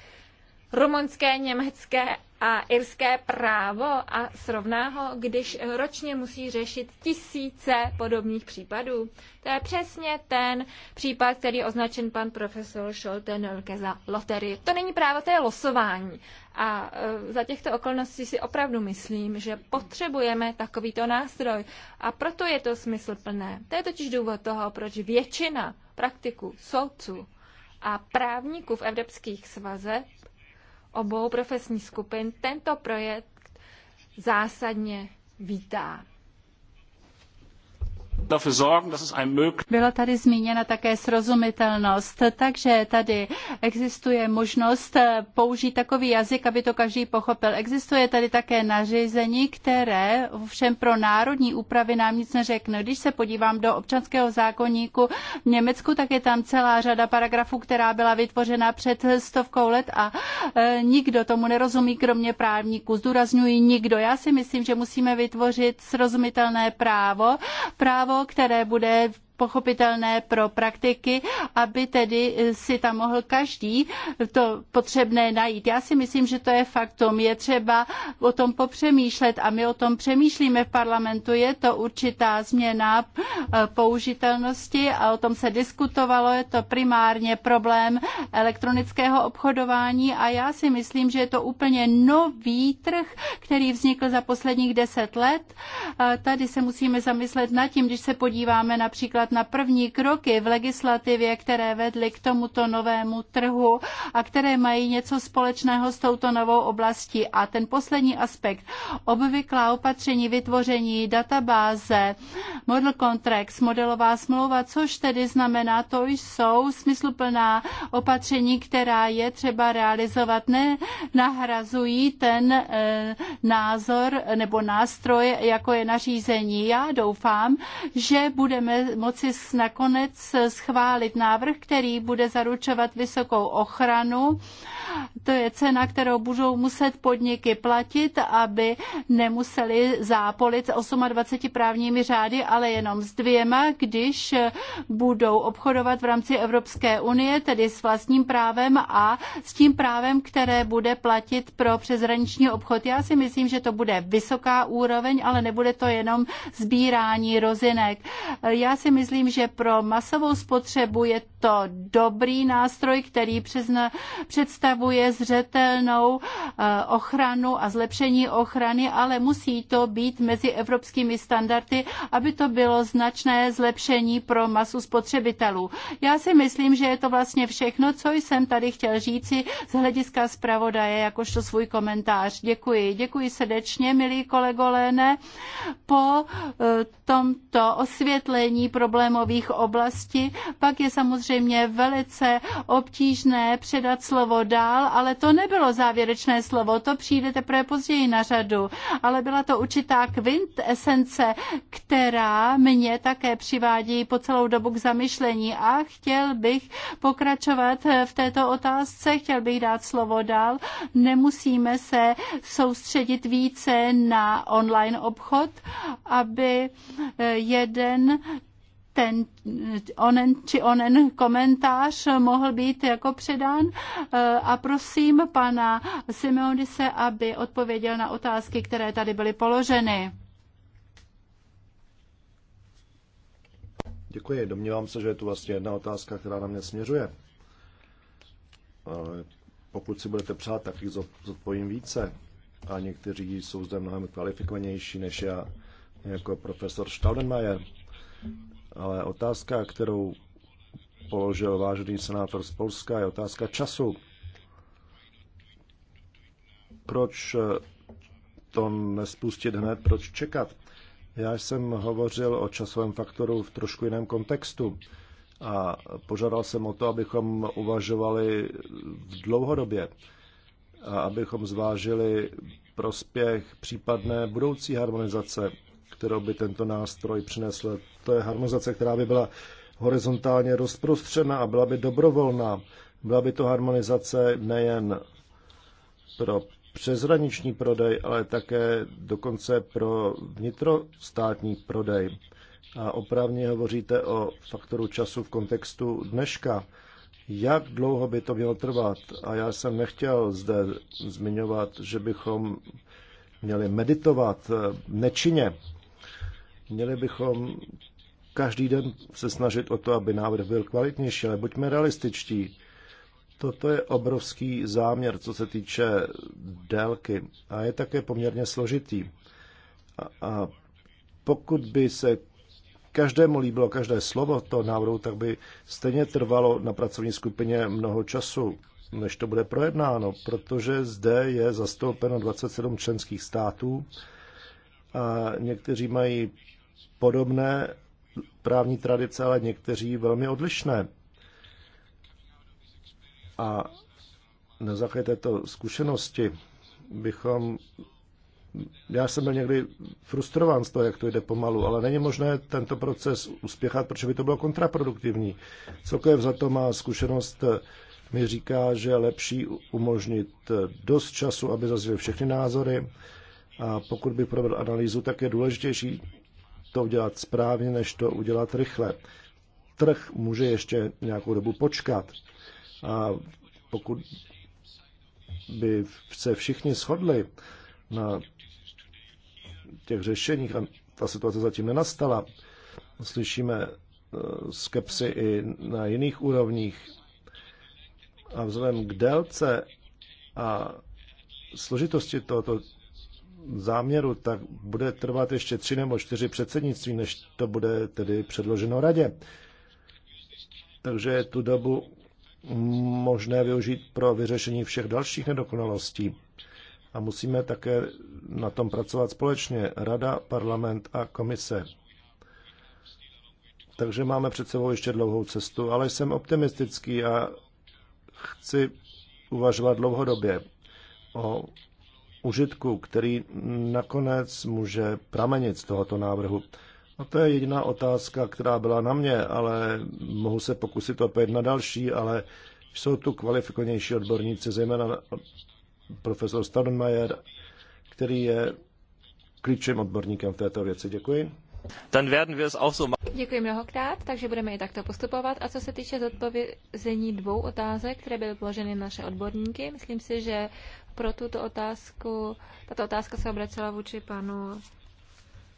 rumunské, německé a irské právo a srovná ho, když ročně musí řešit tisíce podobných případů. To je přesně ten případ, který je označen pan profesor Scholten za loterii. To není právo, to je losování. A e, za těchto okolností si opravdu myslím, že potřebujeme takovýto nástroj. A proto je to plné. To je totiž důvod toho, proč většina praktiků, soudců a právníků v evropských svazech obou profesních skupin tento projekt zásadně vítá. Byla tady zmíněna také srozumitelnost, takže tady existuje možnost použít takový jazyk, aby to každý pochopil. Existuje tady také nařízení, které ovšem pro národní úpravy nám nic neřekne. Když se podívám do občanského zákoníku v Německu, tak je tam celá řada paragrafů, která byla vytvořena před stovkou let a e, nikdo tomu nerozumí, kromě právníků. Zdůrazňuji nikdo. Já si myslím, že musíme vytvořit srozumitelné právo, právo právo, které bude pochopitelné pro praktiky, aby tedy si tam mohl každý to potřebné najít. Já si myslím, že to je faktum. Je třeba o tom popřemýšlet a my o tom přemýšlíme v parlamentu. Je to určitá změna eh, použitelnosti a o tom se diskutovalo. Je to primárně problém elektronického obchodování a já si myslím, že je to úplně nový trh, který vznikl za posledních deset let. Tady se musíme zamyslet nad tím, když se podíváme například reagovat na první kroky v legislativě, které vedly k tomuto novému trhu a které mají něco společného s touto novou oblastí. A ten poslední aspekt, obvyklá opatření vytvoření databáze, model contracts, modelová smlouva, což tedy znamená, to jsou smysluplná opatření, která je třeba realizovat, ne nahrazují ten e, názor nebo nástroj, jako je nařízení. Já doufám, že budeme moci moci nakonec schválit návrh, který bude zaručovat vysokou ochranu to je cena, kterou budou muset podniky platit, aby nemuseli zápolit 28 právními řády, ale jenom s dvěma, když budou obchodovat v rámci Evropské unie, tedy s vlastním právem a s tím právem, které bude platit pro přezraniční obchod. Já si myslím, že to bude vysoká úroveň, ale nebude to jenom sbírání rozinek. Já si myslím, že pro masovou spotřebu je to dobrý nástroj, který přizna, představuje představuje zřetelnou eh, ochranu a zlepšení ochrany, ale musí to být mezi evropskými standardy, aby to bylo značné zlepšení pro masu spotřebitelů. Já si myslím, že je to vlastně všechno, co jsem tady chtěl říci z hlediska zpravodaje, jakožto svůj komentář. Děkuji. Děkuji srdečně, milí kolego Léne. Po eh, tomto osvětlení problémových oblastí pak je samozřejmě velice obtížné předat slovo dál dál, ale to nebylo závěrečné slovo, to přijde teprve později na řadu, ale byla to určitá kvint esence, která mě také přivádí po celou dobu k zamyšlení a chtěl bych pokračovat v této otázce, chtěl bych dát slovo dál. Nemusíme se soustředit více na online obchod, aby jeden ten, onen či onen komentář mohl být jako předán eh, a prosím pana Simeonise, aby odpověděl na otázky, které tady byly položeny. Děkuji. Domnívám se, že je tu vlastně jedna otázka, která na mě směřuje. Pokud si budete přát, tak jich zodpovím více. A někteří jsou zde mnohem kvalifikovanější než já, jako profesor Staudenmayer ale otázka, kterou položil vážený senátor z Polska, je otázka času. Proč to nespustit hned, proč čekat? Já jsem hovořil o časovém faktoru v trošku jiném kontextu a požádal jsem o to, abychom uvažovali v dlouhodobě a abychom zvážili prospěch případné budoucí harmonizace kterou by tento nástroj přinesl. To je harmonizace, která by byla horizontálně rozprostřena a byla by dobrovolná. Byla by to harmonizace nejen pro přeshraniční prodej, ale také dokonce pro vnitrostátní prodej. A opravně hovoříte o faktoru času v kontextu dneška. Jak dlouho by to mělo trvat? A já jsem nechtěl zde zmiňovat, že bychom měli meditovat nečině. Měli bychom každý den se snažit o to, aby návrh byl kvalitnější, ale buďme realističtí. Toto je obrovský záměr, co se týče délky a je také poměrně složitý. A, a pokud by se každému líbilo každé slovo toho návrhu, tak by stejně trvalo na pracovní skupině mnoho času, než to bude projednáno, protože zde je zastoupeno 27 členských států a někteří mají podobné právní tradice, ale někteří velmi odlišné. A na základě této zkušenosti bychom já jsem byl někdy frustrován z toho, jak to jde pomalu, ale není možné tento proces uspěchat, protože by to bylo kontraproduktivní. Celkově za to má zkušenost eh, mi říká, že je lepší umožnit eh, dost času, aby zazvěl všechny názory a pokud by provedl analýzu, tak je důležitější to udělat správně, než to udělat rychle. Trh může ještě nějakou dobu počkat. A pokud by se všichni shodli na těch řešeních, a ta situace zatím nenastala, slyšíme eh, skepsy i na jiných úrovních. A vzhledem k délce a složitosti tohoto záměru, tak bude trvat ještě tři nebo čtyři předsednictví, než to bude tedy předloženo radě. Takže tu dobu možné využít pro vyřešení všech dalších nedokonalostí. A musíme také na tom pracovat společně, Rada, parlament a komise. Takže máme před sebou ještě dlouhou cestu, ale jsem optimistický a chci uvažovat dlouhodobě o užitku, který nakonec může pramenit z tohoto návrhu. A to je jediná otázka, která byla na mě, ale mohu se pokusit opět na další, ale jsou tu kvalifikovanější odborníci, zejména profesor Stadonmajer, který je klíčovým odborníkem v této věci. Děkuji. Dann werden wir es auch so machen. Děkuji mnohokrát, takže budeme i takto postupovat. A co se týče zodpovězení dvou otázek, které byly položeny naše odborníky, myslím si, že pro tuto otázku. Tato otázka se obracela vůči panu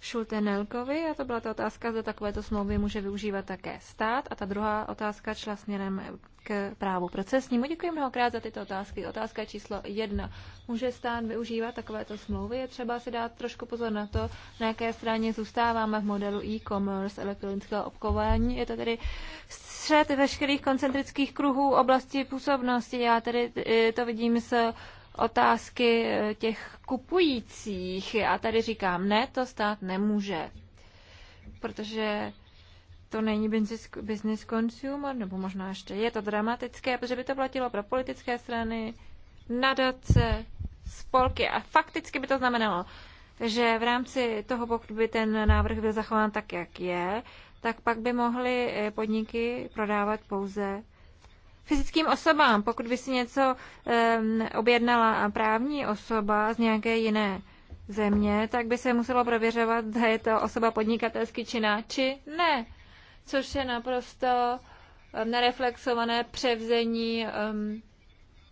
Šultenelkovi a to byla ta otázka, zda takovéto smlouvy může využívat také stát. A ta druhá otázka šla směrem k právu procesnímu. Děkuji mnohokrát za tyto otázky. Otázka číslo jedna. Může stát využívat takovéto smlouvy? Je třeba si dát trošku pozor na to, na jaké straně zůstáváme v modelu e-commerce, elektronického obkování. Je to tedy střed veškerých koncentrických kruhů oblasti působnosti. Já tedy eh, to vidím s otázky eh, těch kupujících. A tady říkám, ne, to stát nemůže, protože to není business, business consumer, nebo možná ještě je to dramatické, protože by to platilo pro politické strany, nadace, spolky a fakticky by to znamenalo, že v rámci toho, pokud by ten návrh byl zachován tak, jak je, tak pak by mohly eh, podniky prodávat pouze fyzickým osobám. Pokud by si něco um, objednala právní osoba z nějaké jiné země, tak by se muselo prověřovat, zda je to osoba podnikatelsky činná, či ne. Což je naprosto nereflexované převzení um,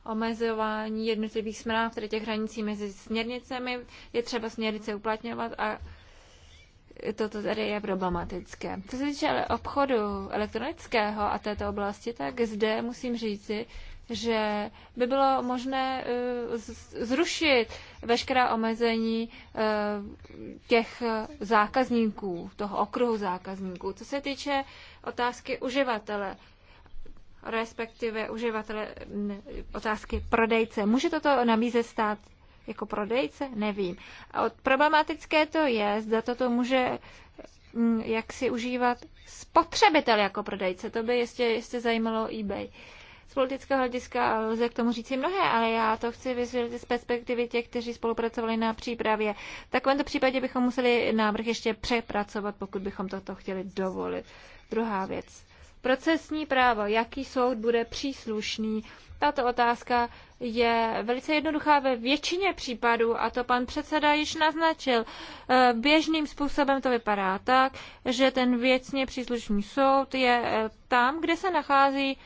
omezování jednotlivých smráv, tedy těch hranicí mezi směrnicemi. Je třeba směrnice uplatňovat a toto tady je problematické. Co se týče ale obchodu elektronického a této oblasti, tak zde musím říci, že by bylo možné eh, zrušit veškerá omezení eh, těch zákazníků, toho okruhu zákazníků. Co se týče otázky uživatele, respektive uživatele otázky prodejce, může toto nabízet stát jako prodejce? Nevím. A problematické to je, zda toto může mm, jak si užívat spotřebitel jako prodejce. To by jistě, jistě zajímalo eBay. Z politického hlediska lze k tomu říci mnohé, ale já to chci vysvětlit z perspektivy těch, kteří spolupracovali na přípravě. V takovémto případě bychom museli návrh ještě přepracovat, pokud bychom toto chtěli dovolit. Druhá věc procesní právo, jaký soud bude příslušný. Tato otázka je velice jednoduchá ve většině případů a to pan předseda již naznačil. E, běžným způsobem to vypadá tak, že ten věcně příslušný soud je e, tam, kde se nachází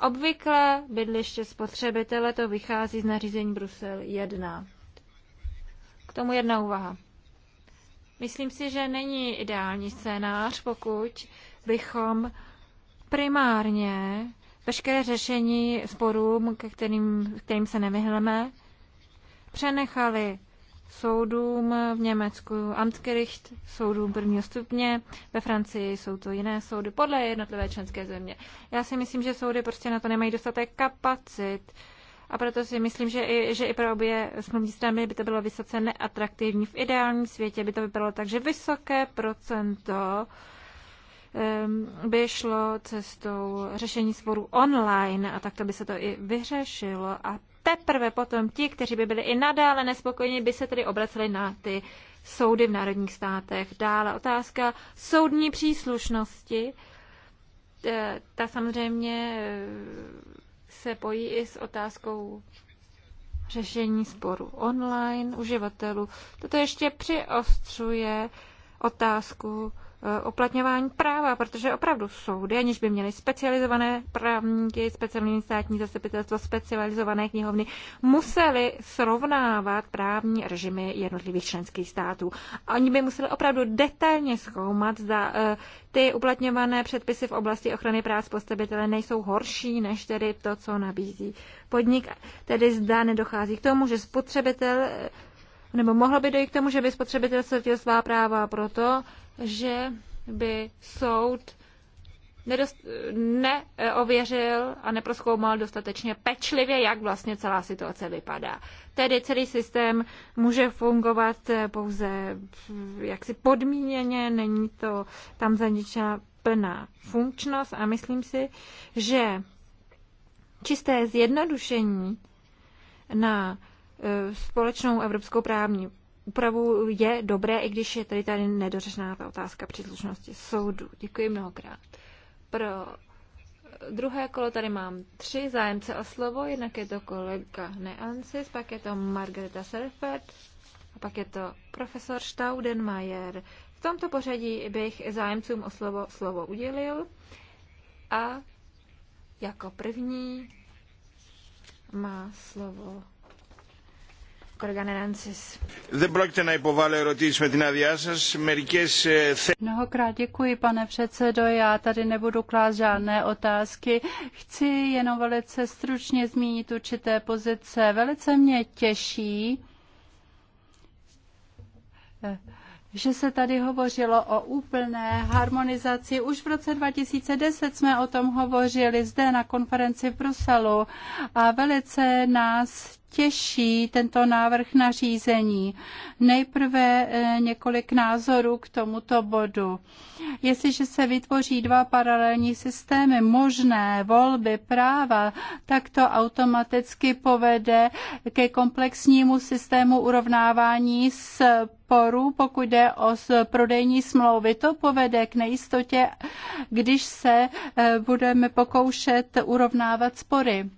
obvykle bydliště spotřebitele, to vychází z nařízení Brusel 1. K tomu jedna úvaha. Myslím si, že není ideální scénář, pokud bychom primárně veškeré řešení sporů, kterým, kterým se nevyhneme, přenechali soudům v Německu Amtsgericht, soudům prvního stupně, ve Francii jsou to jiné soudy podle jednotlivé členské země. Já si myslím, že soudy prostě na to nemají dostatek kapacit a proto si myslím, že i, že i pro obě smluvní strany by to bylo vysoce neatraktivní. V ideálním světě by to vypadalo tak, že vysoké procento uh, Ehm, by šlo cestou řešení sporů online a takto by se to i vyřešilo a teprve potom ti, kteří by byli i nadále nespokojeni, by se tedy obraceli na ty soudy v národních státech. Dále otázka soudní příslušnosti. Eh, ta samozřejmě eh, se pojí i s otázkou řešení sporu online uživatelů. Toto ještě přiostřuje otázku Eh, oplatňování práva, protože opravdu soudy, aniž by měly specializované právníky, speciální státní zastupitelstvo, specializované knihovny, museli srovnávat právní režimy jednotlivých členských států. A oni by museli opravdu detailně zkoumat, zda eh, ty uplatňované předpisy v oblasti ochrany práv spotřebitele nejsou horší než tedy to, co nabízí podnik. Tedy zda nedochází k tomu, že spotřebitel nebo mohlo by dojít k tomu, že by spotřebitel ztratil svá práva proto, že by soud nedost, neověřil a neproskoumal dostatečně pečlivě, jak vlastně celá situace vypadá. Tedy celý systém může fungovat pouze jaksi podmíněně, není to tam zaničena plná funkčnost a myslím si, že čisté zjednodušení na E, společnou evropskou právní úpravu je dobré, i když je tady tady nedořešená ta otázka příslušnosti soudu. Děkuji mnohokrát. Pro druhé kolo tady mám tři zájemce o slovo, jednak je to kolega Neansis, pak je to Margareta Serfert a pak je to profesor Staudenmayer. V tomto pořadí bych zájemcům o slovo, slovo udělil a jako první má slovo Mnohokrát děkuji, pane předsedo. Já tady nebudu klást žádné otázky. Chci jenom velice stručně zmínit určité pozice. Velice mě těší, eh, že se tady hovořilo o úplné harmonizaci. Už v roce 2010 jsme o tom hovořili zde na konferenci v Bruselu a velice nás těší tento návrh nařízení. Nejprve eh, několik názorů k tomuto bodu. Jestliže se vytvoří dva paralelní systémy možné volby práva, tak to automaticky povede ke komplexnímu systému urovnávání s sporů, pokud jde o prodejní smlouvy. To povede k nejistotě, když se eh, budeme pokoušet urovnávat spory.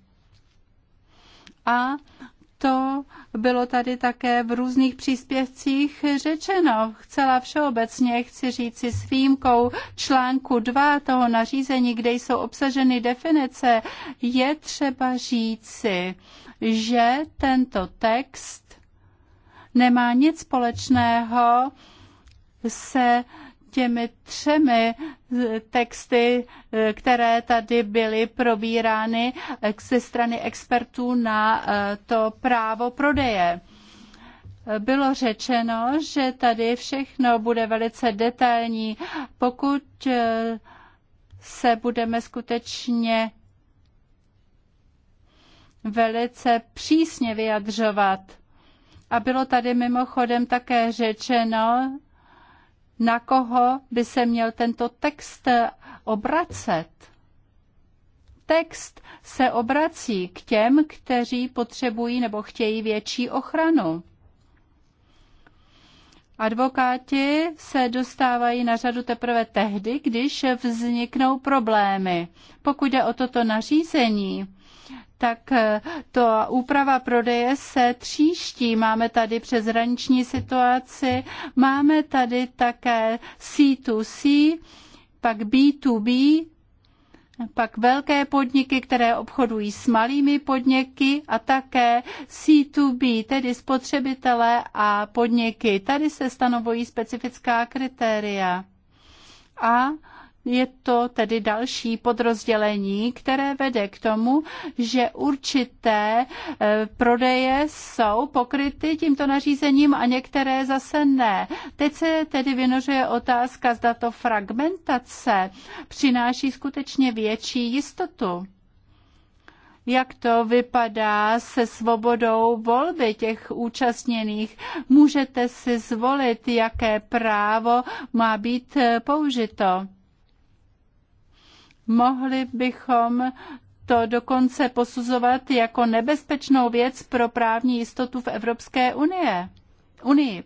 A to bylo tady také v různých příspěvcích řečeno. Chcela všeobecně chci říci s výjimkou článku 2 toho nařízení, kde jsou obsaženy definice, je třeba říci, že tento text nemá nic společného se těmi třemi texty, eh, které tady byly probírány eh, ze strany expertů na eh, to právo prodeje. Bylo řečeno, že tady všechno bude velice detailní, pokud se budeme skutečně velice přísně vyjadřovat. A bylo tady mimochodem také řečeno, na koho by se měl tento text obracet. Text se obrací k těm, kteří potřebují nebo chtějí větší ochranu. Advokáti se dostávají na řadu teprve tehdy, když vzniknou problémy. Pokud jde o toto nařízení, tak eh, to úprava prodeje se tříští. Máme tady přezraniční situaci, máme tady také C2C, pak B2B, pak velké podniky, které obchodují s malými podniky a také C2B, tedy spotřebitelé a podniky. Tady se stanovují specifická kritéria. A je to tedy další podrozdělení, které vede k tomu, že určité eh, prodeje jsou pokryty tímto nařízením a některé zase ne. Teď se tedy vynožuje otázka, zda to fragmentace přináší skutečně větší jistotu jak to vypadá se svobodou volby těch účastněných. Můžete si zvolit, jaké právo má být eh, použito. Mohli bychom to dokonce posuzovat jako nebezpečnou věc pro právní jistotu v Evropské unie. unii.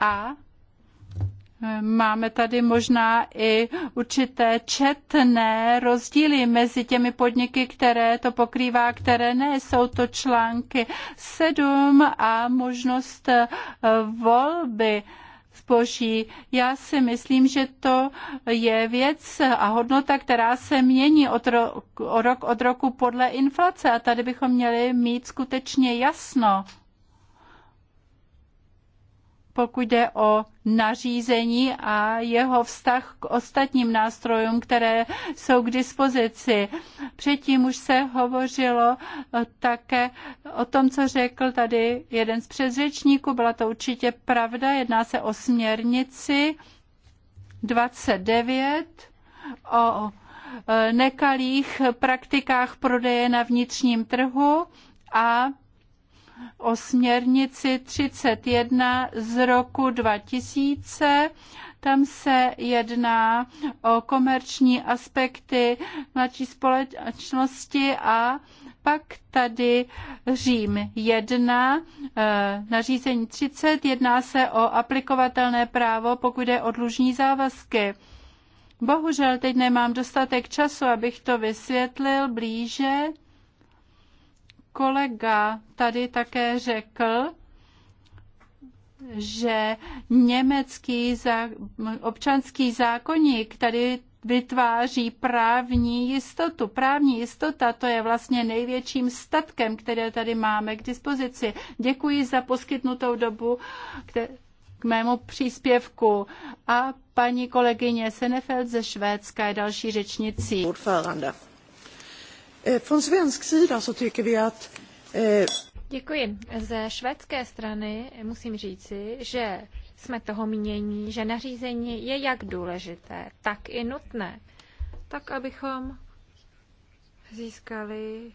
A e, Máme tady možná i určité četné rozdíly mezi těmi podniky, které to pokrývá, které ne. Jsou to články 7 a možnost e, volby zboží. Já si myslím, že to je věc a hodnota, která se mění od roku, rok od roku podle inflace a tady bychom měli mít skutečně jasno pokud jde o nařízení a jeho vztah k ostatním nástrojům, které jsou k dispozici. Předtím už se hovořilo eh, také o tom, co řekl tady jeden z předřečníků. Byla to určitě pravda. Jedná se o směrnici 29 o eh, nekalých praktikách prodeje na vnitřním trhu a o směrnici 31 z roku 2000. Tam se jedná o komerční aspekty mladší společnosti a pak tady Řím 1, eh, nařízení 30, jedná se o aplikovatelné právo, pokud je o dlužní závazky. Bohužel teď nemám dostatek času, abych to vysvětlil blíže kolega tady také řekl, že německý zá, občanský zákonník tady vytváří právní jistotu. Právní jistota to je vlastně největším statkem, které tady máme k dispozici. Děkuji za poskytnutou dobu k mému příspěvku. A paní kolegyně Senefeld ze Švédska je další řečnicí. Von eh, svensk sida så tycker vi att... Eh, Děkuji. Ze švédské strany musím říci, že jsme toho mínění, že nařízení je jak důležité, tak i nutné, tak abychom získali,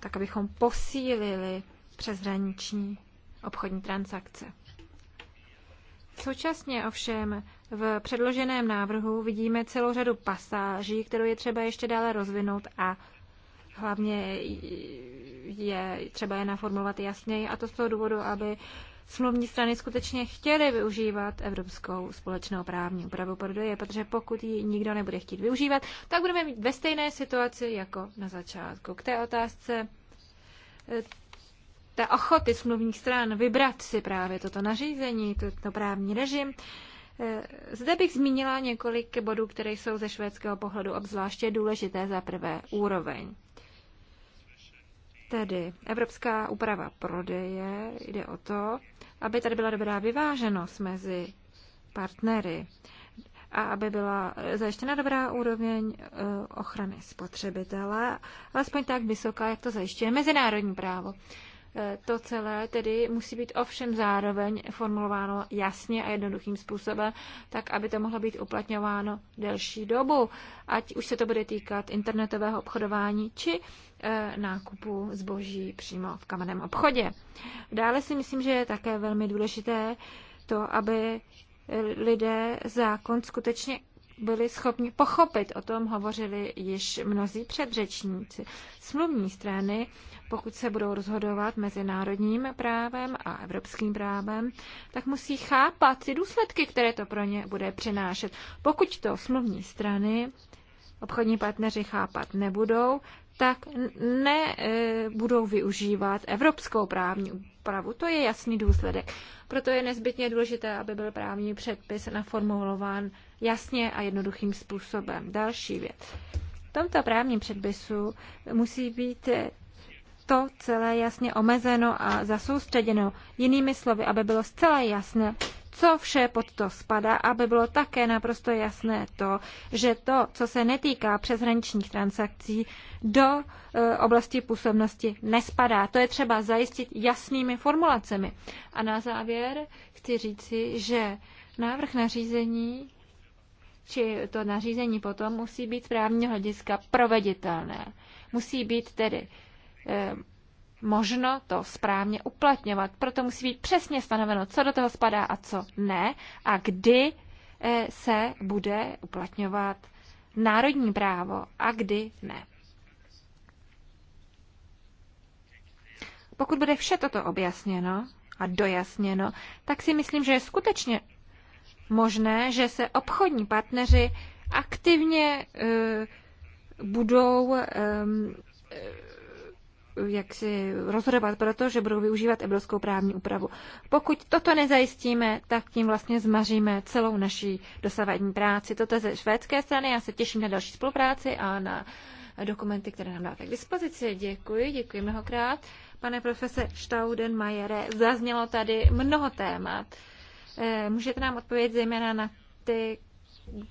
tak abychom posílili přeshraniční obchodní transakce. Současně ovšem v předloženém návrhu vidíme celou řadu pasáží, kterou je třeba ještě dále rozvinout a hlavně je třeba je naformulovat jasněji a to z toho důvodu, aby smluvní strany skutečně chtěly využívat evropskou společnou právní úpravu prodeje, protože pokud ji nikdo nebude chtít využívat, tak budeme mít ve stejné situaci jako na začátku. K té otázce té ochoty smluvních stran vybrat si právě toto nařízení, toto právní režim, Eh, zde bych zmínila několik bodů, které jsou ze švédského pohledu obzvláště důležité za prvé úroveň. Tedy evropská úprava prodeje, jde o to, aby tady byla dobrá vyváženost mezi partnery a aby byla zajištěna dobrá úroveň eh, ochrany spotřebitele, alespoň tak vysoká, jak to zajišťuje mezinárodní právo. To celé tedy musí být ovšem zároveň formulováno jasně a jednoduchým způsobem, tak aby to mohlo být uplatňováno delší dobu, ať už se to bude týkat internetového obchodování či e, nákupu zboží přímo v kamenném obchodě. Dále si myslím, že je také velmi důležité to, aby lidé zákon skutečně byli schopni pochopit. O tom hovořili již mnozí předřečníci. Smluvní strany, pokud se budou rozhodovat mezinárodním právem a evropským právem, tak musí chápat ty důsledky, které to pro ně bude přinášet. Pokud to smluvní strany, obchodní partneři chápat nebudou, tak nebudou e, využívat evropskou právní úpravu. To je jasný důsledek. Proto je nezbytně důležité, aby byl právní předpis naformulován jasně a jednoduchým způsobem. Další věc. V tomto právním předpisu musí být to celé jasně omezeno a zasoustředěno. Jinými slovy, aby bylo zcela jasné, co vše pod to spadá, aby bylo také naprosto jasné to, že to, co se netýká přeshraničních transakcí, do e, oblasti působnosti nespadá. To je třeba zajistit jasnými formulacemi. A na závěr chci říci, že návrh nařízení či to nařízení potom musí být z právního hlediska proveditelné. Musí být tedy e, možno to správně uplatňovat. Proto musí být přesně stanoveno, co do toho spadá a co ne a kdy e, se bude uplatňovat národní právo a kdy ne. Pokud bude vše toto objasněno a dojasněno, tak si myslím, že je skutečně možné, že se obchodní partneři aktivně eh, budou um, jak si rozhodovat to, že budou využívat evropskou právní úpravu. Pokud toto nezajistíme, tak tím vlastně zmaříme celou naší dosavadní práci. Toto ze švédské strany. Já se těším na další spolupráci a na dokumenty, které nám dáte k dispozici. Děkuji, děkuji mnohokrát. Pane profesor Staudenmajere, zaznělo tady mnoho témat. Eh, můžete nám odpovědět zejména na ty,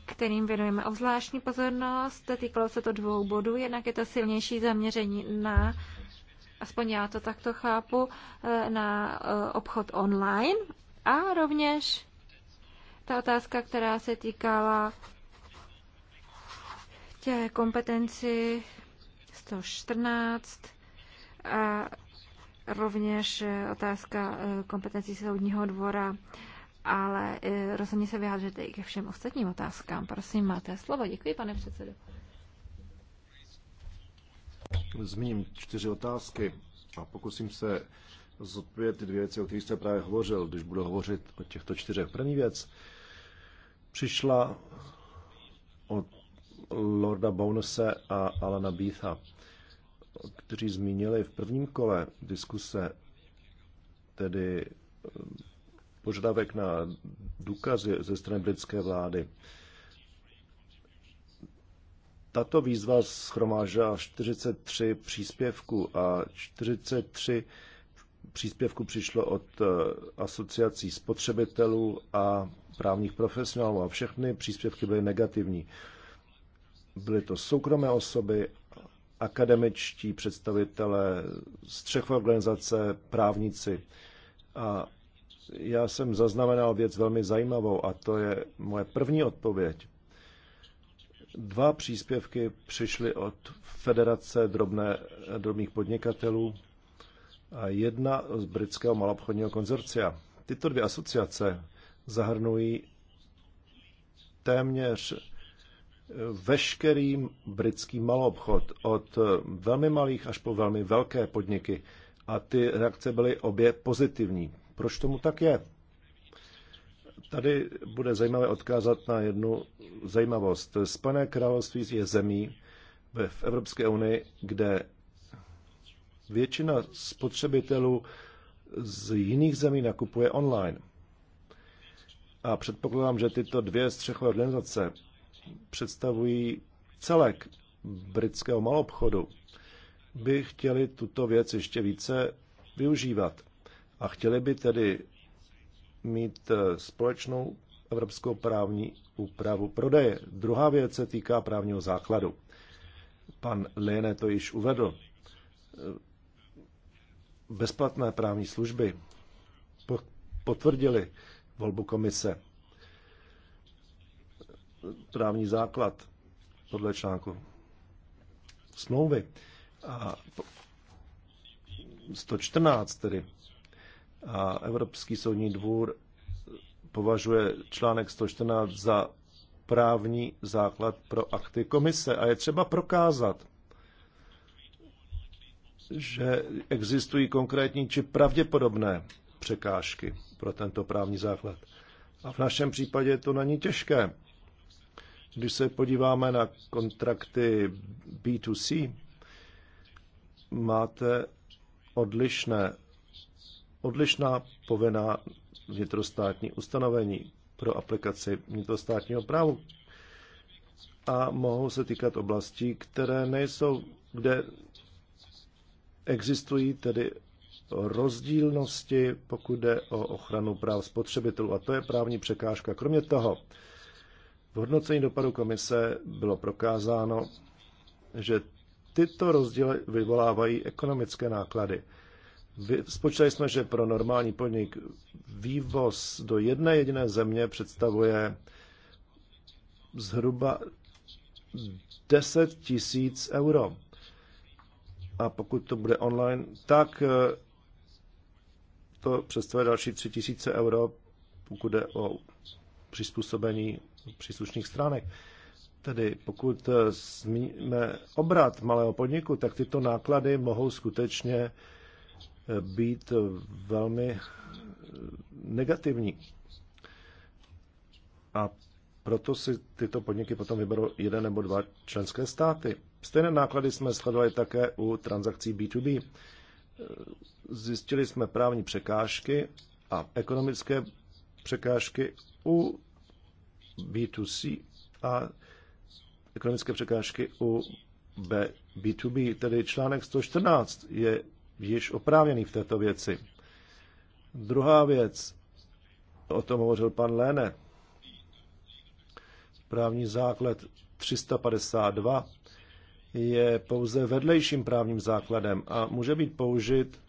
kterým věnujeme obzvláštní pozornost. Týkalo se to dvou bodů. Jednak je to silnější zaměření na, aspoň já to takto chápu, eh, na eh, obchod online a rovněž ta otázka, která se týkala tě kompetenci 114 a rovněž otázka kompetencí soudního dvora ale e, rozhodně se vyjádřete i ke všem ostatním otázkám. Prosím, máte slovo. Děkuji, pane předsedo. Zmíním čtyři otázky a pokusím se zodpovědět ty dvě věci, o kterých jste právě hovořil, když budu hovořit o těchto čtyřech. První věc přišla od Lorda Bonese a Alana Beatha, kteří zmínili v prvním kole diskuse, tedy požadavek na důkazy ze strany britské vlády. Tato výzva schromážila 43 příspěvků a 43 příspěvků přišlo od eh, asociací spotřebitelů a právních profesionálů a všechny příspěvky byly negativní. Byly to soukromé osoby, akademičtí představitelé, střechové organizace, právníci a já jsem zaznamenal věc velmi zajímavou a to je moje první odpověď. Dva příspěvky přišly od Federace drobné, drobných podnikatelů a jedna z britského malobchodního konzorcia. Tyto dvě asociace zahrnují téměř veškerý britský maloobchod, od velmi malých až po velmi velké podniky. A ty reakce byly obě pozitivní. Proč tomu tak je? Tady bude zajímavé odkázat na jednu zajímavost. Spojené království je zemí v Evropské unii, kde většina spotřebitelů z jiných zemí nakupuje online. A předpokládám, že tyto dvě střechové organizace představují celek britského malobchodu. By chtěli tuto věc ještě více využívat a chtěli by tedy mít eh, společnou evropskou právní úpravu prodeje. Druhá věc se týká právního základu. Pan Lene to již uvedl. Eh, bezplatné právní služby potvrdili volbu komise. Právní základ podle článku smlouvy. A 114 tedy a Evropský soudní dvůr považuje článek 114 za právní základ pro akty komise. A je třeba prokázat, že existují konkrétní či pravděpodobné překážky pro tento právní základ. A v našem případě to není těžké. Když se podíváme na kontrakty B2C, máte odlišné odlišná povená vnitrostátní ustanovení pro aplikaci vnitrostátního právu a mohou se týkat oblastí, které nejsou, kde existují tedy rozdílnosti, pokud jde o ochranu práv spotřebitelů. A to je právní překážka. Kromě toho, v hodnocení dopadu komise bylo prokázáno, že tyto rozdíly vyvolávají ekonomické náklady. Spočítali jsme, že pro normální podnik vývoz do jedné jediné země představuje zhruba 10 tisíc euro. A pokud to bude online, tak eh, to představuje další 3 tisíce euro, pokud jde o přizpůsobení příslušných stránek. Tedy pokud eh, zmíníme obrat malého podniku, tak tyto náklady mohou skutečně být velmi negativní. A proto si tyto podniky potom vyberou jeden nebo dva členské státy. Stejné náklady jsme sledovali také u transakcí B2B. Zjistili jsme právní překážky a ekonomické překážky u B2C a ekonomické překážky u B, B2B. Tedy článek 114 je již oprávněný v této věci. Druhá věc, o tom hovořil pan Léne, právní základ 352 je pouze vedlejším právním základem a může být použit,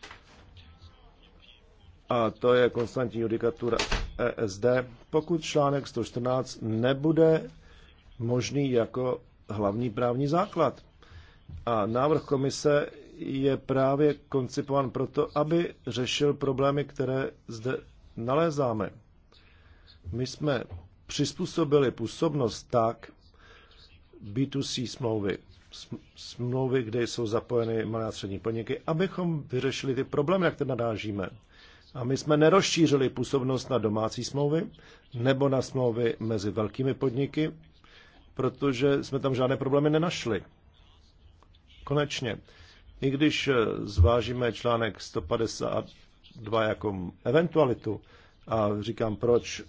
a to je konstantní judikatura ESD, pokud článek 114 nebude možný jako hlavní právní základ. A návrh komise je právě koncipován proto, aby řešil problémy, které zde nalézáme. My jsme přizpůsobili působnost tak B2C smlouvy, smlouvy, kde jsou zapojeny malé a střední podniky, abychom vyřešili ty problémy, jak to nadážíme. A my jsme nerozšířili působnost na domácí smlouvy nebo na smlouvy mezi velkými podniky, protože jsme tam žádné problémy nenašli. Konečně, i když eh, zvážíme článek 152 jako eventualitu a říkám proč,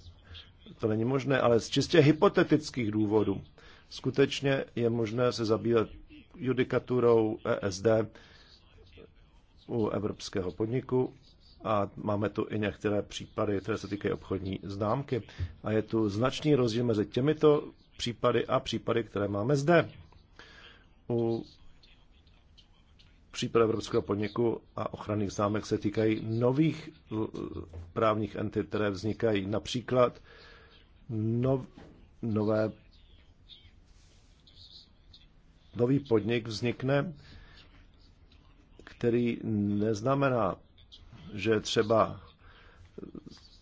to není možné, ale z čistě hypotetických důvodů skutečně je možné se zabývat judikaturou ESD u evropského podniku a máme tu i některé případy, které se týkají obchodní známky. A je tu značný rozdíl mezi těmito případy a případy, které máme zde. U případ evropského podniku a ochranných známek se týkají nových právních entit, které vznikají. Například nov, nové, nový podnik vznikne, který neznamená, že je třeba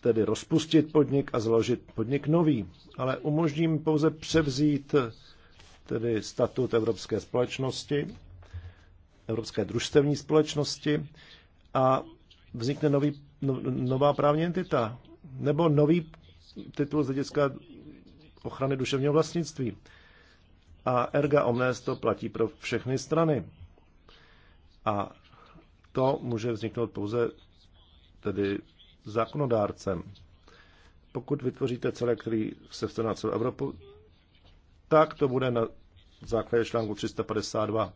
tedy rozpustit podnik a založit podnik nový, ale umožním pouze převzít tedy statut Evropské společnosti Evropské družstevní společnosti a vznikne nový, no, nová právní entita nebo nový titul z hlediska ochrany duševního vlastnictví. A erga omnes to platí pro všechny strany. A to může vzniknout pouze tedy zákonodárcem. Pokud vytvoříte celé, který se vztahuje na celou Evropu, tak to bude na základě článku 352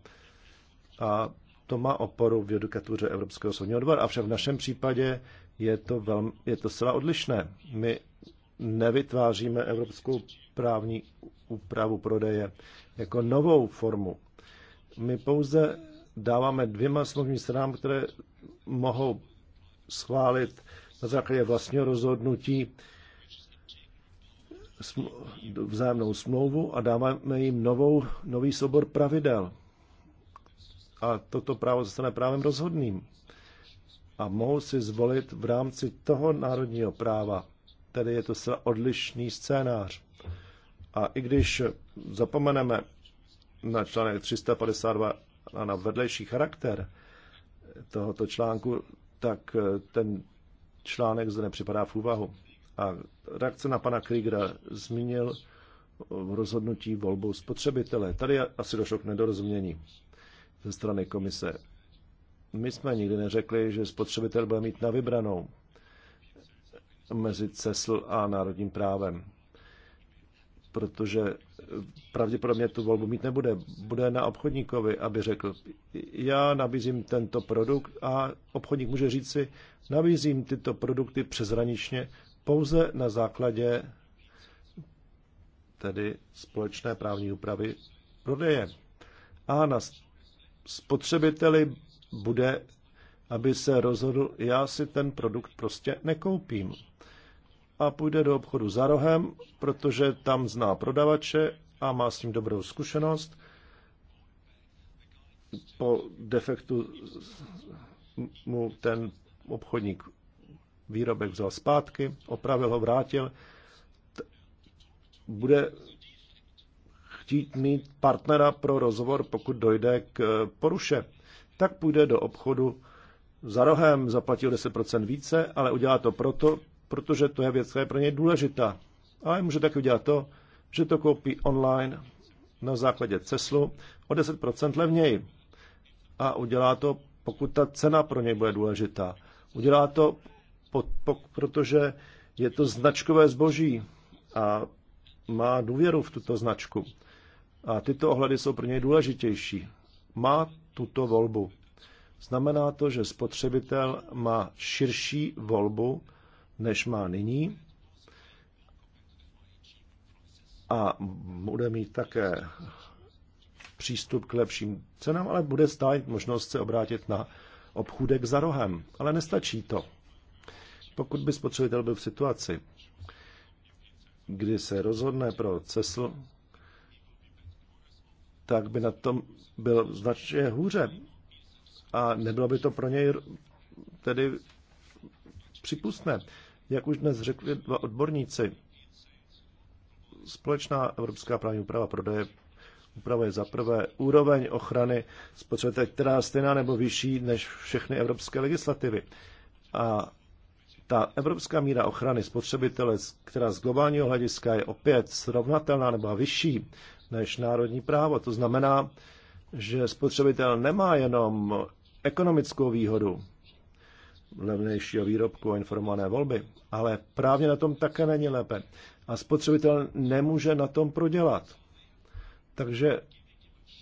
a to má oporu v judikatuře Evropského soudního dvora. Avšak v našem případě je to, velmi, je to zcela odlišné. My nevytváříme evropskou právní úpravu prodeje jako novou formu. My pouze dáváme dvěma smluvním stranám, které mohou schválit na základě vlastního rozhodnutí vzájemnou smlouvu a dáváme jim novou, nový soubor pravidel a toto právo zůstane právem rozhodným. A mohou si zvolit v rámci toho národního práva, tedy je to zcela odlišný scénář. A i když zapomeneme na článek 352 a na vedlejší charakter tohoto článku, tak ten článek zde nepřipadá v úvahu. A reakce na pana Kriegera zmínil v rozhodnutí volbou spotřebitele. Tady asi došlo k nedorozumění ze strany komise. My jsme nikdy neřekli, že spotřebitel bude mít na vybranou mezi CESL a národním právem, protože pravděpodobně tu volbu mít nebude. Bude na obchodníkovi, aby řekl, já nabízím tento produkt a obchodník může říct si, nabízím tyto produkty přezraničně pouze na základě tedy společné právní úpravy prodeje. A na spotřebiteli bude, aby se rozhodl, já si ten produkt prostě nekoupím. A půjde do obchodu za rohem, protože tam zná prodavače a má s tím dobrou zkušenost. Po defektu mu ten obchodník výrobek vzal zpátky, opravil ho, vrátil. Bude chtít mít partnera pro rozhovor, pokud dojde k eh, poruše, tak půjde do obchodu za rohem, zaplatí o 10% více, ale udělá to proto, protože to je věc, která je pro něj důležitá. Ale může taky udělat to, že to koupí online na základě CESLu o 10% levněji. A udělá to, pokud ta cena pro něj bude důležitá. Udělá to, po, po, protože je to značkové zboží a má důvěru v tuto značku. A tyto ohledy jsou pro něj důležitější. Má tuto volbu. Znamená to, že spotřebitel má širší volbu, než má nyní a bude mít také přístup k lepším cenám, ale bude stát možnost se obrátit na obchůdek za rohem. Ale nestačí to. Pokud by spotřebitel byl v situaci, kdy se rozhodne pro CESL, tak by na tom byl značně hůře. A nebylo by to pro něj tedy připustné. Jak už dnes řekli dva odborníci, společná evropská právní úprava prodeje upravuje za prvé úroveň ochrany spotřebitele, která je stejná nebo vyšší než všechny evropské legislativy. A ta evropská míra ochrany spotřebitele, která z globálního hlediska je opět srovnatelná nebo vyšší než národní právo. To znamená, že spotřebitel nemá jenom ekonomickou výhodu levnějšího výrobku a informované volby, ale právě na tom také není lépe. A spotřebitel nemůže na tom prodělat. Takže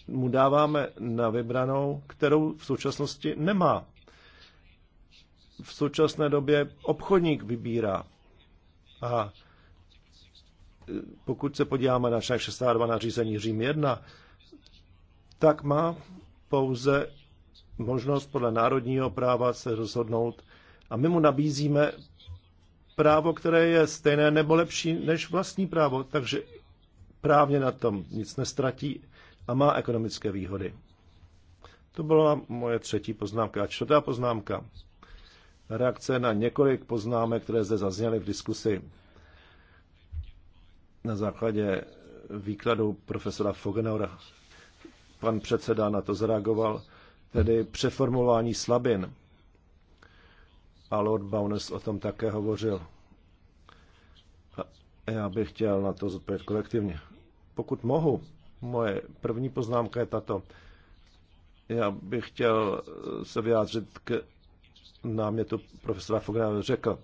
mu dáváme na vybranou, kterou v současnosti nemá. V současné době obchodník vybírá a pokud se podíváme na článek 62 na řízení Řím 1, tak má pouze možnost podle národního práva se rozhodnout a my mu nabízíme právo, které je stejné nebo lepší než vlastní právo, takže právně na tom nic nestratí a má ekonomické výhody. To byla moje třetí poznámka. A čtvrtá poznámka. Reakce na několik poznámek, které zde zazněly v diskusi na základě výkladu profesora Fogenora. Pan předseda na to zareagoval, tedy přeformování slabin. A Lord Bowness o tom také hovořil. A já bych chtěl na to zodpovědět kolektivně. Pokud mohu, moje první poznámka je tato. Já bych chtěl se vyjádřit k námětu profesora Fogenora. řekl.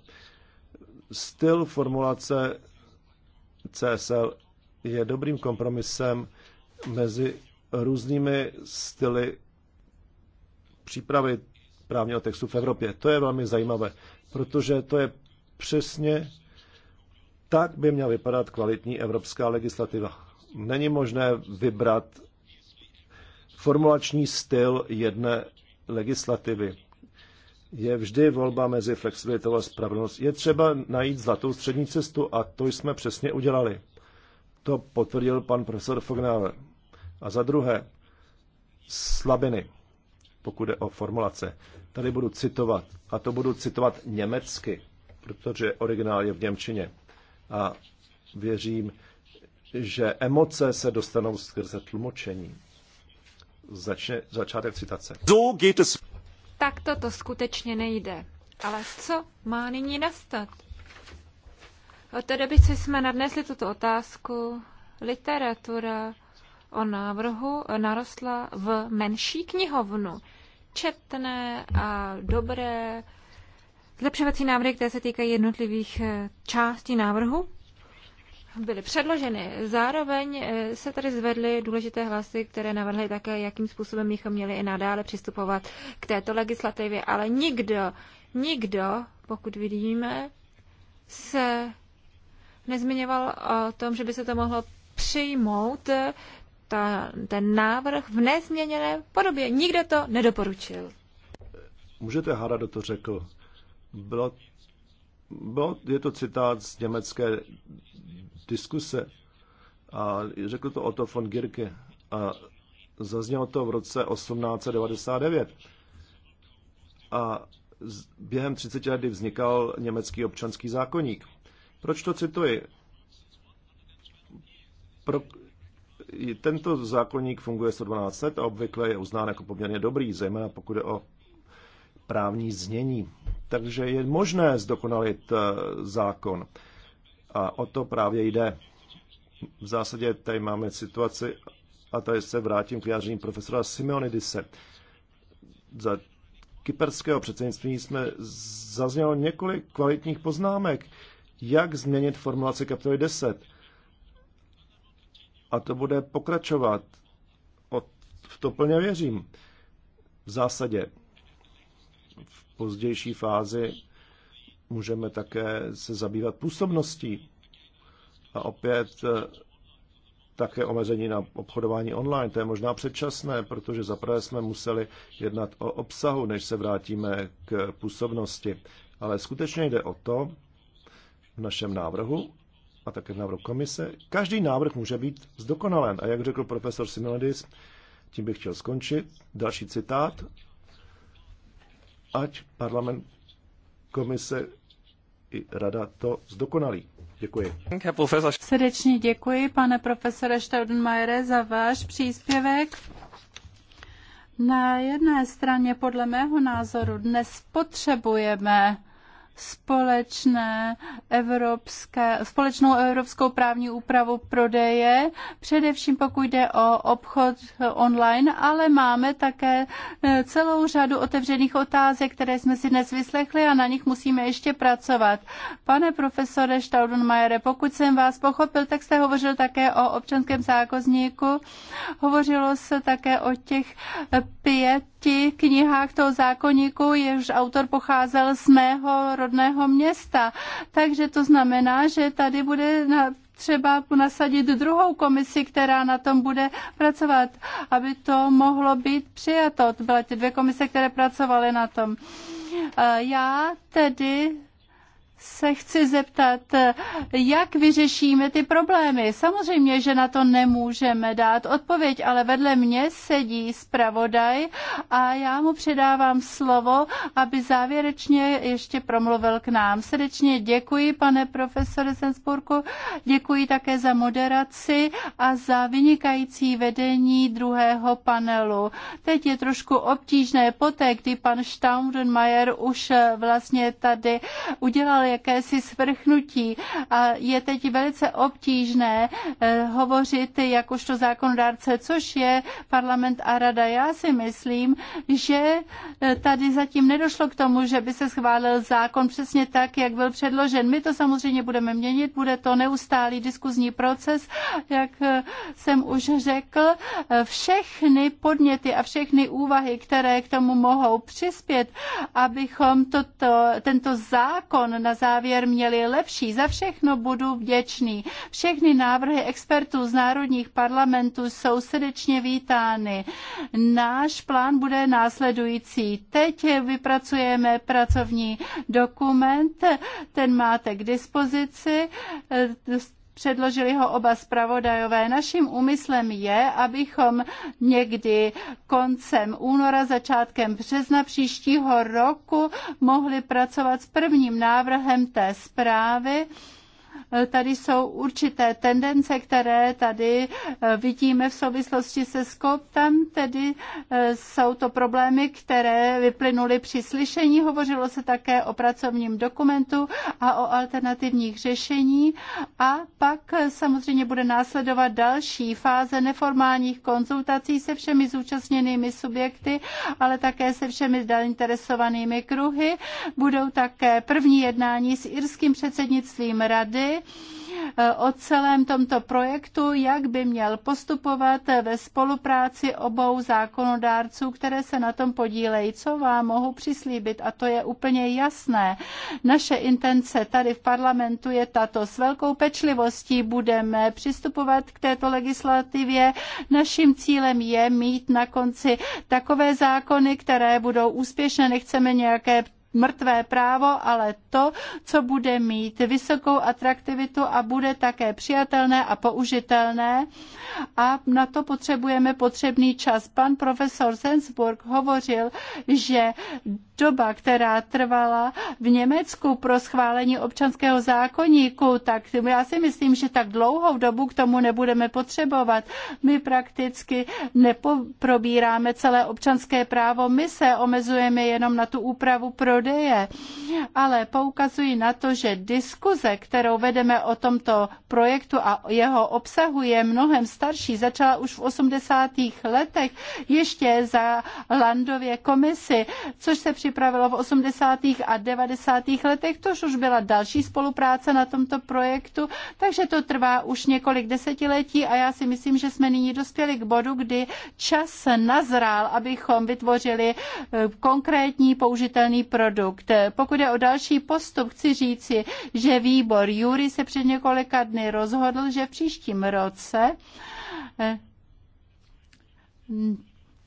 Styl formulace CSL je dobrým kompromisem mezi různými styly přípravy právního textu v Evropě. To je velmi zajímavé, protože to je přesně tak by měla vypadat kvalitní evropská legislativa. Není možné vybrat formulační styl jedné legislativy je vždy volba mezi flexibilitou a spravedlností. Je třeba najít zlatou střední cestu a to jsme přesně udělali. To potvrdil pan profesor Fognál. A za druhé, slabiny, pokud je o formulace. Tady budu citovat, a to budu citovat německy, protože originál je v Němčině. A věřím, že emoce se dostanou skrze tlumočení. Začne, začátek citace. So geht es tak toto skutečně nejde. Ale co má nyní nastat? Od té doby, co jsme nadnesli tuto otázku, literatura o návrhu narostla v menší knihovnu. Četné a dobré zlepšovací návrhy, které se týkají jednotlivých eh, částí návrhu, byly předloženy. Zároveň eh, se tady zvedly důležité hlasy, které navrhly také, jakým způsobem bychom měli i nadále přistupovat k této legislativě, ale nikdo, nikdo, pokud vidíme, se nezmiňoval o tom, že by se to mohlo přijmout, eh, ta, ten návrh v nezměněné podobě. Nikdo to nedoporučil. Můžete hádat, kdo to řekl. Bylo, bylo, je to citát z německé diskuse a řekl to Otto von Girke a zaznělo to v roce 1899. A během 30 let vznikal německý občanský zákoník. Proč to cituji? Pro, tento zákonník funguje 112 let a obvykle je uznán jako poměrně dobrý, zejména pokud je o právní znění. Takže je možné zdokonalit eh, zákon. A o to právě jde. V zásadě tady máme situaci, a tady se vrátím k vyjádření profesora Simeonidise. Za kyperského předsednictví jsme zaznělo několik kvalitních poznámek, jak změnit formulaci kapitoly 10. A to bude pokračovat. O, v to plně věřím. V zásadě v pozdější fázi můžeme také se zabývat působností a opět eh, také omezení na obchodování online. To je možná předčasné, protože zaprvé jsme museli jednat o obsahu, než se vrátíme k působnosti. Ale skutečně jde o to v našem návrhu a také v návrhu komise. Každý návrh může být zdokonalen. A jak řekl profesor Similidis, tím bych chtěl skončit. Další citát. Ať parlament komise i rada to zdokonalí. Děkuji. Srdečně děkuji, pane profesore Staudenmayere, za váš příspěvek. Na jedné straně, podle mého názoru, dnes potřebujeme společné evropské, společnou evropskou právní úpravu prodeje, především pokud jde o obchod online, ale máme také e, celou řadu otevřených otázek, které jsme si dnes vyslechli a na nich musíme ještě pracovat. Pane profesore Staudenmajere, pokud jsem vás pochopil, tak jste hovořil také o občanském zákazníku. Hovořilo se také o těch e, pěti knihách toho zákonníku, jehož autor pocházel z mého rodného města. Takže to znamená, že tady bude na třeba nasadit druhou komisi, která na tom bude pracovat, aby to mohlo být přijato. To byly ty dvě komise, které pracovaly na tom. Eh, já tedy se chci zeptat, jak vyřešíme ty problémy. Samozřejmě, že na to nemůžeme dát odpověď, ale vedle mě sedí zpravodaj a já mu předávám slovo, aby závěrečně ještě promluvil k nám. Srdečně děkuji, pane profesore Sensburku, děkuji také za moderaci a za vynikající vedení druhého panelu. Teď je trošku obtížné poté, kdy pan Staudenmayer už vlastně tady udělal jakési svrchnutí a je teď velice obtížné eh, hovořit jakožto zákonodárce, což je parlament a rada. Já si myslím, že eh, tady zatím nedošlo k tomu, že by se schválil zákon přesně tak, jak byl předložen. My to samozřejmě budeme měnit, bude to neustálý diskuzní proces, jak eh, jsem už řekl. Všechny podněty a všechny úvahy, které k tomu mohou přispět, abychom toto, tento zákon na závěr měli lepší. Za všechno budu vděčný. Všechny návrhy expertů z národních parlamentů jsou srdečně vítány. Náš plán bude následující. Teď vypracujeme pracovní dokument, ten máte k dispozici. Předložili ho oba zpravodajové. Naším úmyslem je, abychom někdy koncem února, začátkem března příštího roku mohli pracovat s prvním návrhem té zprávy tady jsou určité tendence, které tady eh, vidíme v souvislosti se skoptem, tedy eh, jsou to problémy, které vyplynuly při slyšení. Hovořilo se také o pracovním dokumentu a o alternativních řešení. A pak eh, samozřejmě bude následovat další fáze neformálních konzultací se všemi zúčastněnými subjekty, ale také se všemi zainteresovanými kruhy. Budou také první jednání s irským předsednictvím rady rady eh, o celém tomto projektu, jak by měl postupovat ve spolupráci obou zákonodárců, které se na tom podílejí. Co vám mohu přislíbit, a to je úplně jasné. Naše intence tady v parlamentu je tato. S velkou pečlivostí budeme přistupovat k této legislativě. Naším cílem je mít na konci takové zákony, které budou úspěšné. Nechceme nějaké mrtvé právo, ale to, co bude mít vysokou atraktivitu a bude také přijatelné a použitelné. A na to potřebujeme potřebný čas. Pan profesor Sensburg hovořil, že doba, která trvala v Německu pro schválení občanského zákoníku, tak já si myslím, že tak dlouhou dobu k tomu nebudeme potřebovat. My prakticky neprobíráme celé občanské právo, my se omezujeme jenom na tu úpravu pro prodeje, ale poukazují na to, že diskuze, kterou vedeme o tomto projektu a jeho obsahu je mnohem starší, začala už v 80. letech ještě za Landově komisi, což se připravilo v 80. a 90. letech, tož už byla další spolupráce na tomto projektu, takže to trvá už několik desetiletí a já si myslím, že jsme nyní dospěli k bodu, kdy čas nazrál, abychom vytvořili eh, konkrétní použitelný produkt produkt. Pokud je o další postup, chci říci, že výbor Jury se před několika dny rozhodl, že v příštím roce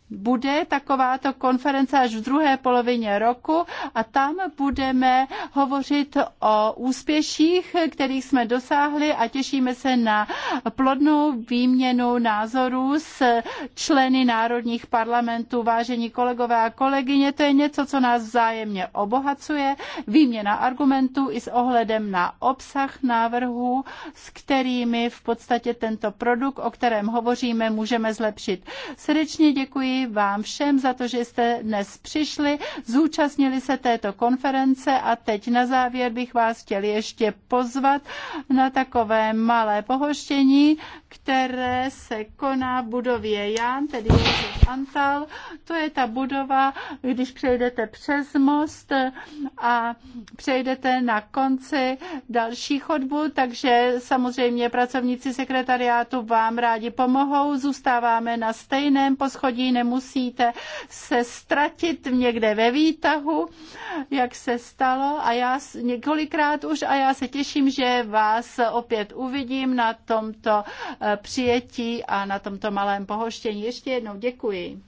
bude takováto konference až v druhé polovině roku a tam budeme hovořit o úspěších, kterých jsme dosáhli a těšíme se na plodnou výměnu názorů s členy národních parlamentů. Vážení kolegové a kolegyně, to je něco, co nás vzájemně obohacuje. Výměna argumentů i s ohledem na obsah návrhů, s kterými v podstatě tento produkt, o kterém hovoříme, můžeme zlepšit. Srdečně děkuji Děkuji vám všem za to, že jste dnes přišli, zúčastnili se této konference a teď na závěr bych vás chtěl ještě pozvat na takové malé pohoštění, které se koná v budově Jan, tedy Josef Antal. To je ta budova, když přejdete přes most a přejdete na konci další chodbu, takže samozřejmě pracovníci sekretariátu vám rádi pomohou. Zůstáváme na stejném poschodí, nemusíte se ztratit někde ve výtahu, jak se stalo a já několikrát už a já se těším, že vás opět uvidím na tomto eh, přijetí a na tomto malém pohoštění. Ještě jednou děkuji.